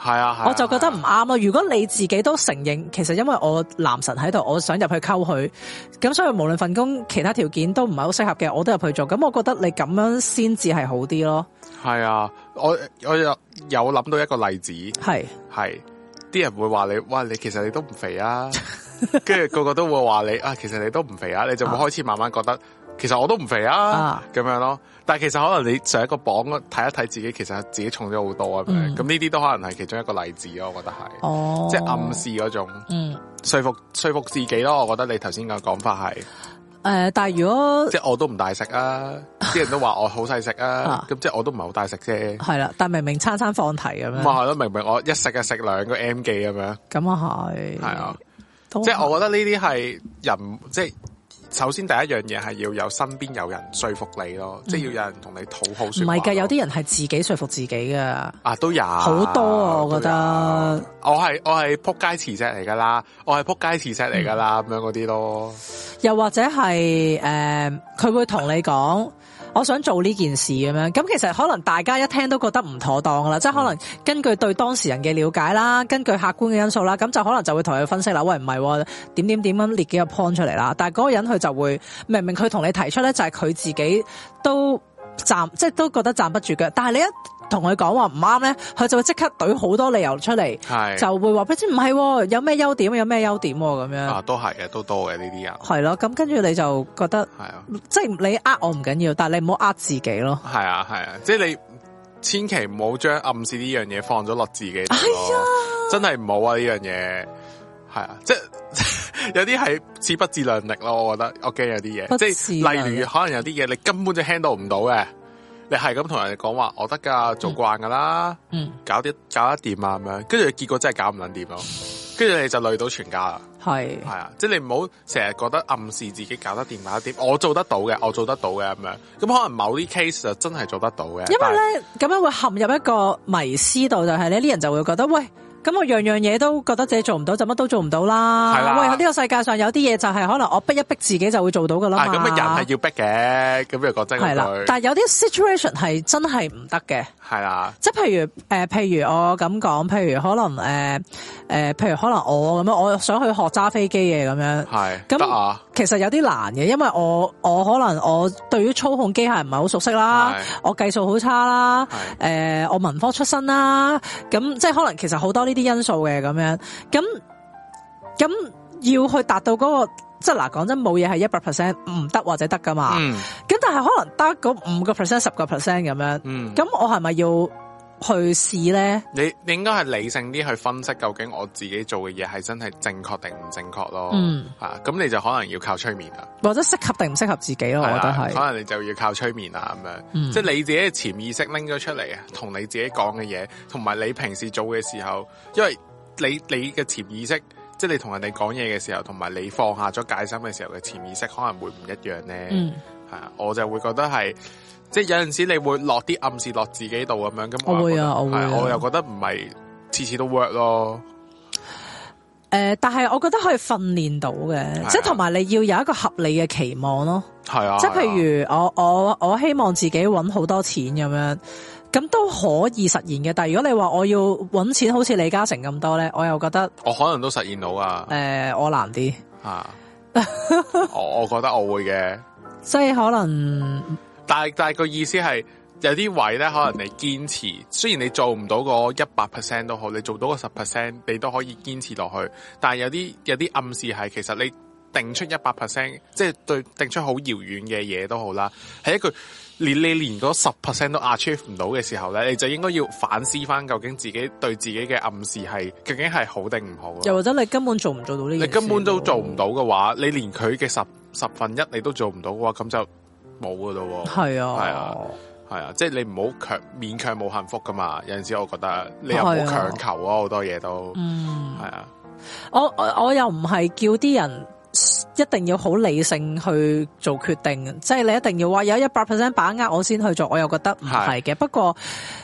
係啊，啊啊我就覺得唔啱啊。如果你自己都承認，其實因為我男神喺度，我想入去溝佢，咁所以無論份工其他條件都唔係好適合嘅，我都入去做。咁我覺得你咁樣先至係好啲咯。係啊，我我有有諗到一個例子，係，係啲人會話你，哇，你其實你都唔肥啊，跟住 個個都會話你啊，其實你都唔肥啊，你就會開始慢慢覺得。啊其實我都唔肥啊，咁樣咯。但係其實可能你上一個榜睇一睇自己，其實自己重咗好多啊。咁呢啲都可能係其中一個例子咯。我覺得係，即係暗示嗰種，說服說服自己咯。我覺得你頭先個講法係，誒，但係如果即係我都唔大食啊，啲人都話我好細食啊。咁即係我都唔係好大食啫。係啦，但明明餐餐放題咁樣，係咯。明明我一食就食兩個 M 記咁樣，咁啊係係啊。即係我覺得呢啲係人即係。首先第一樣嘢係要有身邊有人說服你咯，嗯、即係要有人同你討好。唔係噶，有啲人係自己說服自己噶。啊，都有好多，啊。有我覺得。我係我係仆街辭職嚟噶啦，我係仆街辭職嚟噶啦咁、嗯、樣嗰啲咯。又或者係誒，佢、呃、會同你講。我想做呢件事咁樣，咁其實可能大家一聽都覺得唔妥當啦，嗯、即係可能根據對當事人嘅了解啦，根據客觀嘅因素啦，咁就可能就會同佢分析啦，喂唔係喎，點點點咁列幾個 point 出嚟啦，但係嗰個人佢就會明明佢同你提出咧，就係、是、佢自己都。站即係都覺得站不住腳，但係你一同佢講話唔啱咧，佢就會即刻懟好多理由出嚟，是就會話唔知唔係，有咩優點有咩優點咁、啊、樣。啊，都係嘅，都多嘅呢啲人。係咯、啊，咁跟住你就覺得，啊、即係你呃我唔緊要，但係你唔好呃自己咯。係啊係啊，啊，即係你千祈唔好將暗示呢樣嘢放咗落自己，哎、呀啊，真係唔好啊呢樣嘢，係啊，即係。 有啲係自不自量力咯，我覺得 OK 有啲嘢，即係例如可能有啲嘢你根本就 handle 唔到嘅，你係咁同人哋講話我得噶，做慣噶啦，嗯，搞啲搞得掂啊咁樣，跟住結果真係搞唔捻掂咯，跟住你就累到全家啦，係係啊，即係你唔好成日覺得暗示自己搞得掂搞得掂，我做得到嘅，我做得到嘅咁樣，咁可能某啲 case 就真係做得到嘅，因為咧咁是樣會陷入一個迷思度，就係呢啲人就會覺得喂。咁我樣樣嘢都覺得自己做唔到，就乜都做唔到啦。係啦是、啊，喂，呢個世界上有啲嘢就係可能我逼一逼自己就會做到噶啦。啊，咁人係要逼嘅，咁又講真句。係啦，但係有啲 situation 係真係唔得嘅。係啦，即係譬如誒、呃，譬如我咁講，譬如可能誒誒、呃，譬如可能我咁樣，我想去學揸飛機嘅咁樣。係得啊其實有啲難嘅，因為我我可能我對於操控機械唔係好熟悉啦，是的 我計數好差啦，誒是的、呃，我文科出身啦，咁、嗯、即係可能其實好多呢啲因素嘅咁樣，咁咁要去達到嗰、那個，即係嗱，講真冇嘢係一百 percent 唔得或者得噶嘛，咁、嗯、但係可能得嗰五個 percent、十個 percent 咁樣，咁、嗯、我係咪要？去試呢，你你應該係理性啲去分析，究竟我自己做嘅嘢係真係正確定唔正確咯？嗯，係啊，咁你就可能要靠催眠啦，或者適合定唔適合自己咯？的我覺得係，可能你就要靠催眠啦，咁樣，嗯、即係你自己嘅潛意識拎咗出嚟啊，同你自己講嘅嘢，同埋你平時做嘅時候，因為你你嘅潛意識，即係你同人哋講嘢嘅時候，同埋你放下咗戒心嘅時候嘅潛意識，可能會唔一樣呢。嗯，係啊，我就會覺得係。即係有陣時你會落啲暗示落自己度咁樣，咁啊，我會啊我會啊我又覺得唔係次次都 work 咯。誒、呃，但係我覺得可以訓練到嘅，啊、即係同埋你要有一個合理嘅期望咯。係啊，即係譬如，啊、我我我希望自己搵好多錢咁樣，咁都可以實現嘅。但係如果你話我要搵錢好似李嘉誠咁多咧，我又覺得我可能都實現到啊。誒、呃，我難啲啊， 我我覺得我會嘅，所以可能。但係但係意思係有啲位咧，可能你堅持，雖然你做唔到個一百 percent 都好，你做到個十 percent，你都可以堅持落去。但係有啲有啲暗示係，其實你定出一百 percent，即係對定出好遙遠嘅嘢都好啦。係一句，連你，你連嗰十 percent 都 achieve 唔到嘅時候咧，你就應該要反思翻，究竟自己對自己嘅暗示係究竟係好定唔好？又或者你根本做唔做到呢？你根本都做唔到嘅話，嗯、你連佢嘅十十分一你都做唔到嘅話，咁就。冇噶咯，係啊，係啊，係啊，即係你唔好強勉強冇幸福噶嘛。有陣時我覺得你又冇強求啊，好多嘢都係啊。我我又唔係叫啲人一定要好理性去做決定，即係你一定要話有一百 percent 把握我先去做，我又覺得唔係嘅。不過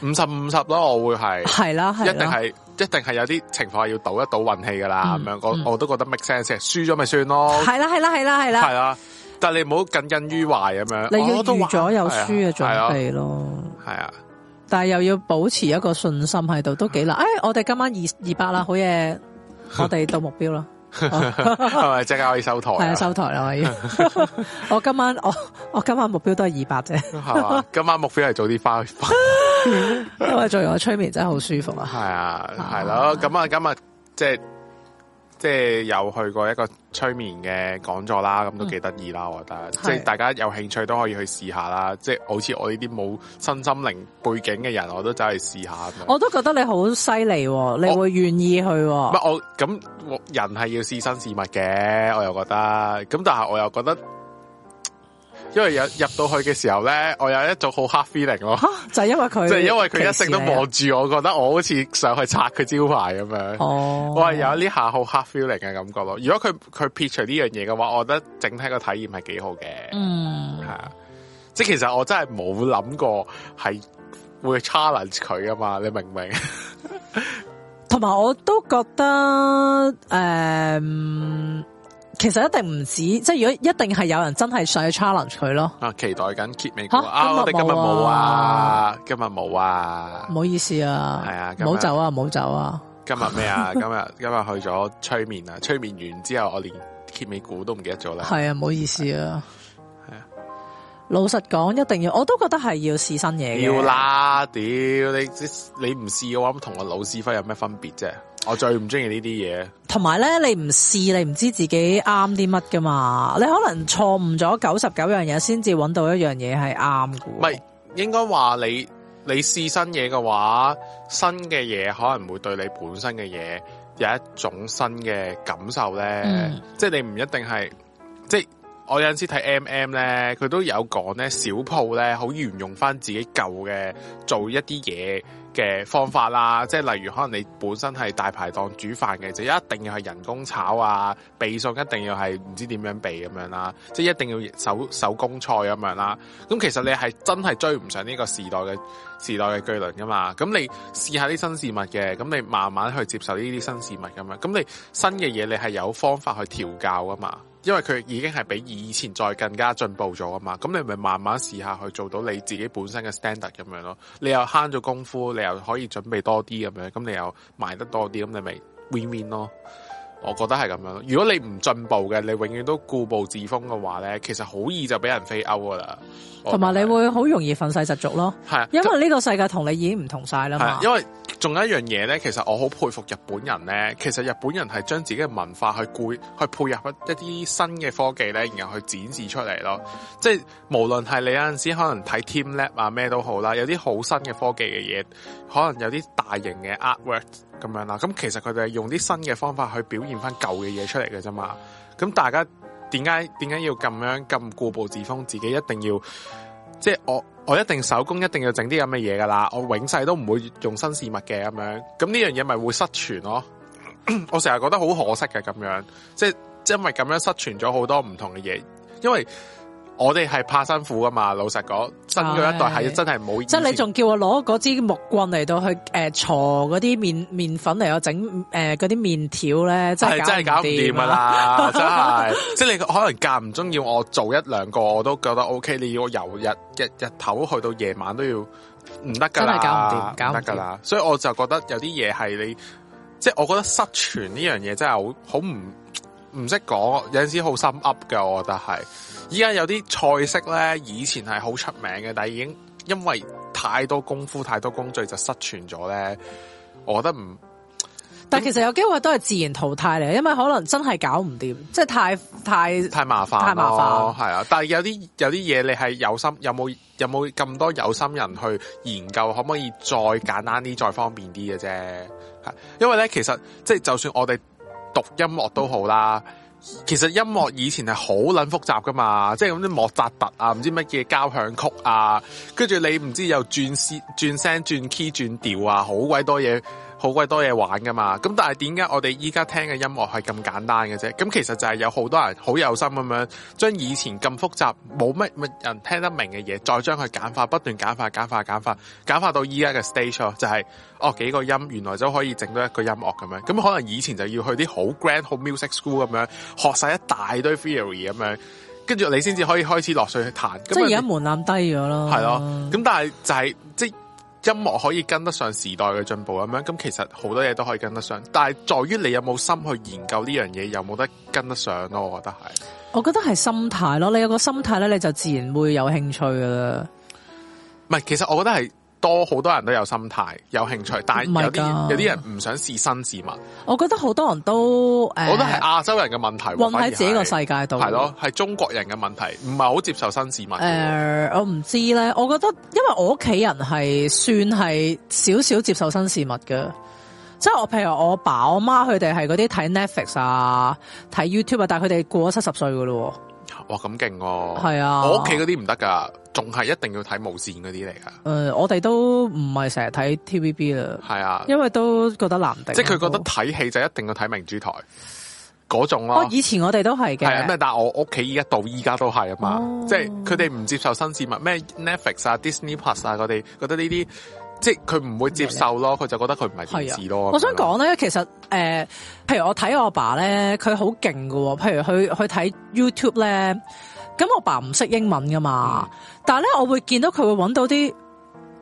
五十五十咯，我會係係啦，一定係一定係有啲情況要賭一賭運氣噶啦，咁樣我我都覺得 make sense，輸咗咪算咯。係啦，係啦，係啦，係啦，係啦。但係你唔好耿耿於懷咁樣，你要預咗有輸嘅準備咯。係啊，但係又要保持一個信心喺度，都幾難。哎，我哋今晚二二百啦，好嘢，我哋到目標咯，係咪即刻可以收台？係啊，收台啦可以。我今晚我我今晚目標都係二百啫。今晚目標係早啲翻去，因為做完個催眠真係好舒服啊。係啊，係咯，咁啊咁啊，即係。即係有去過一個催眠嘅講座啦，咁都幾得意啦，我覺得。嗯、即係大家有興趣都可以去試下啦。是即係好似我呢啲冇身心靈背景嘅人，我都走去試下。我都覺得你好犀利，你會願意去我。唔、哦、我咁人係要試新事物嘅，我又覺得。咁但係我又覺得，因為入入到去嘅時候咧，我有一種好 hard feeling 咯，啊、就係、是，因為佢， 就係因為佢一直都望住我，覺得我好似上去拆佢招牌咁樣，哦、我係有呢下好 hard feeling 嘅感覺咯。如果佢佢撇除呢樣嘢嘅話，我覺得整體個體驗係幾好嘅。嗯，係啊，即係其實我真係冇諗過係會 challenge 佢㗎嘛，你明唔明？同 埋我都覺得誒。呃其實一定唔止，即係如果一定係有人真係想去 challenge 佢咯。啊，期待緊揭尾故。吓哈，啊、今日今日冇啊，今日冇啊。唔好意思啊，係啊，唔好走啊，唔好走啊。今日咩啊？ 今日今日去咗催眠啊！催眠完之後，我連揭尾故都唔記得咗啦。係啊，唔好意思啊。係啊，老實講，一定要，我都覺得係要試新嘢要啦，屌你！你唔試嘅話，咁同個老屎忽有咩分別啫？我最唔中意呢啲嘢，同埋咧，你唔試，你唔知自己啱啲乜噶嘛？你可能錯誤咗九十九樣嘢，先至揾到一樣嘢係啱嘅。唔係，應該話你你試新嘢嘅話，新嘅嘢可能會對你本身嘅嘢有一種新嘅感受咧，嗯。即係你唔一定係，即係我有陣時睇 M M 咧，佢都有講咧，小鋪咧好沿用翻自己舊嘅做一啲嘢。嘅方法啦，即係例如可能你本身係大排檔煮飯嘅，就一定要係人工炒啊，備餸一定要係唔知點樣備咁樣啦，即係一定要手手工菜咁樣啦。咁其實你係真係追唔上呢個時代嘅時代嘅巨輪噶嘛。咁你試下啲新事物嘅，咁你慢慢去接受呢啲新事物咁樣，咁你新嘅嘢你係有方法去調教噶嘛。因為佢已經係比以前再更加進步咗啊嘛，咁你咪慢慢試下去做到你自己本身嘅 standard 咁樣咯，你又慳咗功夫，你又可以準備多啲咁樣，咁你又賣得多啲，咁你咪 win win 咯。我覺得係咁樣，如果你唔進步嘅，你永遠都固步自封嘅話咧，其實好易就俾人 fade out 噶啦。同埋你會好容易憤世嫉俗咯。係、啊啊，因為呢個世界同你已經唔同晒啦嘛。係，因為仲有一樣嘢咧，其實我好佩服日本人咧。其實日本人係將自己嘅文化去攰，去配合一啲新嘅科技咧，然後去展示出嚟咯。即係無論係你有陣時可能睇 teamLab 啊咩都好啦，有啲好新嘅科技嘅嘢，可能有啲大型嘅 artworks。咁樣啦，咁其實佢哋係用啲新嘅方法去表現翻舊嘅嘢出嚟嘅啫嘛。咁大家點解點解要咁樣咁固步自封，自己一定要即係我我一定手工一定要整啲咁嘅嘢噶啦，我永世都唔會用新事物嘅，咁樣。咁呢樣嘢咪會失傳咯？ 我成日覺得好可惜嘅咁樣，即係因為咁樣失傳咗好多唔同嘅嘢，因為。我哋係怕辛苦噶嘛，老實講，新嗰一代係真係唔好意思。哎、即係你仲叫我攞嗰支木棍嚟到去誒，鋤嗰啲麵麵粉嚟我整誒嗰啲麵條咧，真係真係搞唔掂噶啦，真係 。即係你可能間唔中要我做一兩個，我都覺得 OK。你要我由日日日頭去到夜晚都要唔得噶啦，真係搞唔掂，搞唔得噶啦。所以我就覺得有啲嘢係你，即係我覺得失傳呢樣嘢真係好好唔唔識講，有陣時好心 up 噶，我覺得係。依家有啲菜式咧，以前係好出名嘅，但係已經因為太多功夫、太多工序就失傳咗咧。我覺得唔，但係其實有機會都係自然淘汰嚟，因為可能真係搞唔掂，即係太太太麻煩，太麻煩係啊！但係有啲有啲嘢，你係有心，有冇有冇咁多有心人去研究，可唔可以再簡單啲、再方便啲嘅啫？係因為咧，其實即係就算我哋讀音樂都好啦。嗯其實音樂以前係好撚複雜㗎嘛，即係嗰啲莫扎特啊，唔知乜嘢交響曲啊，跟住你唔知又轉絲、轉聲、轉 key、轉調啊，好鬼多嘢。好鬼多嘢玩噶嘛，咁但係點解我哋依家聽嘅音樂係咁簡單嘅啫？咁其實就係有好多人好有心咁樣，將以前咁複雜、冇乜乜人聽得明嘅嘢，再將佢簡化，不斷簡化、簡化、簡化，簡化到依家嘅 stage 咯，就是，就係哦幾個音，原來就可以整到一個音樂咁樣。咁可能以前就要去啲好 grand、好 music school 咁樣，學晒一大堆 theory 咁樣，跟住你先至可以開始落水去彈、咁樣。即而家門檻低咗咯。係咯，咁但係就係即。音樂可以跟得上時代嘅進步咁樣，咁其實好多嘢都可以跟得上，但係在於你有冇心去研究呢樣嘢，有冇得跟得上咯？我覺得係，我覺得係心態咯。你有個心態呢，你就自然會有興趣㗎喇。唔係，其實我覺得係。多好多人都有心態有興趣，但係有啲有啲人唔想試新事物。我覺得好多人都誒，我覺得係亞洲人嘅問題，混喺自己個世界度。係咯，係中國人嘅問題，唔係好接受新事物。誒，我唔知咧。我覺得因為我屋企人係算係少少接受新事物嘅，即係我譬如我爸、我媽佢哋係嗰啲睇 Netflix 啊、睇 YouTube 啊，但係佢哋過咗七十歲嘅咯。哇咁勁！係啊，啊我屋企嗰啲唔得噶，仲係一定要睇無綫嗰啲嚟噶。誒、呃，我哋都唔係成日睇 T V B 啦，係啊，因為都覺得難定、啊。即係佢覺得睇戲就一定要睇明珠台嗰、嗯、種咯、啊。以前我哋都係嘅，係咩、啊？但係我屋企依家到依家都係啊嘛，哦、即係佢哋唔接受新事物，咩 Netflix 啊、Disney Plus 啊，我哋覺得呢啲。即係佢唔會接受咯，佢的就覺得佢唔係同志咯。的的我想講咧，其實誒、呃，譬如我睇我爸咧，佢好勁噶，譬如去去睇 YouTube 咧，咁我爸唔識英文噶嘛，嗯、但係咧我會見到佢會搵到啲。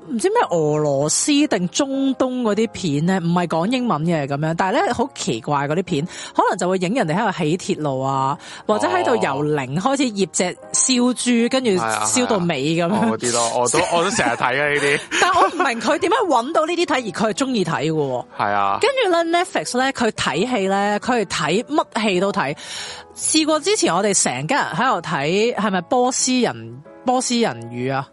唔知咩俄羅斯定中東嗰啲片咧，唔係講英文嘅咁樣，但係咧好奇怪嗰啲片，可能就會影人哋喺度起鐵路啊，或者喺度由零開始醃隻燒豬，跟住燒到尾咁樣。嗰啲咯，我都我都成日睇啊呢啲。但我唔明佢點樣揾到呢啲睇，而佢係中意睇嘅喎。啊、哦。跟住咧 Netflix 咧，佢睇戲咧，佢係睇乜戲都睇。試過之前我哋成家人喺度睇，係咪波斯人波斯人魚啊？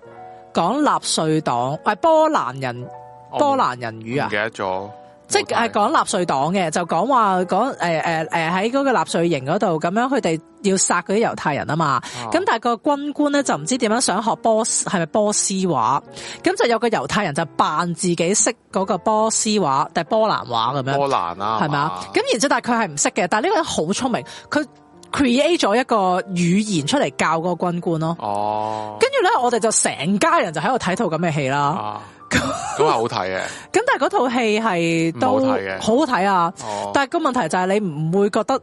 講納粹黨，誒、哎、波蘭人我波蘭人語啊，唔記得咗。即係講納粹黨嘅，就講話講誒誒誒，喺嗰、呃呃呃、個納粹營嗰度，咁樣佢哋要殺嗰啲猶太人啊嘛。咁、啊、但係個軍官咧就唔知點樣想學波斯，係咪波斯話？咁就有個猶太人就扮自己識嗰個波斯話定波蘭話咁樣。波蘭啊，係咪吧啊？咁然之後，但係佢係唔識嘅。但係呢個人好聰明，佢。create 咗一個語言出嚟教嗰個軍官咯，哦、oh.，跟住咧我哋就成家人就喺度睇套咁嘅戲啦，咁係、ah. 好睇嘅，咁但係嗰套戲係都好好睇啊，oh. 但係個問題就係你唔會覺得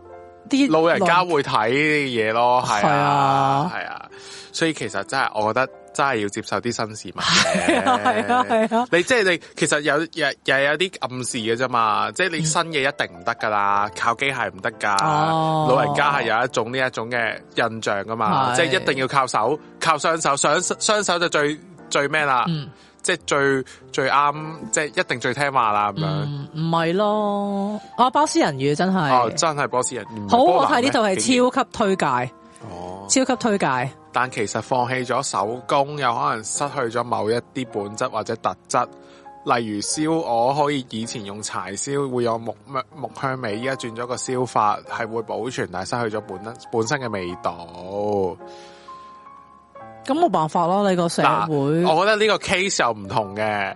啲老人家會睇呢啲嘢咯，係啊係啊，啊，啊，所以其實真係我覺得。真係要接受啲新事物，係啊係啊！啊啊你即係你，其實有又又有啲暗示嘅啫嘛。即係你新嘢一定唔得噶啦，靠機械唔得噶。哦、老人家係有一種呢、哦、一種嘅印象噶嘛，是即係一定要靠手，靠雙手，上雙手就最最咩啦、嗯，即係最最啱，即係一定最聽話啦咁樣。唔係咯，啊波斯人魚真係，哦真係波斯人。好，我睇呢度係超級推介，哦麼，超級推介。但其實放棄咗手工，又可能失去咗某一啲本質或者特質，例如燒鵝可以以前用柴燒會有木木香味，依家轉咗個燒法係會保存，但係失去咗本，本身本身嘅味道。咁冇辦法咯，呢個社會。我覺得呢個 case 又唔同嘅，呢、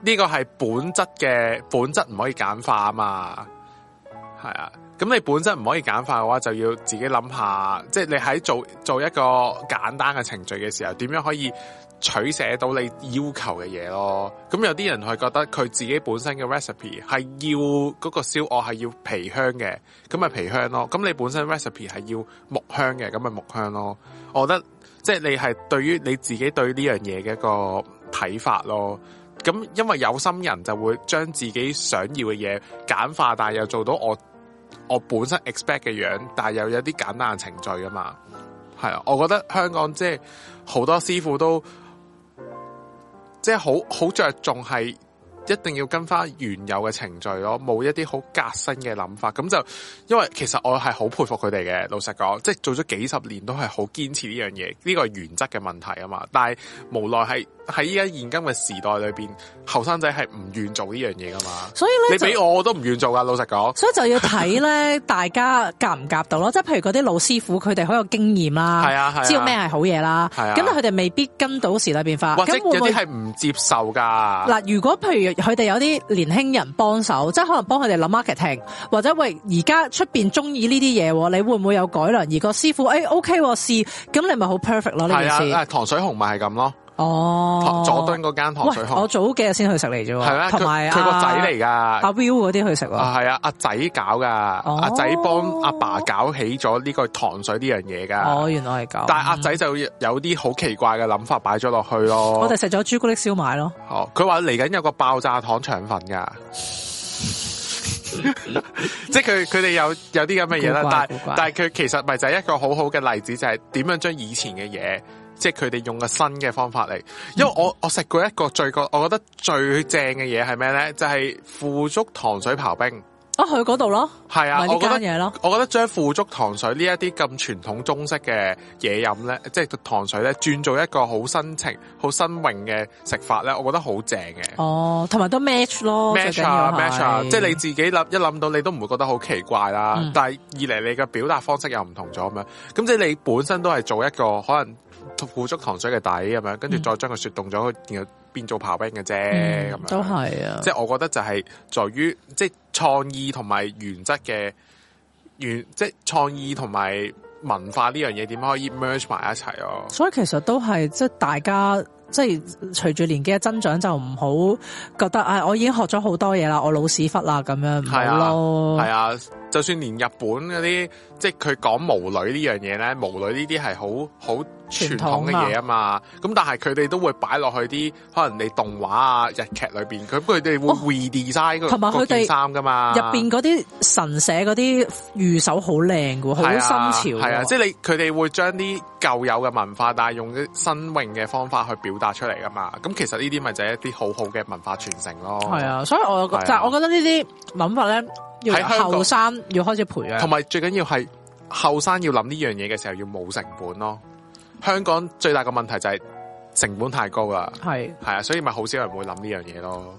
呢個係本質嘅本質唔可以簡化啊嘛，係啊。咁你本身唔可以簡化嘅話，就要自己諗下，即係你喺做做一個簡單嘅程序嘅時候，點樣可以取捨到你要求嘅嘢咯。咁有啲人係覺得佢自己本身嘅 recipe 係要嗰個燒鵝係要皮香嘅，咁咪皮香咯。咁你本身 recipe 係要木香嘅，咁咪木香咯。我覺得即係你係對於你自己對呢樣嘢嘅一個睇法咯。咁因為有心人就會將自己想要嘅嘢簡化，但係又做到我。我本身 expect 嘅樣，但係又有啲簡單程序噶嘛，係啊，我覺得香港即係好多師傅都即係好好着重係一定要跟翻原有嘅程序咯，冇一啲好革新嘅諗法，咁就因為其實我係好佩服佢哋嘅，老實講，即係做咗幾十年都係好堅持呢樣嘢，呢個原則嘅問題啊嘛，但係無奈係。喺依家現今嘅時代裏邊，後生仔係唔願做呢樣嘢噶嘛？所以咧，你俾我我都唔願做噶。老實講，所以就要睇咧，大家夾唔夾到咯？即係 譬如嗰啲老師傅，佢哋好有經驗啦，係啊，啊知道咩係好嘢啦，係啊，咁佢哋未必跟到時代變化，或者、啊、有啲係唔接受噶。嗱，如果譬如佢哋有啲年輕人幫手，即係可能幫佢哋諗 marketing，或者喂而家出邊中意呢啲嘢，你會唔會有改良？而個師傅誒、哎、OK 試、試，咁你咪好 perfect 咯呢件事。係啊，糖水紅咪係咁咯。哦，佐敦嗰間糖水我早幾日先去食嚟啫。係咩？同埋阿佢個仔嚟噶，阿 Will 嗰啲去食。係啊，阿仔搞噶，阿仔幫阿爸搞起咗呢個糖水呢樣嘢噶。哦，原來係咁。但係阿仔就有啲好奇怪嘅諗法擺咗落去咯。我哋食咗朱古力燒賣咯。哦，佢話嚟緊有個爆炸糖腸粉噶，即係佢佢哋有有啲咁嘅嘢啦。但但係佢其實咪就係一個好好嘅例子，就係點樣將以前嘅嘢。即係佢哋用個新嘅方法嚟，因為我我食過一個最個，我覺得最正嘅嘢係咩咧？就係腐竹糖水刨冰。啊去嗰度咯，係啊，啊買呢間嘢咯。我覺得將腐竹糖水呢一啲咁傳統中式嘅嘢飲咧，即、就、係、是、糖水咧，轉做一個好新情、好新穎嘅食法咧，我覺得好正嘅。哦，同埋都 match 咯，match 啊 match 啊，即係、啊就是、你自己諗一諗到，你都唔會覺得好奇怪啦。的但係二嚟你嘅表達方式又唔同咗咁樣，咁、嗯、即係你本身都係做一個可能腐竹糖水嘅底咁樣，跟住、嗯、再將佢雪凍咗去。然後變做刨冰嘅啫，咁、嗯、樣都係啊！即係我覺得就係在於，即係創意同埋原則嘅原，即係創意同埋文化呢樣嘢點可以 merge 埋一齊囉。所以其實都係即係大家。即係隨住年紀嘅增長，就唔好覺得啊、哎！我已經學咗好多嘢啦，我老屎忽啦咁樣唔好咯。係啊，啊，就算連日本啲，即係佢講巫女呢樣嘢咧，巫女呢啲係好好傳統嘅嘢啊嘛。咁、啊、但係佢哋都會擺落去啲可能你動畫啊、日劇裏邊，佢佢哋會 redesign 同埋佢哋衫噶嘛。入邊啲神社啲御守好靚噶，好新潮。係啊，啊，啊，即係你佢哋會將啲舊有嘅文化，但係用啲新穎嘅方法去表。表達出嚟噶嘛？咁其實呢啲咪就係一啲好好嘅文化傳承咯。係啊，所以我是、啊、就我覺得呢啲諗法咧，要後生要開始培養。同埋最緊要係後生要諗呢樣嘢嘅時候，要冇成本咯。香港最大嘅問題就係成本太高啦。係係是啊，所以咪好少人會諗呢樣嘢咯。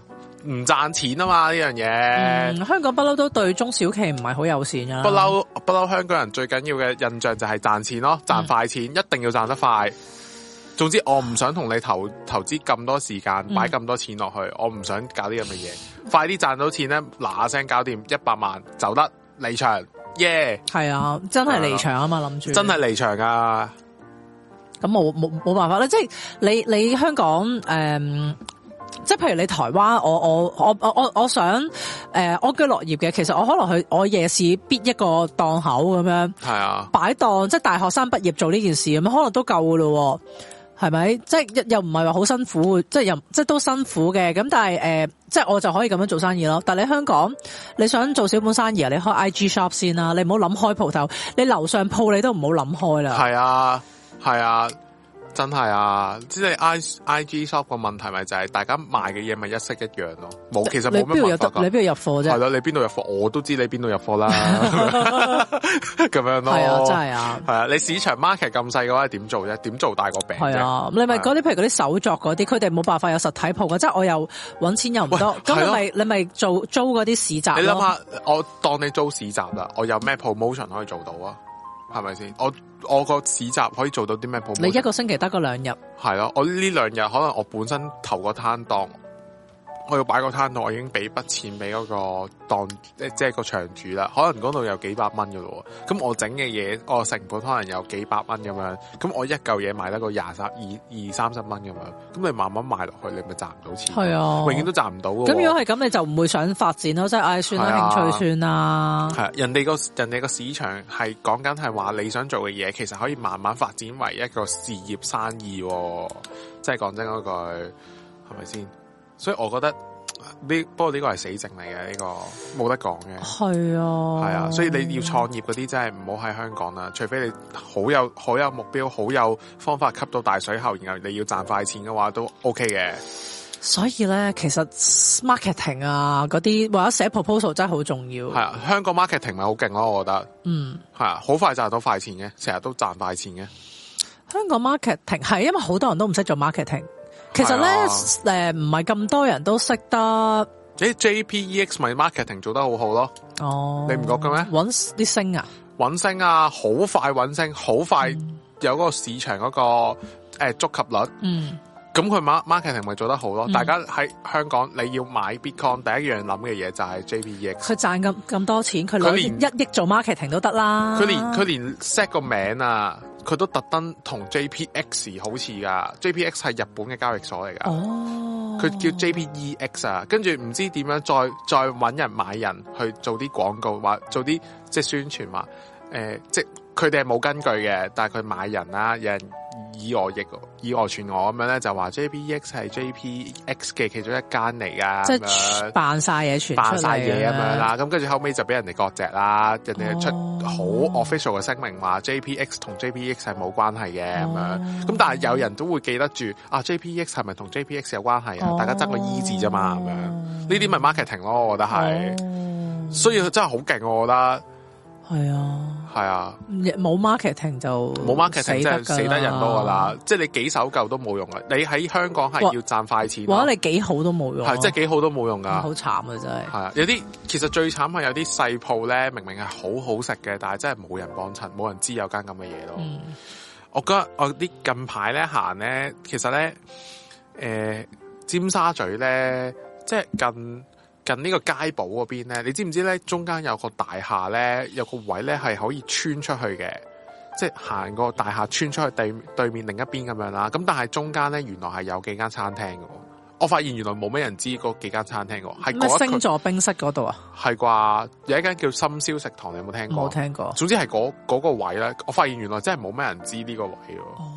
唔賺錢啊嘛呢樣嘢。嗯，香港不嬲都對中小企唔係好友善啊。不嬲不嬲，香港人最緊要嘅印象就係賺錢咯，賺快錢、嗯、一定要賺得快。總之我唔想同你投投資咁多時間，擺咁多錢落去，嗯、我唔想搞啲咁嘅嘢， 快啲賺到錢咧，嗱聲搞掂一百萬就得離場，耶！係啊，真係離場嘛啊嘛諗住，真係離場啊！咁冇冇冇辦法咧，即係你你香港誒、嗯，即係譬如你台灣，我我我我我我想誒安居樂業嘅，其實我可能去我夜市搣一個檔口咁樣，係啊，擺檔即係大學生畢業做呢件事咁樣，可能都夠噶咯。係咪？即係又唔係話好辛苦，即係又即係都辛苦嘅。咁但係誒、呃，即係我就可以咁樣做生意咯。但係你喺香港，你想做小本生意，你開 I G shop 先啦、啊。你唔好諗開鋪頭，你樓上鋪你都唔好諗開啦。係啊，係啊。真係啊，即係 IG shop 個問題咪就係大家賣嘅嘢，咪一式一樣咯，冇其實冇咩問題。你邊度入貨啫？係咯，你邊度入貨我都知你邊度入貨啦。咁樣咯，係啊，真係啊，係啊，你市場 market 咁細嘅話點做啫？點做大個餅啫？係啊。你咪嗰啲譬如嗰啲手作嗰啲，佢哋冇辦法有實體鋪嘅，即係我又揾錢又唔多，咁咪、啊、你咪做、啊、租嗰啲市集。你諗下，我當你租市集啦，我有咩 promotion 可以做到啊？係咪先？我。我個市集可以做到啲咩鋪？你一個星期得嗰兩日，係咯，我呢兩日可能我本身投個攤檔。我要擺個攤，我已經俾筆錢俾嗰個檔，即係個場主啦。可能嗰度有幾百蚊噶咯，咁我整嘅嘢，我成本可能有幾百蚊咁樣，咁我一嚿嘢賣得個廿三二二三十蚊咁樣，咁你慢慢賣落去，你咪賺唔到錢。係啊，永遠都賺唔到。咁如果係咁，你就唔會想發展咯。即係，唉，算啦，啊、興趣算啦。係、啊、人哋個人哋個市場係講緊係話，你想做嘅嘢其實可以慢慢發展為一個事業生意、哦。即係講真嗰句，係咪先？所以我覺得呢，不過呢個係死症嚟嘅，呢、呢個冇得講嘅。係啊，係啊，所以你要創業嗰啲真係唔好喺香港啦，除非你好有好有目標、好有方法吸到大水喉，然後你要賺快錢嘅話，都 OK 嘅。所以咧，其實 marketing 啊嗰啲或者寫 proposal 真係好重要。係啊，香港 marketing 咪好勁咯，我覺得。嗯。係啊，好快賺到快錢嘅，成日都賺快錢嘅。香港 marketing 係、啊、因為好多人都唔識做 marketing。其實咧，誒、啊，唔係咁多人都識得。誒、欸，JPEX 咪 marketing 做得好好咯。哦，你唔覺嘅咩？搵啲星啊，搵星啊，好快搵星，好快有嗰個市場嗰個誒，觸及率。嗯。咁佢 mark marketing 咪做得好咯？嗯、大家喺香港，你要買 Bitcoin，第一樣諗嘅嘢就係 JPEX。佢賺咁咁多錢，佢攞一億做 marketing 都得啦。佢連佢連，連 set 個名啊！佢都特登同 JPX 好似噶，JPX 係日本嘅交易所嚟噶，佢、哦、叫 JPEX 啊，跟住唔知點樣再再揾人買人去做啲廣告，話做啲即係宣傳話誒、呃，即。佢哋係冇根據嘅，但係佢買人啦，有人以訛亦，以訛傳訛咁樣咧，就話 JPX 係 JPX 嘅其中一間嚟㗎，即係扮晒嘢傳，扮晒嘢咁樣啦。咁跟住後尾就俾人哋割蓆啦，人哋係出好 official 嘅聲明話 JPX 同 JPX 係冇關係嘅咁、嗯、樣。咁但係有人都會記得住啊，JPX 係咪同 JPX 有關係啊？嗯、大家爭個 E 字啫嘛咁樣，呢啲咪、嗯、marketing 咯，我覺得係，嗯、所以佢真係好勁，我覺得。係啊，係啊，冇 marketing 就冇 marketing，真係死得人多噶啦！哇即係你幾守舊都冇用啊！你喺香港係要賺快錢哇，哇！你幾好都冇用，係即係幾好都冇用噶，好慘啊！真係係啊！有啲其實最慘係有啲細鋪咧，明明係好好食嘅，但係真係冇人幫襯，冇人知有間咁嘅嘢咯。嗯、我覺得我啲近排咧行咧，其實咧，誒、呃，尖沙咀咧，即係近。近呢個街堡嗰邊咧，你知唔知咧？中間有個大廈咧，有個位咧係可以穿出去嘅，即係行個大廈穿出去對對面另一邊咁樣啦。咁但係中間咧原來係有幾間餐廳嘅。我發現原來冇咩人知嗰幾間餐廳嘅，係咩星座冰室嗰度啊？係啩？有一間叫深宵食堂，你有冇聽過？冇聽過。總之係嗰嗰個位咧，我發現原來真係冇咩人知呢個位。哦。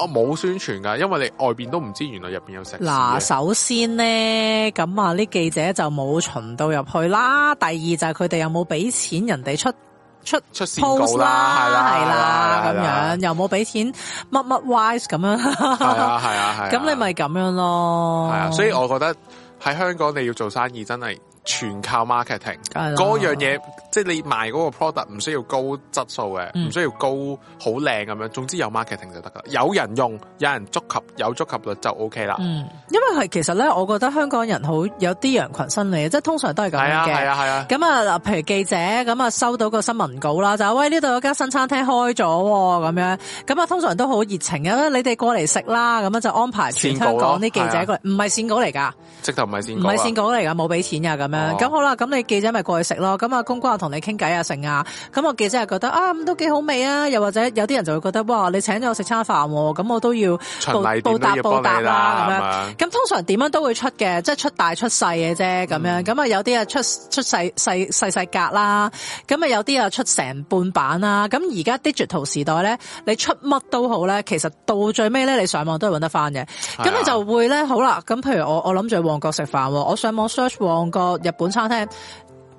我冇宣傳噶，因為你外邊都唔知，原來入邊有食。嗱，首先咧，咁啊，啲記者就冇巡到入去啦。第二就係佢哋又冇俾錢人哋出出出 post 啦，係啦係啦，咁樣又冇俾錢乜乜 wise 咁樣。係啊係啊係。咁你咪咁樣咯。係啊，所以我覺得喺香港你要做生意真係。全靠 marketing，嗰的樣嘢的，即係你賣嗰個 product 唔需要高質素嘅，唔、嗯、需要高好靚咁樣，總之有 marketing 就得噶，有人用，有人觸及，有觸及率就 OK 啦。嗯，因為係其實咧，我覺得香港人好有啲羊群心理，即係通常都係咁嘅。係啊，係啊，係啊。咁啊，嗱，譬如記者咁啊，收到個新聞稿啦，就喂，呢度有間新餐廳開咗喎、哦，咁樣咁啊，通常都好熱情啊，你哋過嚟食啦，咁樣就安排全香港啲記者過嚟，唔係線稿嚟㗎，直頭唔係線，唔係線稿嚟㗎，冇俾錢㗎咁。咁、哦、好啦，咁你記者咪過去食咯，咁阿公關同你傾偈啊成啊，咁我記者覺得啊咁都幾好味啊，又或者有啲人就會覺得哇，你請咗我食餐飯，咁我都要循例 報，報答報答啦咁樣，咁嗎通常點樣都會出嘅，即係出大出細嘅啫，咁樣，咁啊、嗯、有啲啊出出細細細細格啦，咁啊有啲啊出成半版啦，咁而家 digital 時代咧，你出乜都好咧，其實到最尾咧你上網都係揾得翻嘅，咁、啊、你就會咧好啦，咁譬如我我諗住去旺角食飯，我上網 search 旺角。日本餐廳，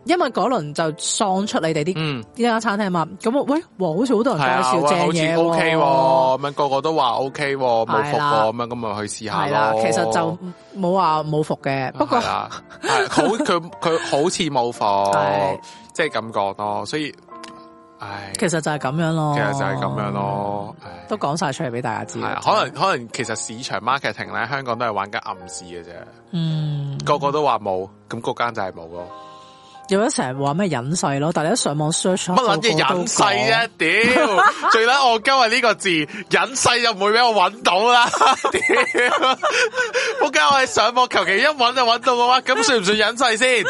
因為嗰輪就喪出你哋啲呢間餐廳嘛，咁、嗯、喂，好似好多人介紹正嘢喎，咁樣、啊 OK 啊嗯、個個都話 OK，冇、啊啊、服過、啊、咁、啊、樣，咁咪去試下咯、啊。其實就冇話冇服嘅，不過好佢佢好似冇服，即係咁講咯，所以。其實就係咁樣咯，其實就係咁樣咯，都講晒出嚟俾大家知。可能可能其實市場 marketing 咧，香港都係玩緊暗示嘅啫。嗯，個個都話冇，咁嗰間就係冇咯。有得成日話咩隱世咯？但係一上網 search 乜撚嘢隱世啫？屌最撚我今日呢個字，隱世又唔會俾我揾到啦。屌，我驚我喺上網求其一揾就揾到嘅話，咁算唔算隱世先？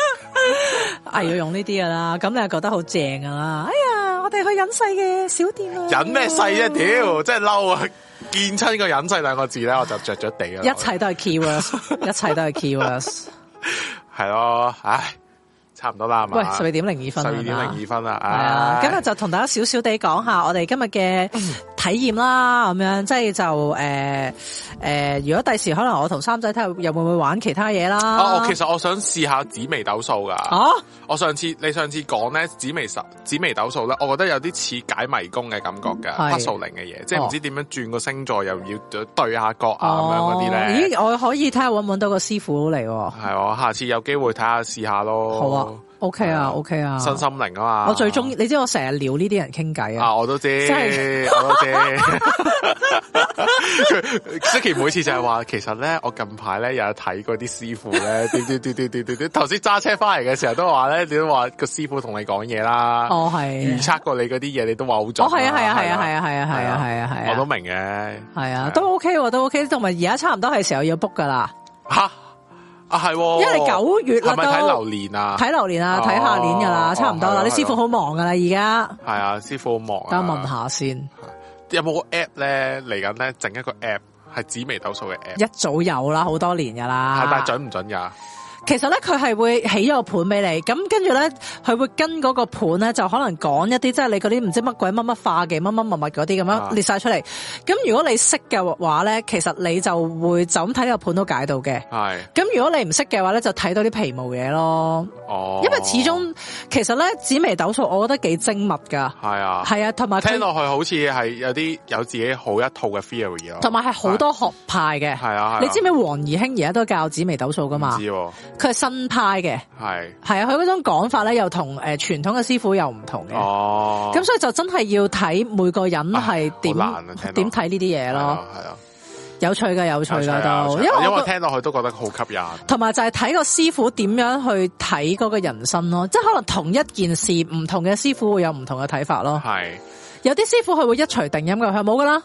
係要用呢啲噶啦，咁你係覺得好正噶啦？哎呀！我哋去隱世嘅小店啊！隱咩世啫？屌，真係嬲啊！見親個隱世兩個字咧，我就着咗地啊！一切都係 key words， 一切都係 key words，係咯，唉，差唔多啦，係嘛？喂，十二點零二分，十二點零二分啦，係啊、哎。今日就同大家少少地講下我哋今日嘅。 體驗啦，咁樣即係就誒誒、呃呃，如果第時可能我同三仔睇下，又會唔會玩其他嘢啦？啊，其實我想試下紫微斗數噶。啊，我上次你上次講咧紫微十紫微斗數咧，我覺得有啲似解迷宮嘅感覺嘅，不數零嘅嘢，即係唔知點樣轉個星座，又要對下角啊咁、啊、樣嗰啲咧。咦，我可以睇下搵唔搵到個師傅嚟？係我、哦、下次有機會睇下試下咯。好啊。O K、okay, okay. 啊，O K 啊，身心靈啊嘛，我最中意，你知我成日撩呢啲人傾偈啊，我都知，我都知。Suki 每次就係話，其實咧，我近排咧有睇過啲師傅咧，點頭先揸車翻嚟嘅時候都話咧，你都話個師傅同你講嘢啦，哦係，預測過你嗰啲嘢，你都話好準，哦係啊係啊係啊係啊係啊係啊係啊係啊，我都明嘅，係啊都 O K，都 O K，同埋而家差唔多係時候要 book 噶啦，吓。係，啊哦、因為九月啦，都睇流年啊，睇流年啊，睇、啊、下年噶啦，啊、差唔多啦。啊、你師傅好忙噶啦，而家係啊，師傅好忙。等我問下先，有冇個 app 咧嚟緊咧整一個 app 係紫微斗數嘅 app，一早有啦，好多年噶啦。係，咪？係準唔準呀？其實咧佢係會起咗個盤俾你，咁跟住咧佢會跟嗰個盤咧就可能講一啲即係你嗰啲唔知乜鬼乜乜化嘅乜乜物物嗰啲咁樣列晒出嚟。咁如果你識嘅話咧，其實你就會就咁睇個盤都解到嘅。係。咁如果你唔識嘅話咧，就睇到啲皮毛嘢咯。哦。因為始終其實咧紫微斗數，我覺得幾精密噶。係啊。係啊，同埋聽落去好似係有啲有自己好一套嘅 feel 同埋係好多學派嘅。係啊。你知唔知黃義興而家都教紫微斗數噶嘛？知。佢係新派嘅，係係啊，佢嗰種講法咧又同誒傳統嘅師傅又唔同嘅，咁、哦、所以就真係要睇每個人係點點睇呢啲嘢咯，係啊，有趣嘅，有趣嘅都，因為因為聽落去都覺得好吸引，同埋就係睇個師傅點樣去睇嗰個人生咯，即係可能同一件事，唔同嘅師傅會有唔同嘅睇法咯，係，有啲師傅佢會一錘定音嘅，佢話冇噶啦。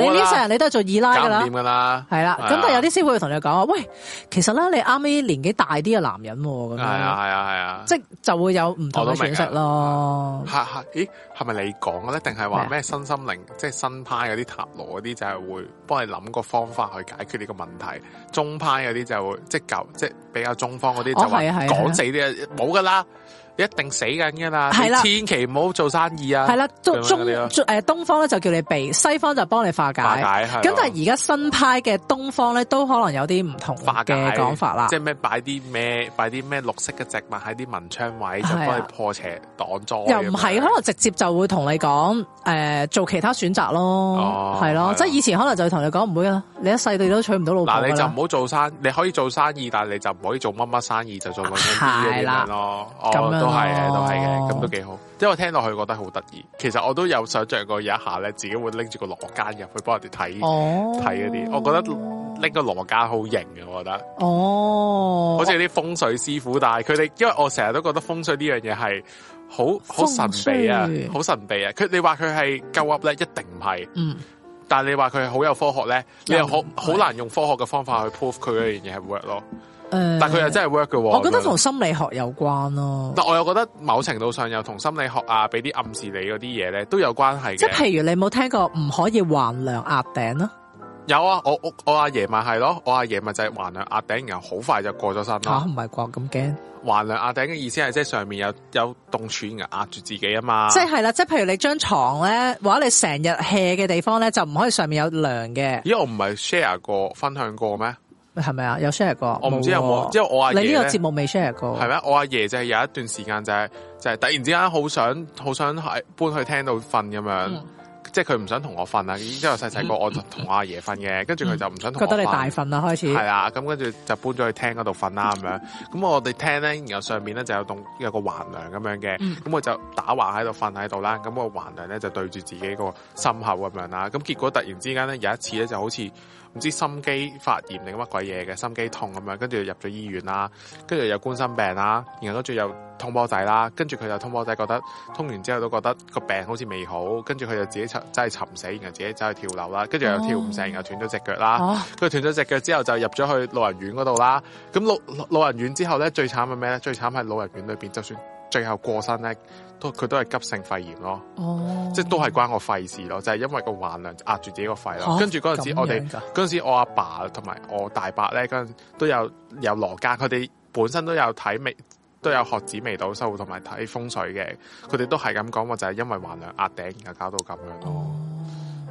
你呢世人你都係做二奶噶啦，點㗎喇？係啦，咁啦、啊、但係有啲師傅會同你講話，喂，其實咧你啱啱年紀大啲嘅男人咁樣，係啊係啊，啊，啊即係就會有唔同嘅損失咯。係係、啊，咦，係咪你講嘅咧？定係話咩？新心靈即係新派嗰啲塔羅嗰啲就係會幫你諗個方法去解決呢個問題，中派嗰啲就即係舊即係比較中方嗰啲就話講、哦啊啊啊、死啲冇噶啦。一定死緊噶啦！係啦，千祈唔好做生意啊！係啦，中中誒東方咧就叫你避，西方就幫你化解。係咁，但係而家新派嘅東方咧都可能有啲唔同化嘅講法啦。即係咩擺啲咩擺啲咩綠色嘅植物喺啲文昌位，就幫你破邪擋災。又唔係，可能直接就會同你講誒做其他選擇咯，係咯，即係以前可能就同你講唔會噶，你一世你都娶唔到老婆。嗱，你就唔好做生意，你可以做生意，但係你就唔可以做乜乜生意，就做乜乜生意咯。咁樣。都係嘅，oh. 都係嘅，咁都幾好。因為我聽落去覺得好得意。其實我都有想象過有一下咧，自己會拎住個羅庚入去幫人哋睇睇啲。我覺得拎個羅庚好型嘅，我覺得。哦。Oh. Oh. 好似啲風水師傅，但係佢哋，因為我成日都覺得風水呢樣嘢係好好神秘啊，好神秘啊。佢、嗯、你話佢係夠噏咧，一定唔係。嗯、但係你話佢係好有科學咧，你又好好難用科學嘅方法去 prove 佢嗰樣嘢係 work 咯。唉但佢又真係 work 嘅，我覺得同心理學有關咯、啊。但我又覺得某程度上又同心理學啊，俾啲暗示你嗰啲嘢咧，都有關係。即係譬如你冇聽過唔可以橫梁壓頂咯？有啊，我我阿爺咪係咯，我阿爺咪就係橫梁壓頂，然後好快就過咗身咯。吓、啊，唔係啩咁驚？橫梁壓頂嘅意思係即係上面有有棟柱嘅壓住自己啊嘛。即係啦，即係譬如你張床咧，或者你成日 hea 嘅地方咧，就唔可以上面有梁嘅。咦？我唔係 share 過分享過咩？係咪啊？有 share 過？我唔知有冇，即有因為我阿爺咧。你呢個節目未 share 過？係咩？我阿爺就係有一段時間就係、是、就係、是、突然之間好想好想係搬去廳度瞓咁樣，嗯、即係佢唔想同我瞓啦。之後細細個我同阿爺瞓嘅，嗯、跟住佢就唔想同覺得你大瞓啦，睡開始係啊，咁跟住就搬咗去廳嗰度瞓啦咁樣。咁、嗯、我哋廳咧，然後上面咧就有棟有個橫梁咁樣嘅，咁、嗯、我就打橫喺度瞓喺度啦。咁、那個橫梁咧就對住自己個心口咁樣啦。咁結果突然之間咧有一次咧就好似。唔知心肌發炎定乜鬼嘢嘅心肌痛咁樣，跟住入咗醫院啦，跟住又冠心病啦，然後跟住又通波仔啦，跟住佢就通波仔覺得通完之後都覺得個病好似未好，跟住佢就自己真係尋死，然後自己走去跳樓啦，跟住又跳唔成，然後斷咗隻腳啦，跟住、oh. oh. 斷咗隻腳之後就入咗去老人院嗰度啦。咁老老人院之後咧，最慘係咩咧？最慘係老人院裏邊就算。最後過身咧，都佢都係急性肺炎咯，oh. 即係都係關我肺事咯，就係、是、因為個橫梁壓住自己個肺啦。啊、跟住嗰陣時，我哋嗰陣我阿爸同埋我大伯咧，嗰陣都有有羅家，佢哋本身都有睇微，都有學紫微斗數，同埋睇風水嘅，佢哋都係咁講話，就係、是、因為橫梁壓頂然後搞到咁樣咯。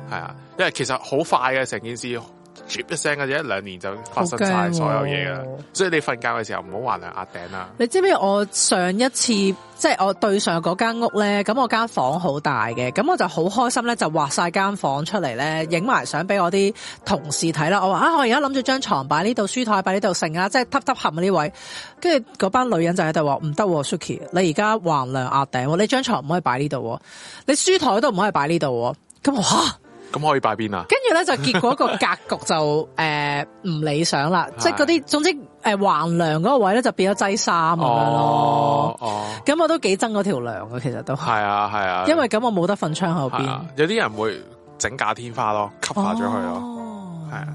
係啊、oh.，因為其實好快嘅成件事。啜一聲，嘅啫一兩年就發生晒所有嘢啦，哦、所以你瞓覺嘅時候唔好橫梁壓頂啦。你知唔知我上一次即係、就是、我對上嗰間屋咧？咁我間房好大嘅，咁我就好開心咧，就畫晒間房出嚟咧，影埋相俾我啲同事睇啦。我話啊，我而家諗住張床擺呢度，書台擺呢度，成啊，即係凹凹合呢位。跟住嗰班女人就喺度話唔得，Suki，你而家橫梁壓頂，你張床唔可以擺呢度，你書台都唔可以擺呢度。咁我吓。啊咁可以擺邊啊？跟住咧就結果一個格局就誒唔、 呃、理想啦，即係嗰啲，的總之誒橫、呃、梁嗰個位咧就變咗擠衫咁樣咯。哦，咁我都幾憎嗰條梁嘅，其實都係啊，係啊。因為咁我冇得瞓窗口邊。有啲人會整假天花咯，吸化咗去咯，係、哦。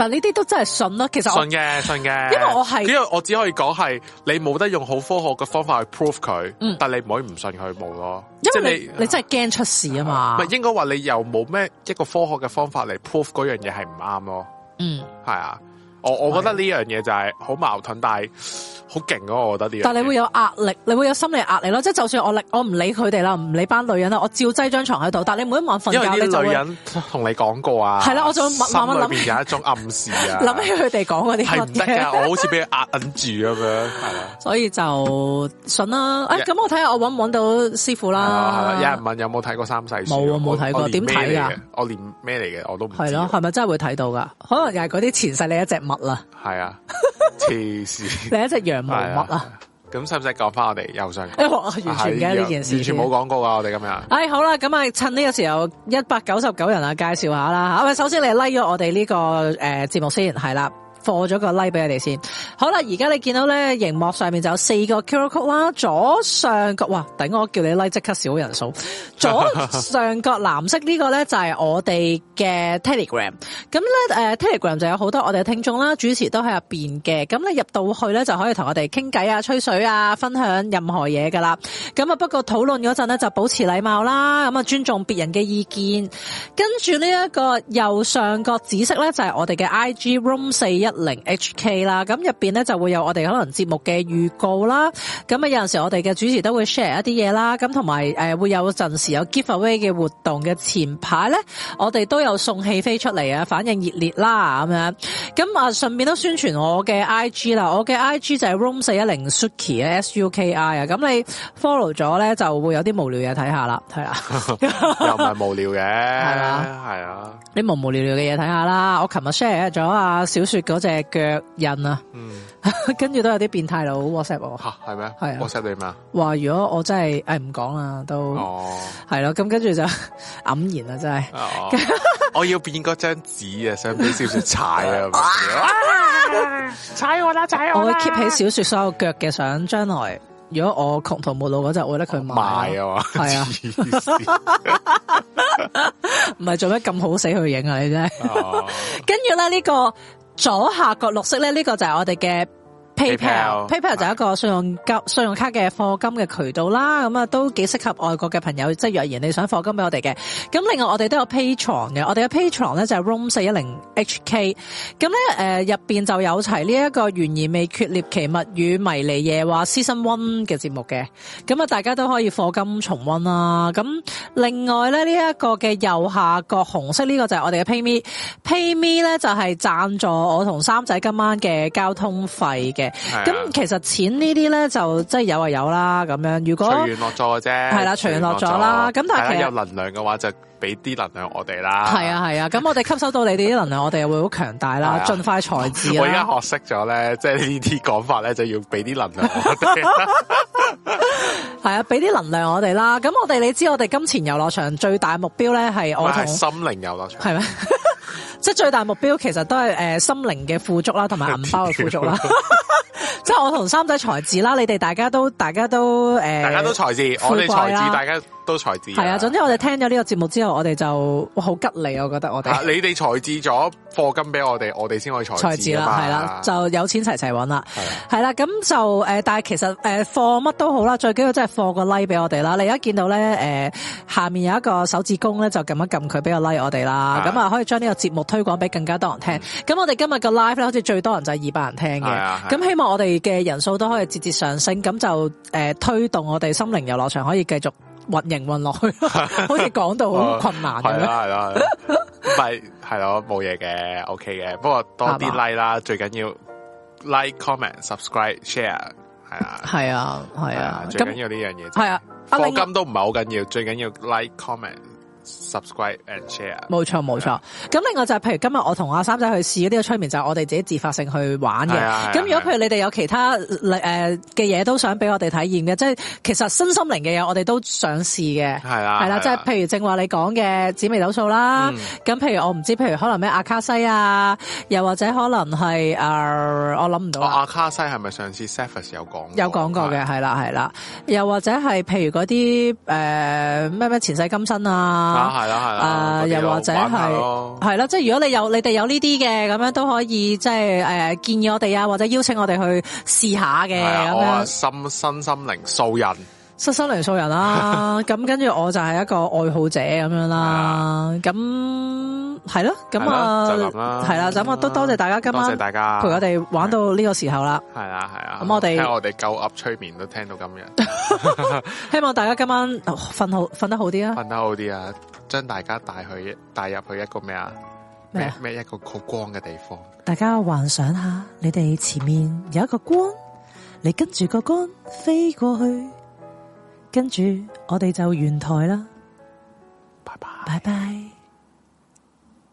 但呢啲都真係信咯，其實信嘅，信嘅，因為我係，因為我只可以講係你冇得用好科學嘅方法去 prove 佢。嗯、但你唔可以唔信佢冇咯，因為你你真係驚出事啊嘛。唔係、啊、應該話你又冇咩一個科學嘅方法嚟 prove 嗰樣嘢係唔啱咯，嗯，係啊。我我覺得呢樣嘢就係好矛盾，但係好勁咯，我覺得呢樣嘢。但係你會有壓力，你會有心理壓力咯。即係就算我力，我唔理佢哋啦，唔理班女人啦，我照擠張床喺度。但係你每一晚瞓覺，因為啲女人同你講過啊。係啦，我就慢慢諗，邊有一種暗示啊。諗 起佢哋講嗰啲，係即我好似俾佢壓摁住咁樣，係啦 吧。所以就信啦。咁、哎、我睇下，我搵唔搵到師傅啦。有、啊、人問有冇睇過三世書？冇，冇睇有過，點睇噶？我連咩嚟嘅我都係咯，係咪真係會睇到噶？可能又係嗰啲前世你一直。乜啦？係啊，黐線！另一隻羊毛乜啊？咁使唔使講翻我哋？又上？我、哎、完全唔記得呢件事，完全冇講過啊，我哋今日！哎，好啦，咁啊，趁呢個時候，一百九十九人啊，介紹下啦吓。喂，首先你拉、like、咗我哋呢、這個誒節、呃、目先，係啦。放咗個 like 俾你哋先，好啦，而家你見到咧，熒幕上面就有四個 QR Code 啦，左上角，哇，等我叫你 like 即刻少人數。左上角藍色個呢個咧就係、是、我哋嘅 Telegram，咁咧誒、呃、Telegram 就有好多我哋嘅聽眾啦，主持都喺入邊嘅，咁你入到去咧就可以同我哋傾偈啊、吹水啊、分享任何嘢噶啦。咁啊，不過討論嗰陣咧就保持禮貌啦，咁啊尊重別人嘅意見。跟住呢一個右上角紫色咧就係、是、我哋嘅 IG room 四一。一零 HK 啦，咁入邊咧就會有我哋可能節目嘅預告啦，咁啊有陣時我哋嘅主持都會 share 一啲嘢啦，咁同埋誒會有陣時有 giveaway 嘅活動嘅前排咧，我哋都有送戲飛出嚟啊，反應熱烈啦咁樣，咁啊順便都宣傳我嘅 IG 啦，我嘅 IG 就係 Room 四一零 Suki 啊 Suki 啊，咁你 follow 咗咧就會有啲無聊嘢睇下啦，係啦、啊， 又唔係無聊嘅，係啊係啊，你無無聊聊嘅嘢睇下啦，我琴日 share 咗啊小說隻腳印啊，嗯，跟住都有啲變態佬 WhatsApp 我，係咩？係啊，WhatsApp 你嘛？話如果我真係誒唔講啦，都哦係咯，咁跟住就黯然啦，真係。我要變嗰張紙啊，想俾小說踩啊，踩我啦，踩我啦！我會 keep 起小說所有腳嘅，想將來如果我窮途末路嗰陣，我會咧佢賣啊嘛。係啊，唔係做咩咁好死去影啊？你真係，跟住咧呢個。左下角綠色咧，呢個就係我哋嘅。PayPal，PayPal PayPal，PayPal 就係一個信用卡金、信用卡嘅課金嘅渠道啦，咁啊的都幾適合外國嘅朋友，即係若然你想課金俾我哋嘅。咁另外我哋都有 Patreon 嘅，我哋嘅 Patreon 咧就係 Room 四一零 HK，咁咧誒入邊就有齊呢一個懸疑未決、獵奇物語、迷離夜話 Season One 嘅節目嘅，咁啊大家都可以課金重溫啦。咁另外咧呢一個嘅右下角紅色呢、這個就係我哋嘅 PayMe，PayMe，PayMe 咧就係贊助我同三仔今晚嘅交通費嘅。咁、啊、其實錢呢啲咧就即、是、係有啊有啦咁樣，如果隨緣落咗嘅啫，係啦隨緣落咗啦。咁但係其實、啊、有能量嘅話，就俾啲能量我哋啦。係啊係啊，咁、啊、我哋吸收到你哋啲能量，我哋又會好強大啦，盡快財智。我而家學識咗咧，即係呢啲講法咧，就要俾啲能量我哋。係啊，俾啲、就是、能量我哋、 啊、啦。咁我哋你知，我哋金錢遊樂場最大目標咧係我同、啊、心靈遊樂場，係咩是嗎？ 即係最大目標，其實都係誒心靈嘅富足啦，同埋銀包嘅富足啦。 即係我同三仔才智啦，你哋大家都大家都誒，呃、大家都才智，我哋才智，大家。都係啊，總之我哋聽咗呢個節目之後，我哋就好吉利。我覺得我哋你哋才智咗課金俾我哋，我哋先可以才才智啦，係啦，就有錢齊齊揾啦，係啦。咁就誒，但係其實誒，課乜都好啦，最緊要真係課個 like 俾我哋啦。你而家見到咧誒，下面有一個手指公咧，就撳一撳佢，俾個 like 我哋啦。咁啊，可以將呢個節目推廣俾更加多人聽。咁我哋今日個 live 咧好似最多人就係二百人聽嘅，咁希望我哋嘅人數都可以節節上升。咁就誒，推動我哋心靈遊樂場可以繼續，運營運落去， 好似講到好困難咁樣、 哦。係啦係啦，唔係係咯，冇嘢嘅，OK 嘅。不過多啲 like 啦，吧最緊要 like comment subscribe share 係啊，係啊係啊，最緊要呢樣嘢。係啊，課金都唔係好緊要， 最緊要 like comment。subscribe and share 冇錯冇錯，咁另外就係譬如今日我同阿三仔去試呢個催眠，就係我哋自己自發性去玩嘅。咁如果譬如你哋有其他誒嘅嘢都想俾我哋體驗嘅，即係其實身心靈嘅嘢我哋都想試嘅。係啦係啦，即係譬如正話你講嘅紫微斗數啦。咁譬如我唔知，譬如可能咩阿卡西啊，又或者可能係啊，我諗唔到。阿卡西係咪上次 Savas 有講？有講過嘅係啦係啦，又或者係譬如嗰啲誒咩咩前世今生啊？啊，係啦，係啦，啊，又或者係，係啦了，即係如果你有，你哋有呢啲嘅，咁樣都可以即係誒建議我哋啊，或者邀請我哋去試下嘅。咁樣心，心身心靈素人。失身涼數人啦、啊，咁 跟住我就係一個愛好者咁樣啦、啊，咁係咯，咁啊係啦，咁啊都多謝大家今晚大家陪我哋玩到呢個時候啦，係啦係啦，咁我哋我哋夠 up 催眠都聽到咁樣，希望大家今晚瞓好瞓得好啲啊，瞓得好啲啊，將大家帶去帶入去一個咩啊咩咩一個光嘅地方， 大家幻想下，你哋前面有一個光，你跟住個光飛過去。跟住我哋就完台啦，拜拜，拜拜。